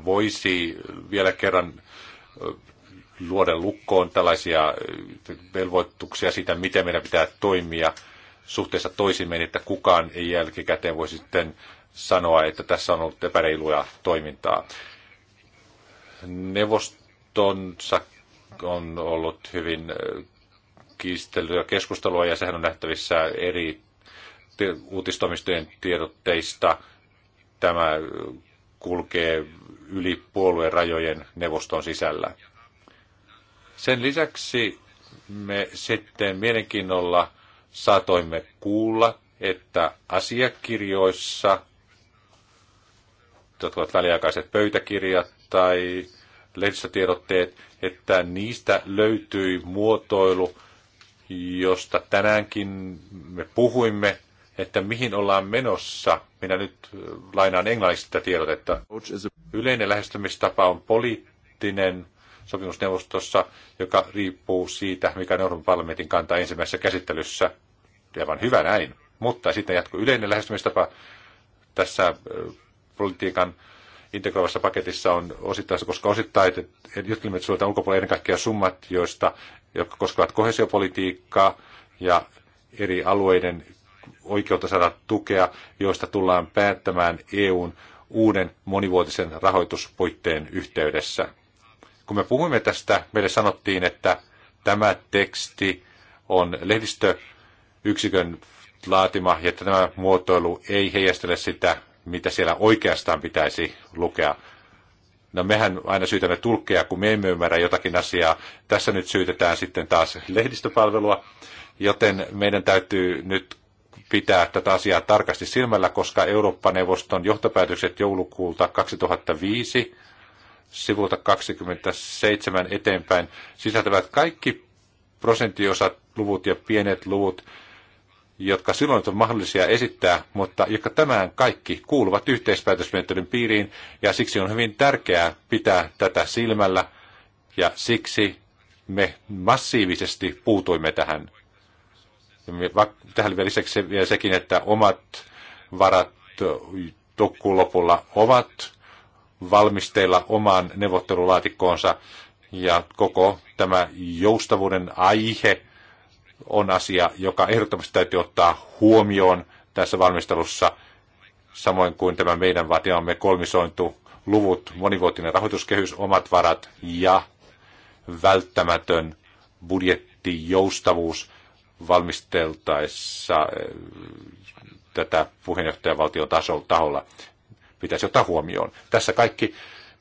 voisi vielä kerran luoda lukkoon tällaisia velvoituksia siitä, miten meidän pitää toimia suhteessa toisimme, että kukaan ei jälkikäteen voi sitten sanoa, että tässä on ollut epäreiluja toimintaa. Neuvostonsa on ollut hyvin kiistelyä, keskustelua, ja sehän on nähtävissä eri uutistoimistojen tiedotteista. Tämä kulkee yli puolueen rajojen neuvoston sisällä. Sen lisäksi me sitten mielenkiinnolla saatoimme kuulla, että asiakirjoissa, jotka ovat väliaikaiset pöytäkirjat tai lehdistötiedotteet, että niistä löytyi muotoilu, josta tänäänkin me puhuimme, että mihin ollaan menossa. Minä nyt lainaan englannista tätä tiedotetta. Yleinen lähestymistapa on poliittinen sopimusneuvostossa, joka riippuu siitä, mikä on Euroopan parlamentin kanta ensimmäisessä käsittelyssä. Ja vaan hyvä näin. Mutta sitten jatkuu yleinen lähestymistapa tässä politiikan integroivassa paketissa on osittain, koska osittain juttelemme suuntaan ulkopuolella ennen kaikkea summat, joista jotka koskevat kohesiopolitiikkaa ja eri alueiden oikeutta saada tukea, joista tullaan päättämään EUn uuden monivuotisen rahoituspuitteen yhteydessä. Kun me puhuimme tästä, meille sanottiin, että tämä teksti on lehdistöyksikön laatima ja että tämä muotoilu ei heijastele sitä, mitä siellä oikeastaan pitäisi lukea. No mehän aina syytämme tulkkeja, kun me emme ymmärrä jotakin asiaa. Tässä nyt syytetään sitten taas lehdistöpalvelua, joten meidän täytyy nyt pitää tätä asiaa tarkasti silmällä, koska Eurooppa-neuvoston johtopäätökset joulukuulta 2005 sivulta 27 eteenpäin sisältävät kaikki prosenttiosat, luvut ja pienet luvut, jotka silloin on mahdollisia esittää, mutta jotka tämän kaikki kuuluvat yhteispäätösmenettelyn piiriin, ja siksi on hyvin tärkeää pitää tätä silmällä, ja siksi me massiivisesti puutuimme tähän. Tähän vielä lisäksi vielä sekin, että omat varat tukkuun lopulla ovat valmisteilla omaan neuvottelulaatikkoonsa, ja koko tämä joustavuuden aihe on asia, joka ehdottomasti täytyy ottaa huomioon tässä valmistelussa, samoin kuin tämä meidän vaatimamme kolmisointu luvut, monivuotinen rahoituskehys, omat varat ja välttämätön budjettijoustavuus valmisteltaessa eh, tätä puheenjohtajavaltion taholla pitäisi ottaa huomioon. Tässä kaikki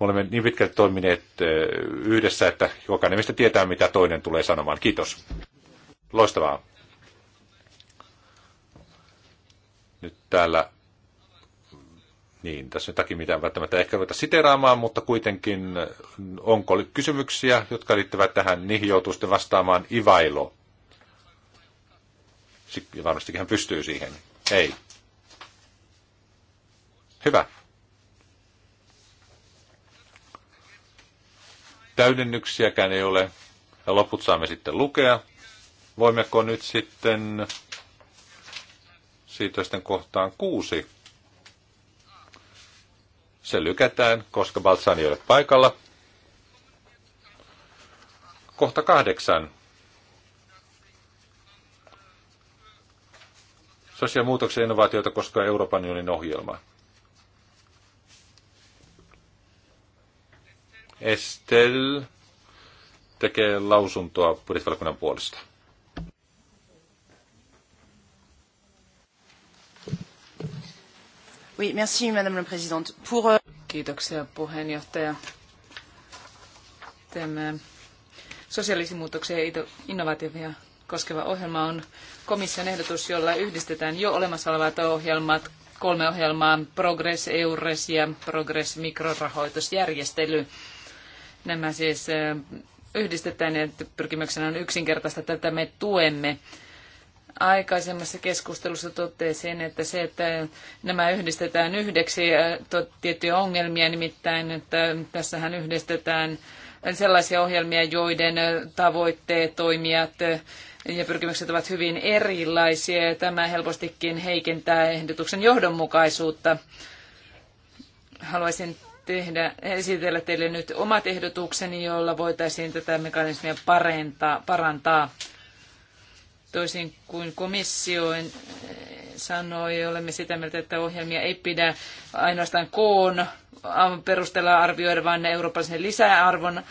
me olemme niin pitkälti toimineet eh, yhdessä, että jokainen meistä tietää, mitä toinen tulee sanomaan. Kiitos. Loistavaa. Nyt täällä, niin tässä nyt takia mitään välttämättä ehkä ruveta siteraamaan, mutta kuitenkin onko kysymyksiä, jotka liittyvät tähän, niihin joutuu sitten vastaamaan Ivailo. Sitten varmastikin hän pystyy siihen. Ei. Hyvä. Täydennyksiäkään ei ole. Ja loput saamme sitten lukea. Voimmeko nyt sitten siitä sitten kohtaan kuusi? Se lykätään, koska Balsani ei ole paikalla. Kohta kahdeksan. Sosiaalimuutoksen innovaatioita koska Euroopan unionin ohjelma. Estel tekee lausuntoa budjettivalkunnan puolesta. Oui, merci, Madame la Présidente. Pour... Euh, Kiitoksia puheenjohtaja. Tämä sosiaalisiin muutoksia ja innovaatiovia koskeva ohjelma on komission ehdotus, jolla yhdistetään jo olemassa olevat ohjelmat, kolme ohjelmaa, Progress, EURES ja Progress mikrorahoitusjärjestely. Nämä siis äh, yhdistetään ja pyrkimyksenä on yksinkertaista, tätä me tuemme aikaisemmassa keskustelussa totesin, että se, että nämä yhdistetään yhdeksi tiettyjä ongelmia, nimittäin, että tässähän yhdistetään sellaisia ohjelmia, joiden tavoitteet, toimijat ja pyrkimykset ovat hyvin erilaisia, ja tämä helpostikin heikentää ehdotuksen johdonmukaisuutta. Haluaisin tehdä, esitellä teille nyt omat ehdotukseni, joilla voitaisiin tätä mekanismia parantaa. parantaa. Toisin kuin komissio sanoi, olemme sitä mieltä, että ohjelmia ei pidä ainoastaan koon perusteella arvioida, vaan eurooppalaisen lisäarvon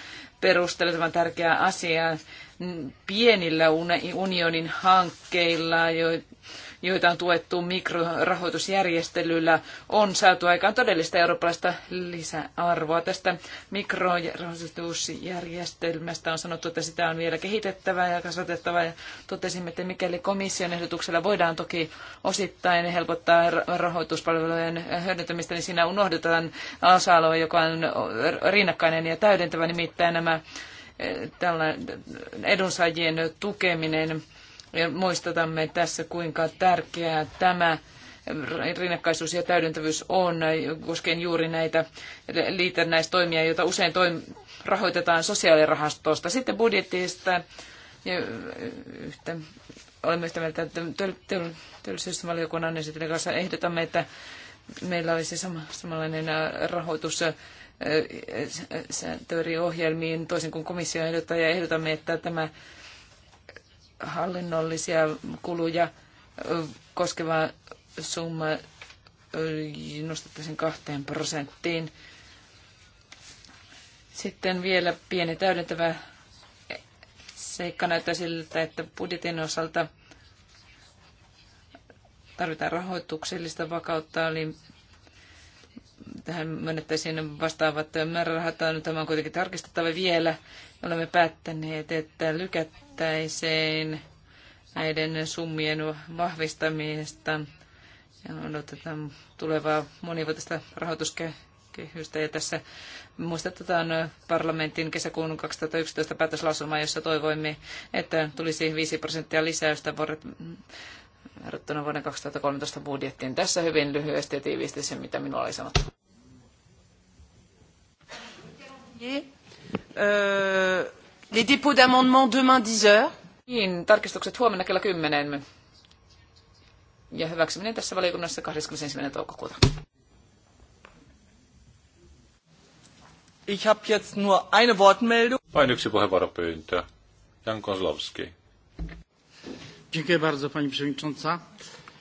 perusteella. Tämä on tärkeä asia pienillä unionin hankkeilla, joita joita on tuettu mikrorahoitusjärjestelyllä, on saatu aikaan todellista eurooppalaista lisäarvoa. Tästä mikrorahoitusjärjestelmästä on sanottu, että sitä on vielä kehitettävä ja kasvatettava. Ja totesimme, että mikäli komission ehdotuksella voidaan toki osittain helpottaa rahoituspalvelujen hyödyntämistä, niin siinä unohdetaan osa-alue, joka on rinnakkainen ja täydentävä, nimittäin nämä eh, edunsaajien tukeminen ja muistutamme tässä, kuinka tärkeää tämä rinnakkaisuus ja täydentävyys on, koskien juuri näitä liitännäistoimia, joita usein toim- rahoitetaan sosiaalirahastosta. Sitten budjetista ja yhtä, olemme yhtä mieltä, että työllisyysvaliokunnan esittelijän kanssa ehdotamme, että meillä olisi sama, samanlainen äh, rahoitus äh, sääntööriohjelmiin, toisin kuin komissio ehdottaa, ja ehdotamme, että tämä hallinnollisia kuluja koskeva summa nostettaisiin kahteen prosenttiin. Sitten vielä pieni täydentävä seikka näyttää siltä, että budjetin osalta tarvitaan rahoituksellista vakautta, eli tähän myönnettäisiin vastaavat määrärahat. Tämä on kuitenkin tarkistettava vielä olemme päättäneet, että lykättäisiin näiden summien vahvistamista ja odotetaan tulevaa monivuotista rahoituskehystä. Ja tässä muistetaan parlamentin kesäkuun 2011 päätöslausumaa, jossa toivoimme, että tulisi 5 prosenttia lisäystä verrattuna vuoden 2013 budjettiin. Tässä hyvin lyhyesti ja tiiviisti se, mitä minulla oli sanottu. Yeah. Euh, les dépôts d'amendements demain 10 heures. Niin, tarkistukset huomenna kello 10. Ja hyväksyminen tässä valiokunnassa 21. toukokuuta. Ich habe jetzt nur eine Wortmeldung. Vain yksi puheenvuoropyyntö. Jan Kozlowski. Dziękuję bardzo pani przewodnicząca.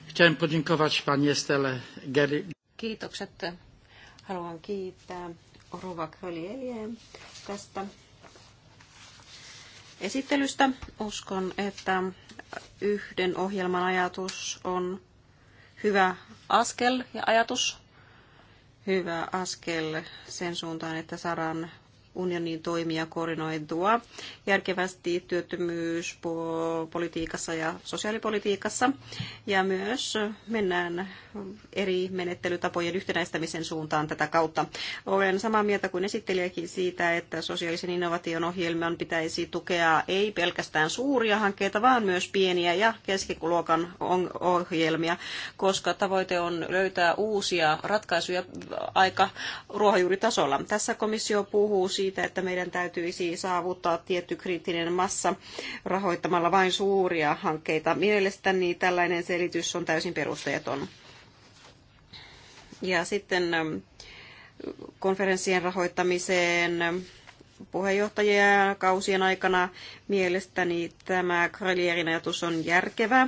Chciałem podziękować pani Estelle Gery. Kiitokset. Haluan kiittää Ruvak Höljelje tästä esittelystä. Uskon, että yhden ohjelman ajatus on hyvä askel ja ajatus hyvä askel sen suuntaan, että saadaan unionin toimia koordinoitua järkevästi työttömyyspolitiikassa ja sosiaalipolitiikassa. Ja myös mennään eri menettelytapojen yhtenäistämisen suuntaan tätä kautta. Olen samaa mieltä kuin esittelijäkin siitä, että sosiaalisen innovaation ohjelman pitäisi tukea ei pelkästään suuria hankkeita, vaan myös pieniä ja keskiluokan ohjelmia, koska tavoite on löytää uusia ratkaisuja aika ruohonjuuritasolla. Tässä komissio puhuu siitä, siitä, että meidän täytyisi saavuttaa tietty kriittinen massa rahoittamalla vain suuria hankkeita. Mielestäni tällainen selitys on täysin perusteeton. Ja sitten ähm, konferenssien rahoittamiseen puheenjohtajien kausien aikana mielestäni tämä Grelierin ajatus on järkevä,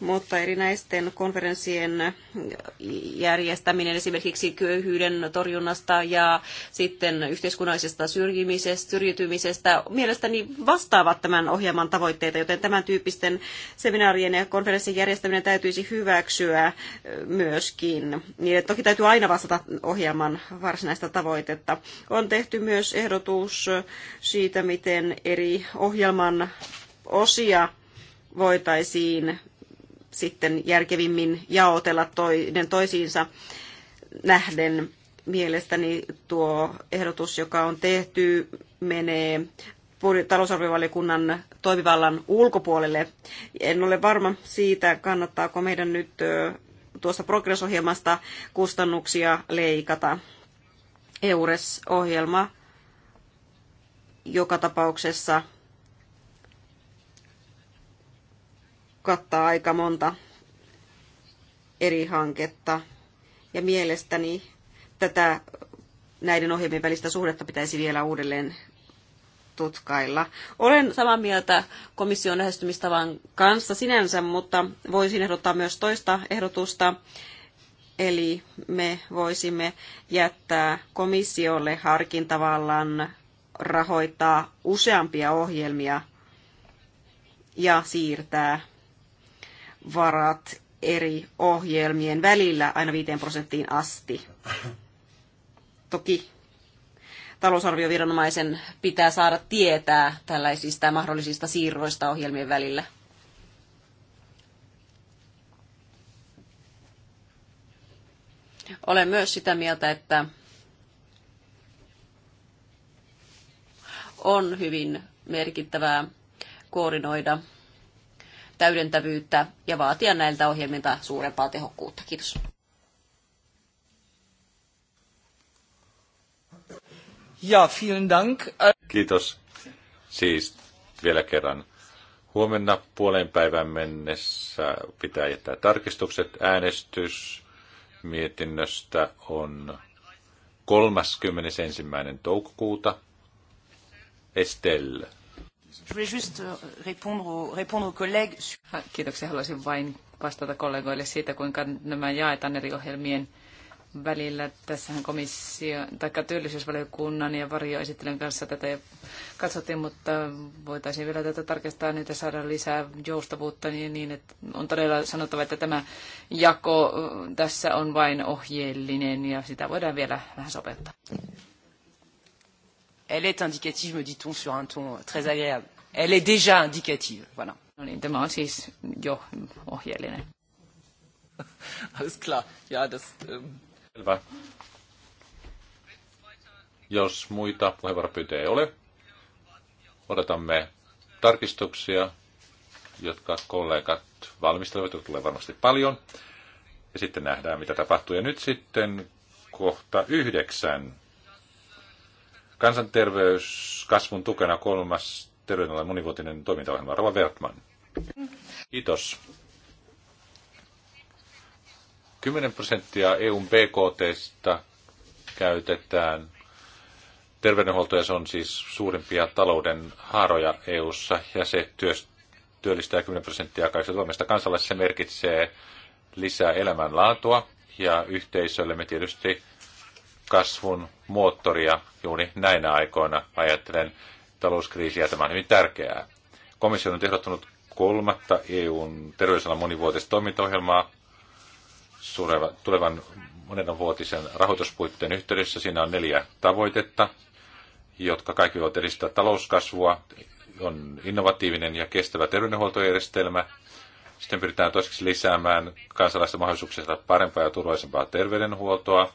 mutta erinäisten konferenssien järjestäminen esimerkiksi köyhyyden torjunnasta ja sitten yhteiskunnallisesta syrjimisestä, syrjitymisestä mielestäni vastaavat tämän ohjelman tavoitteita, joten tämän tyyppisten seminaarien ja konferenssin järjestäminen täytyisi hyväksyä myöskin. Niille toki täytyy aina vastata ohjelman varsinaista tavoitetta. On tehty myös ehdotus siitä, miten eri ohjelman osia voitaisiin sitten järkevimmin jaotella toinen toisiinsa nähden. Mielestäni tuo ehdotus, joka on tehty, menee talousarviovaliokunnan toimivallan ulkopuolelle. En ole varma siitä, kannattaako meidän nyt tuosta progressohjelmasta kustannuksia leikata. EURES-ohjelma joka tapauksessa kattaa aika monta eri hanketta. Ja mielestäni tätä näiden ohjelmien välistä suhdetta pitäisi vielä uudelleen tutkailla. Olen samaa mieltä komission lähestymistavan kanssa sinänsä, mutta voisin ehdottaa myös toista ehdotusta. Eli me voisimme jättää komissiolle harkintavallan rahoittaa useampia ohjelmia ja siirtää varat eri ohjelmien välillä aina 5 prosenttiin asti. Toki talousarvioviranomaisen pitää saada tietää tällaisista mahdollisista siirroista ohjelmien välillä. Olen myös sitä mieltä, että on hyvin merkittävää koordinoida täydentävyyttä ja vaatia näiltä ohjelmilta suurempaa tehokkuutta. Kiitos. Ja, vielen dank. Kiitos. Siis vielä kerran. Huomenna puolen päivän mennessä pitää jättää tarkistukset. Äänestys mietinnöstä on 31. toukokuuta. Estelle. Kiitoksia. Haluaisin vain vastata kollegoille siitä, kuinka nämä jaetaan eri ohjelmien välillä. Tässähän komissio, tai työllisyysvaliokunnan ja varjoesittelyn kanssa tätä jo katsottiin, mutta voitaisiin vielä tätä tarkistaa nyt ja saada lisää joustavuutta niin, niin että on todella sanottava, että tämä jako tässä on vain ohjeellinen ja sitä voidaan vielä vähän sopeuttaa. Elle est indicative, me dit-on, sur un ton euh, très agréable. Elle est déjà indicative. Voilà. No niin, tämä on siis jo ohjeellinen. Alles klar. Ja, das, ähm... Selvä. Jos muita puheenvuoropyyntöjä ei ole, odotamme tarkistuksia, jotka kollegat valmistelevat, jotka tulee varmasti paljon. Ja sitten nähdään, mitä tapahtuu. Ja nyt sitten kohta yhdeksän kansanterveyskasvun tukena kolmas terveydenalan monivuotinen toimintaohjelma. Rova Wertman. Kiitos. 10 prosenttia EUn BKTstä käytetään terveydenhuolto, ja se on siis suurimpia talouden haaroja EUssa, ja se työllistää 10 prosenttia kaikista Suomesta kansalaisista. Se merkitsee lisää elämänlaatua, ja me tietysti kasvun moottoria juuri näinä aikoina. Ajattelen talouskriisiä, tämä on hyvin tärkeää. Komissio on ehdottanut kolmatta EUn terveysalan monivuotista toimintaohjelmaa tulevan monenvuotisen rahoituspuitteen yhteydessä. Siinä on neljä tavoitetta, jotka kaikki voivat edistää talouskasvua. On innovatiivinen ja kestävä terveydenhuoltojärjestelmä. Sitten pyritään toiseksi lisäämään kansalaisten mahdollisuuksia saada parempaa ja turvallisempaa terveydenhuoltoa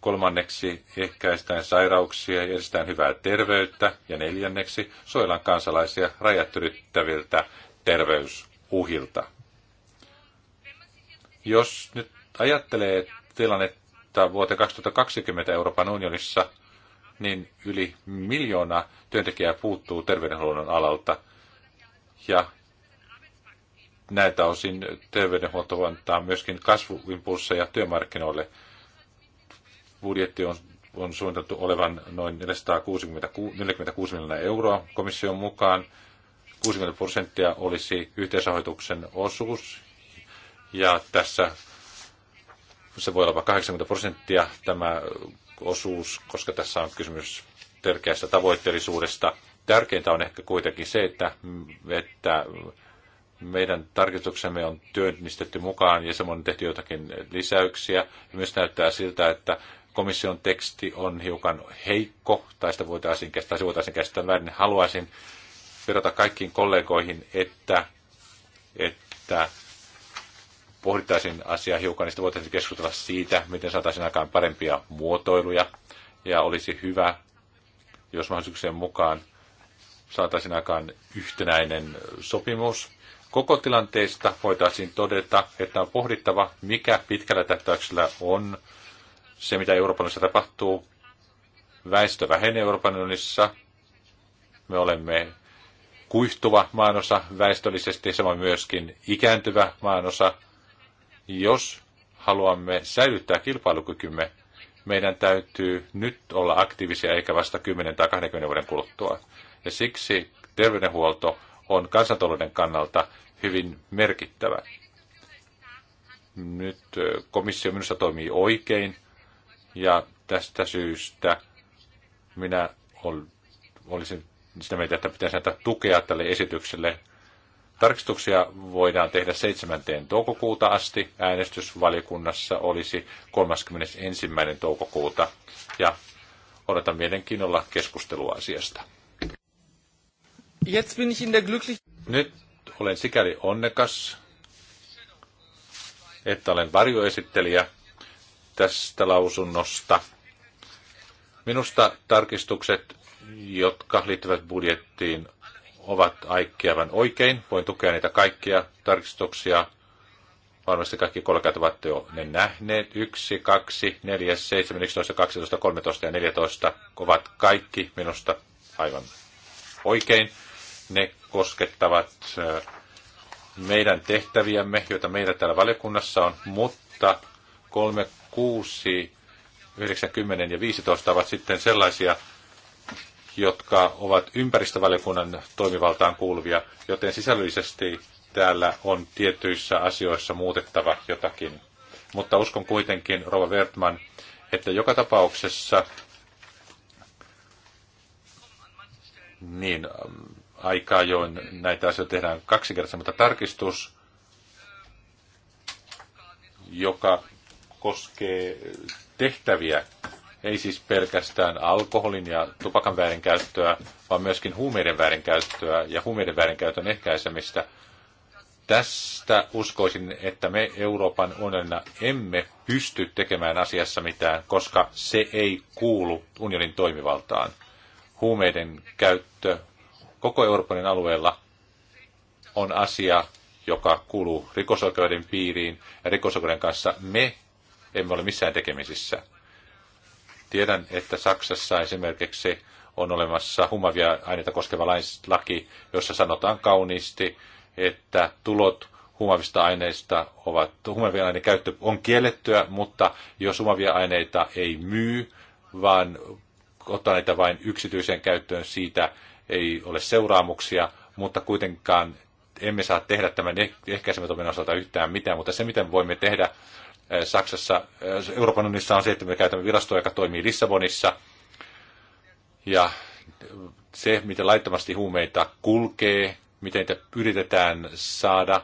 Kolmanneksi ehkäistään sairauksia ja edistetään hyvää terveyttä. Ja neljänneksi suojellaan kansalaisia rajat ylittäviltä terveysuhilta. Jos nyt ajattelee tilannetta vuoteen 2020 Euroopan unionissa, niin yli miljoona työntekijää puuttuu terveydenhuollon alalta. Ja näitä osin terveydenhuolto antaa myöskin kasvuimpulsseja työmarkkinoille – budjetti on, on suunniteltu olevan noin 446 miljoonaa euroa komission mukaan. 60 prosenttia olisi yhteisrahoituksen osuus, ja tässä se voi olla jopa 80 prosenttia tämä osuus, koska tässä on kysymys tärkeästä tavoitteellisuudesta. Tärkeintä on ehkä kuitenkin se, että, että meidän tarkoituksemme on työnnistetty mukaan ja samoin on tehty jotakin lisäyksiä. myös näyttää siltä, että komission teksti on hiukan heikko, tai sitä voitaisiin käsittää, se voitaisiin käsittää väärin. Haluaisin vedota kaikkiin kollegoihin, että, että pohdittaisiin asiaa hiukan, niin sitä voitaisiin keskustella siitä, miten saataisiin aikaan parempia muotoiluja. Ja olisi hyvä, jos mahdollisuuksien mukaan saataisiin aikaan yhtenäinen sopimus. Koko tilanteesta voitaisiin todeta, että on pohdittava, mikä pitkällä tähtäyksellä on se, mitä Euroopan unionissa tapahtuu. Väestö vähenee Euroopan unionissa. Me olemme kuihtuva maanosa väestöllisesti, samoin myöskin ikääntyvä maanosa. Jos haluamme säilyttää kilpailukykymme, meidän täytyy nyt olla aktiivisia eikä vasta 10 tai 20 vuoden kuluttua. Ja siksi terveydenhuolto on kansantalouden kannalta hyvin merkittävä. Nyt komissio minusta toimii oikein ja tästä syystä minä ol, olisin sitä mieltä, että pitäisi näitä tukea tälle esitykselle. Tarkistuksia voidaan tehdä 7. toukokuuta asti. Äänestysvaliokunnassa olisi 31. toukokuuta. Ja odotan mielenkiinnolla keskustelua asiasta. Jetzt bin ich in der glücklich... Nyt olen sikäli onnekas, että olen varjoesittelijä tästä lausunnosta. Minusta tarkistukset, jotka liittyvät budjettiin, ovat aikkeavan oikein. Voin tukea niitä kaikkia tarkistuksia. Varmasti kaikki kollegat ovat jo ne nähneet. 1, 2, 4, 7, 11, 12, 13 ja 14 ovat kaikki minusta aivan oikein. Ne koskettavat meidän tehtäviämme, joita meillä täällä valiokunnassa on, mutta 3, 6, 90 ja 15 ovat sitten sellaisia, jotka ovat ympäristövaliokunnan toimivaltaan kuuluvia, joten sisällöllisesti täällä on tietyissä asioissa muutettava jotakin. Mutta uskon kuitenkin, Rova Wertman, että joka tapauksessa niin, ähm, aika ajoin näitä asioita tehdään kaksi kertaa, mutta tarkistus, joka koskee tehtäviä, ei siis pelkästään alkoholin ja tupakan väärinkäyttöä, vaan myöskin huumeiden väärinkäyttöä ja huumeiden väärinkäytön ehkäisemistä. Tästä uskoisin, että me Euroopan unionina emme pysty tekemään asiassa mitään, koska se ei kuulu unionin toimivaltaan. Huumeiden käyttö koko Euroopan alueella on asia, joka kuuluu rikosoikeuden piiriin ja rikosoikeuden kanssa me emme ole missään tekemisissä. Tiedän, että Saksassa esimerkiksi on olemassa humavia aineita koskeva laki, jossa sanotaan kauniisti, että tulot humavista aineista ovat, humavien aineiden käyttö on kiellettyä, mutta jos humavia aineita ei myy, vaan ottaa näitä vain yksityiseen käyttöön, siitä ei ole seuraamuksia, mutta kuitenkaan emme saa tehdä tämän ehkäisemätoiminnan osalta yhtään mitään, mutta se, miten voimme tehdä, Saksassa, Euroopan unionissa on se, että me käytämme virastoa, joka toimii Lissabonissa. Ja se, miten laittomasti huumeita kulkee, miten te yritetään saada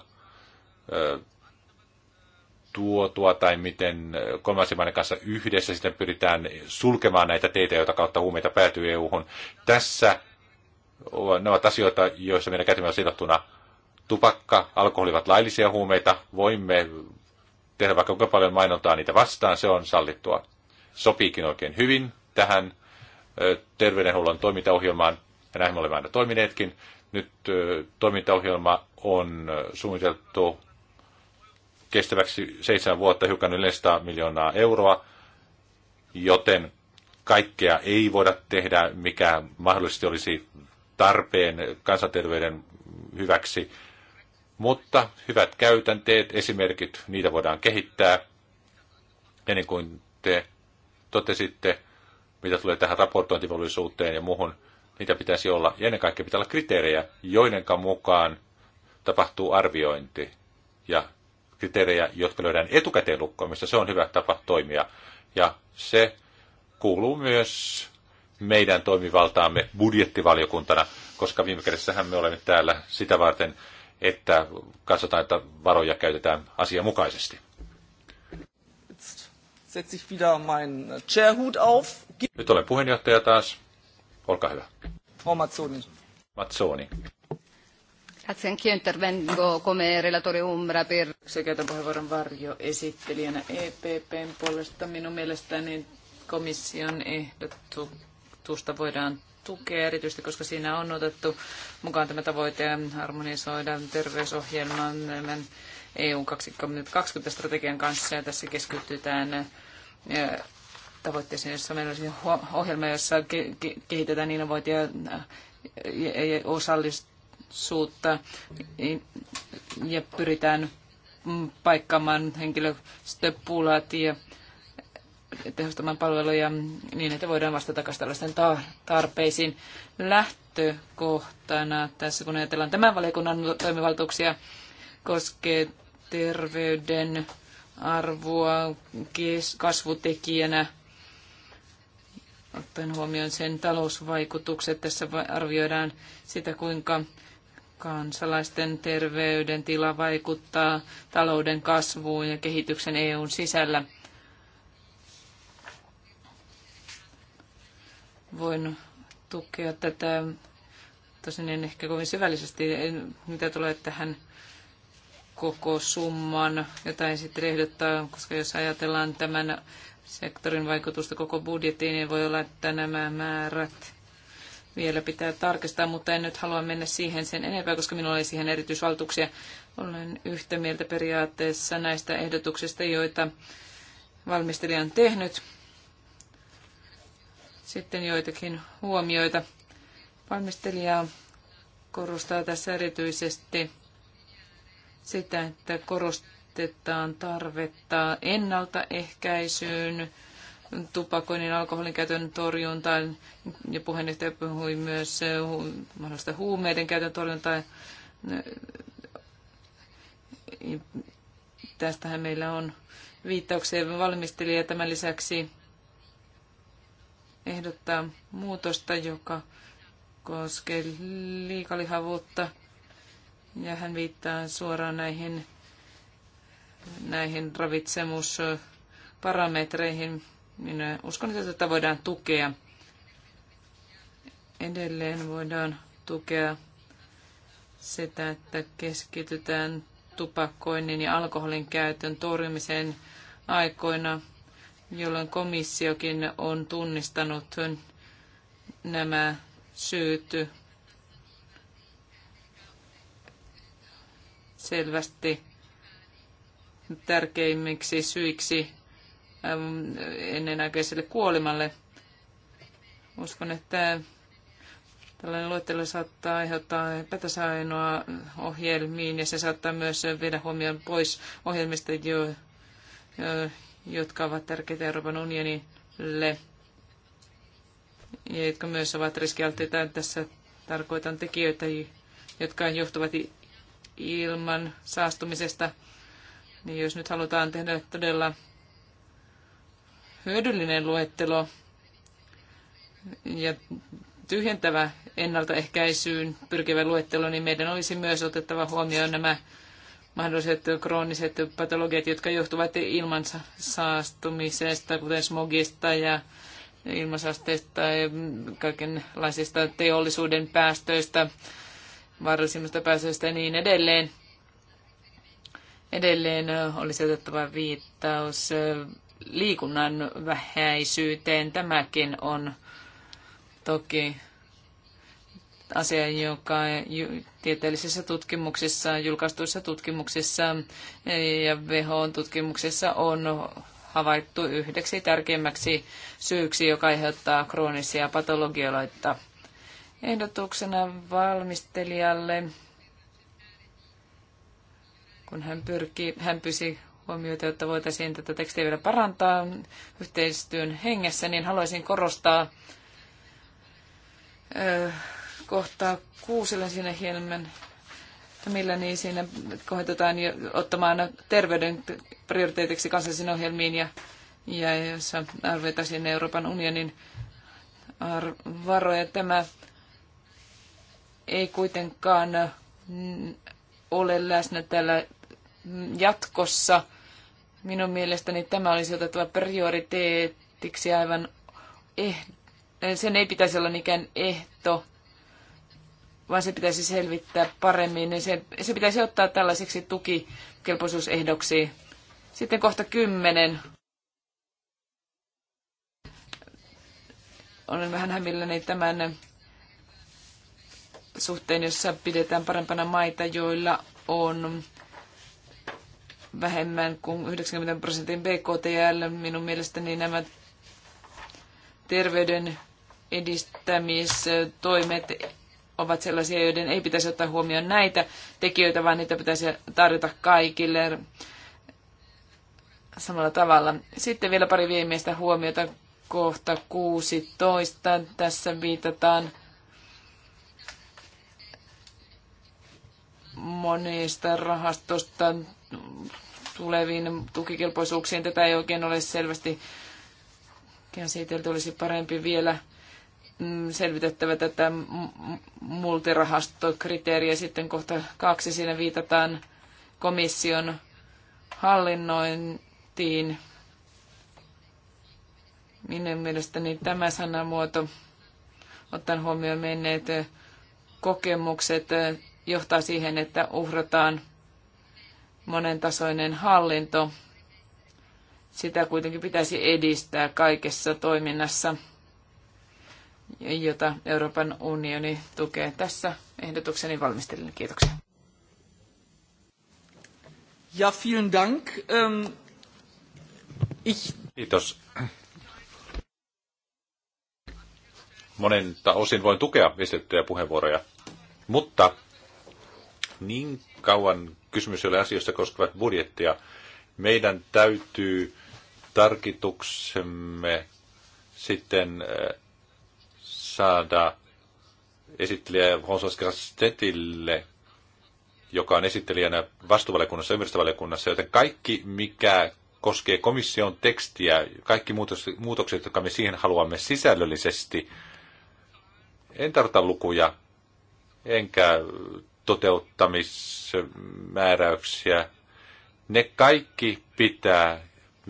tuotua tai miten kolmansimainen kanssa yhdessä sitten pyritään sulkemaan näitä teitä, joita kautta huumeita päätyy EU-hun. Tässä ne ovat asioita, joissa meidän kätemme on sidottuna tupakka, alkoholivat laillisia huumeita. Voimme tehdä vaikka kuinka paljon mainontaa niitä vastaan, se on sallittua. Sopiikin oikein hyvin tähän terveydenhuollon toimintaohjelmaan, ja näin me olemme aina toimineetkin. Nyt toimintaohjelma on suunniteltu kestäväksi seitsemän vuotta hiukan 100 miljoonaa euroa, joten kaikkea ei voida tehdä, mikä mahdollisesti olisi tarpeen kansanterveyden hyväksi mutta hyvät käytänteet, esimerkit, niitä voidaan kehittää. Ja niin kuin te totesitte, mitä tulee tähän raportointivollisuuteen ja muuhun, niitä pitäisi olla. Ja ennen kaikkea pitää olla kriteerejä, joiden mukaan tapahtuu arviointi ja kriteerejä, jotka löydään etukäteen lukkoon, mistä se on hyvä tapa toimia. Ja se kuuluu myös meidän toimivaltaamme budjettivaliokuntana, koska viime kädessähän me olemme täällä sitä varten, että katsotaan, että varoja käytetään asianmukaisesti. Äh, Nyt olen puheenjohtaja taas. Olkaa hyvä. Frau Mazzoni. Mazzoni. Grazie, anch'io intervengo come relatore Umbra per... Käytän puheenvuoron EPPn e puolesta. Minun mielestäni komission ehdotusta voidaan tukea erityisesti, koska siinä on otettu mukaan tämä tavoite harmonisoida terveysohjelman EU 2020 strategian kanssa ja tässä keskitytään tavoitteisiin, jossa meillä olisi ohjelma, jossa kehitetään innovointia ja osallisuutta ja pyritään paikkaamaan henkilöstöpulat ja tehostamaan palveluja niin, että voidaan vastata tällaisten tarpeisiin. Lähtökohtana tässä, kun ajatellaan tämän valiokunnan toimivaltuuksia, koskee terveyden arvoa kasvutekijänä. Ottaen huomioon sen talousvaikutukset, tässä arvioidaan sitä, kuinka kansalaisten tila vaikuttaa talouden kasvuun ja kehityksen EUn sisällä. voin tukea tätä, tosin en ehkä kovin syvällisesti, en, mitä tulee tähän koko summan, jotain sitten ehdottaa, koska jos ajatellaan tämän sektorin vaikutusta koko budjettiin, niin voi olla, että nämä määrät vielä pitää tarkistaa, mutta en nyt halua mennä siihen sen enempää, koska minulla ei siihen erityisvaltuuksia. Olen yhtä mieltä periaatteessa näistä ehdotuksista, joita valmistelija on tehnyt. Sitten joitakin huomioita. Valmistelija korostaa tässä erityisesti sitä, että korostetaan tarvetta ennaltaehkäisyyn, tupakoinnin alkoholin käytön torjuntaan ja puheenjohtaja puhui myös eh, mahdollista huumeiden käytön torjuntaan. Tästähän meillä on viittauksia valmistelija tämän lisäksi ehdottaa muutosta, joka koskee liikalihavuutta. Ja hän viittaa suoraan näihin, näihin ravitsemusparametreihin. Minä uskon, että tätä voidaan tukea. Edelleen voidaan tukea sitä, että keskitytään tupakoinnin ja alkoholin käytön torjumiseen aikoina, jolloin komissiokin on tunnistanut nämä syyt selvästi tärkeimmiksi syiksi ähm, ennenaikaiselle kuolemalle. Uskon, että tällainen luettelo saattaa aiheuttaa epätasainoa ohjelmiin ja se saattaa myös viedä huomioon pois ohjelmista, jo, jotka ovat tärkeitä Euroopan unionille ja jotka myös ovat riskialttiita. Tässä tarkoitan tekijöitä, jotka johtuvat ilman saastumisesta. Niin jos nyt halutaan tehdä todella hyödyllinen luettelo ja tyhjentävä ennaltaehkäisyyn pyrkivä luettelo, niin meidän olisi myös otettava huomioon nämä mahdolliset krooniset patologiat, jotka johtuvat ilmansaastumisesta, saastumisesta, kuten smogista ja ilmansaasteista ja kaikenlaisista teollisuuden päästöistä, vaarallisimmista päästöistä ja niin edelleen. Edelleen olisi otettava viittaus liikunnan vähäisyyteen. Tämäkin on toki asia, joka tieteellisissä tutkimuksissa, julkaistuissa tutkimuksissa ja WHO-tutkimuksissa on havaittu yhdeksi tärkeimmäksi syyksi, joka aiheuttaa kroonisia patologioita. Ehdotuksena valmistelijalle, kun hän, pyrki, hän pysi huomiota, jotta voitaisiin tätä tekstiä vielä parantaa yhteistyön hengessä, niin haluaisin korostaa kohtaa kuusilla siinä hieman, millä niin siinä jo ottamaan terveyden prioriteetiksi kansallisiin ohjelmiin ja, ja jossa arvetaan Euroopan unionin varoja. Tämä ei kuitenkaan ole läsnä täällä jatkossa. Minun mielestäni tämä olisi otettava prioriteetiksi aivan eh sen ei pitäisi olla mikään ehto vaan se pitäisi selvittää paremmin, niin se, se pitäisi ottaa tällaiseksi tukikelpoisuusehdoksi. Sitten kohta kymmenen. Olen vähän hämilläni tämän suhteen, jossa pidetään parempana maita, joilla on vähemmän kuin 90 prosentin BKTL. Minun mielestäni nämä terveyden edistämistoimet ovat sellaisia, joiden ei pitäisi ottaa huomioon näitä tekijöitä, vaan niitä pitäisi tarjota kaikille samalla tavalla. Sitten vielä pari viimeistä huomiota kohta 16. Tässä viitataan monista rahastosta tuleviin tukikelpoisuuksiin. Tätä ei oikein ole selvästi käsitelty. Olisi parempi vielä Mm, selvitettävä tätä multirahastokriteeriä. Sitten kohta kaksi siinä viitataan komission hallinnointiin. Minun mielestäni tämä sanamuoto, ottaen huomioon menneet kokemukset, johtaa siihen, että uhrataan monentasoinen hallinto. Sitä kuitenkin pitäisi edistää kaikessa toiminnassa jota Euroopan unioni tukee tässä ehdotukseni valmistelin. Kiitoksia. Ja, vielen dank. Ähm, ich... Kiitos. osin voin tukea esitettyjä puheenvuoroja, mutta niin kauan kysymys ei ole asioista koskevat budjettia, meidän täytyy tarkituksemme sitten äh, saada esittelijä Honsos Stetille, joka on esittelijänä vastuuvaliokunnassa ja ympäristövaliokunnassa, joten kaikki, mikä koskee komission tekstiä, kaikki muutokset, jotka me siihen haluamme sisällöllisesti, en tarvita lukuja, enkä toteuttamismääräyksiä. Ne kaikki pitää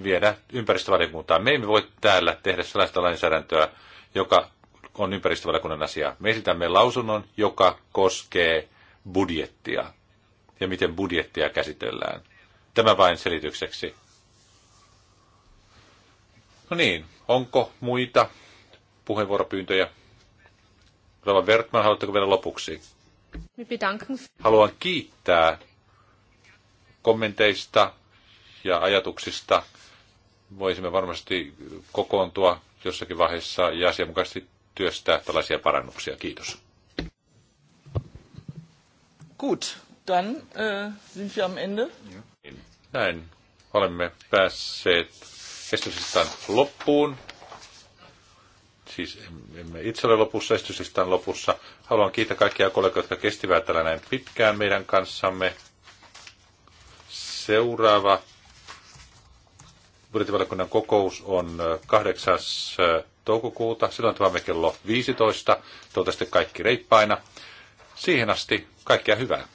viedä ympäristövaliokuntaan. Me emme voi täällä tehdä sellaista lainsäädäntöä, joka on ympäristövaliokunnan asia. Me esitämme lausunnon, joka koskee budjettia ja miten budjettia käsitellään. Tämä vain selitykseksi. No niin, onko muita puheenvuoropyyntöjä? Rava Wertman, haluatteko vielä lopuksi? Haluan kiittää kommenteista ja ajatuksista. Voisimme varmasti kokoontua jossakin vaiheessa ja asianmukaisesti työstää tällaisia parannuksia. Kiitos. Gut, dann äh, sind wir am Ende. Niin, näin olemme päässeet estysistan loppuun. Siis emme itse ole lopussa, estysistan lopussa. Haluan kiittää kaikkia kollegoita, jotka kestivät tällä näin pitkään meidän kanssamme. Seuraava budjettivaliokunnan kokous on 8. Äh, toukokuuta. Silloin tämä kello 15. Toivottavasti kaikki reippaina. Siihen asti kaikkea hyvää.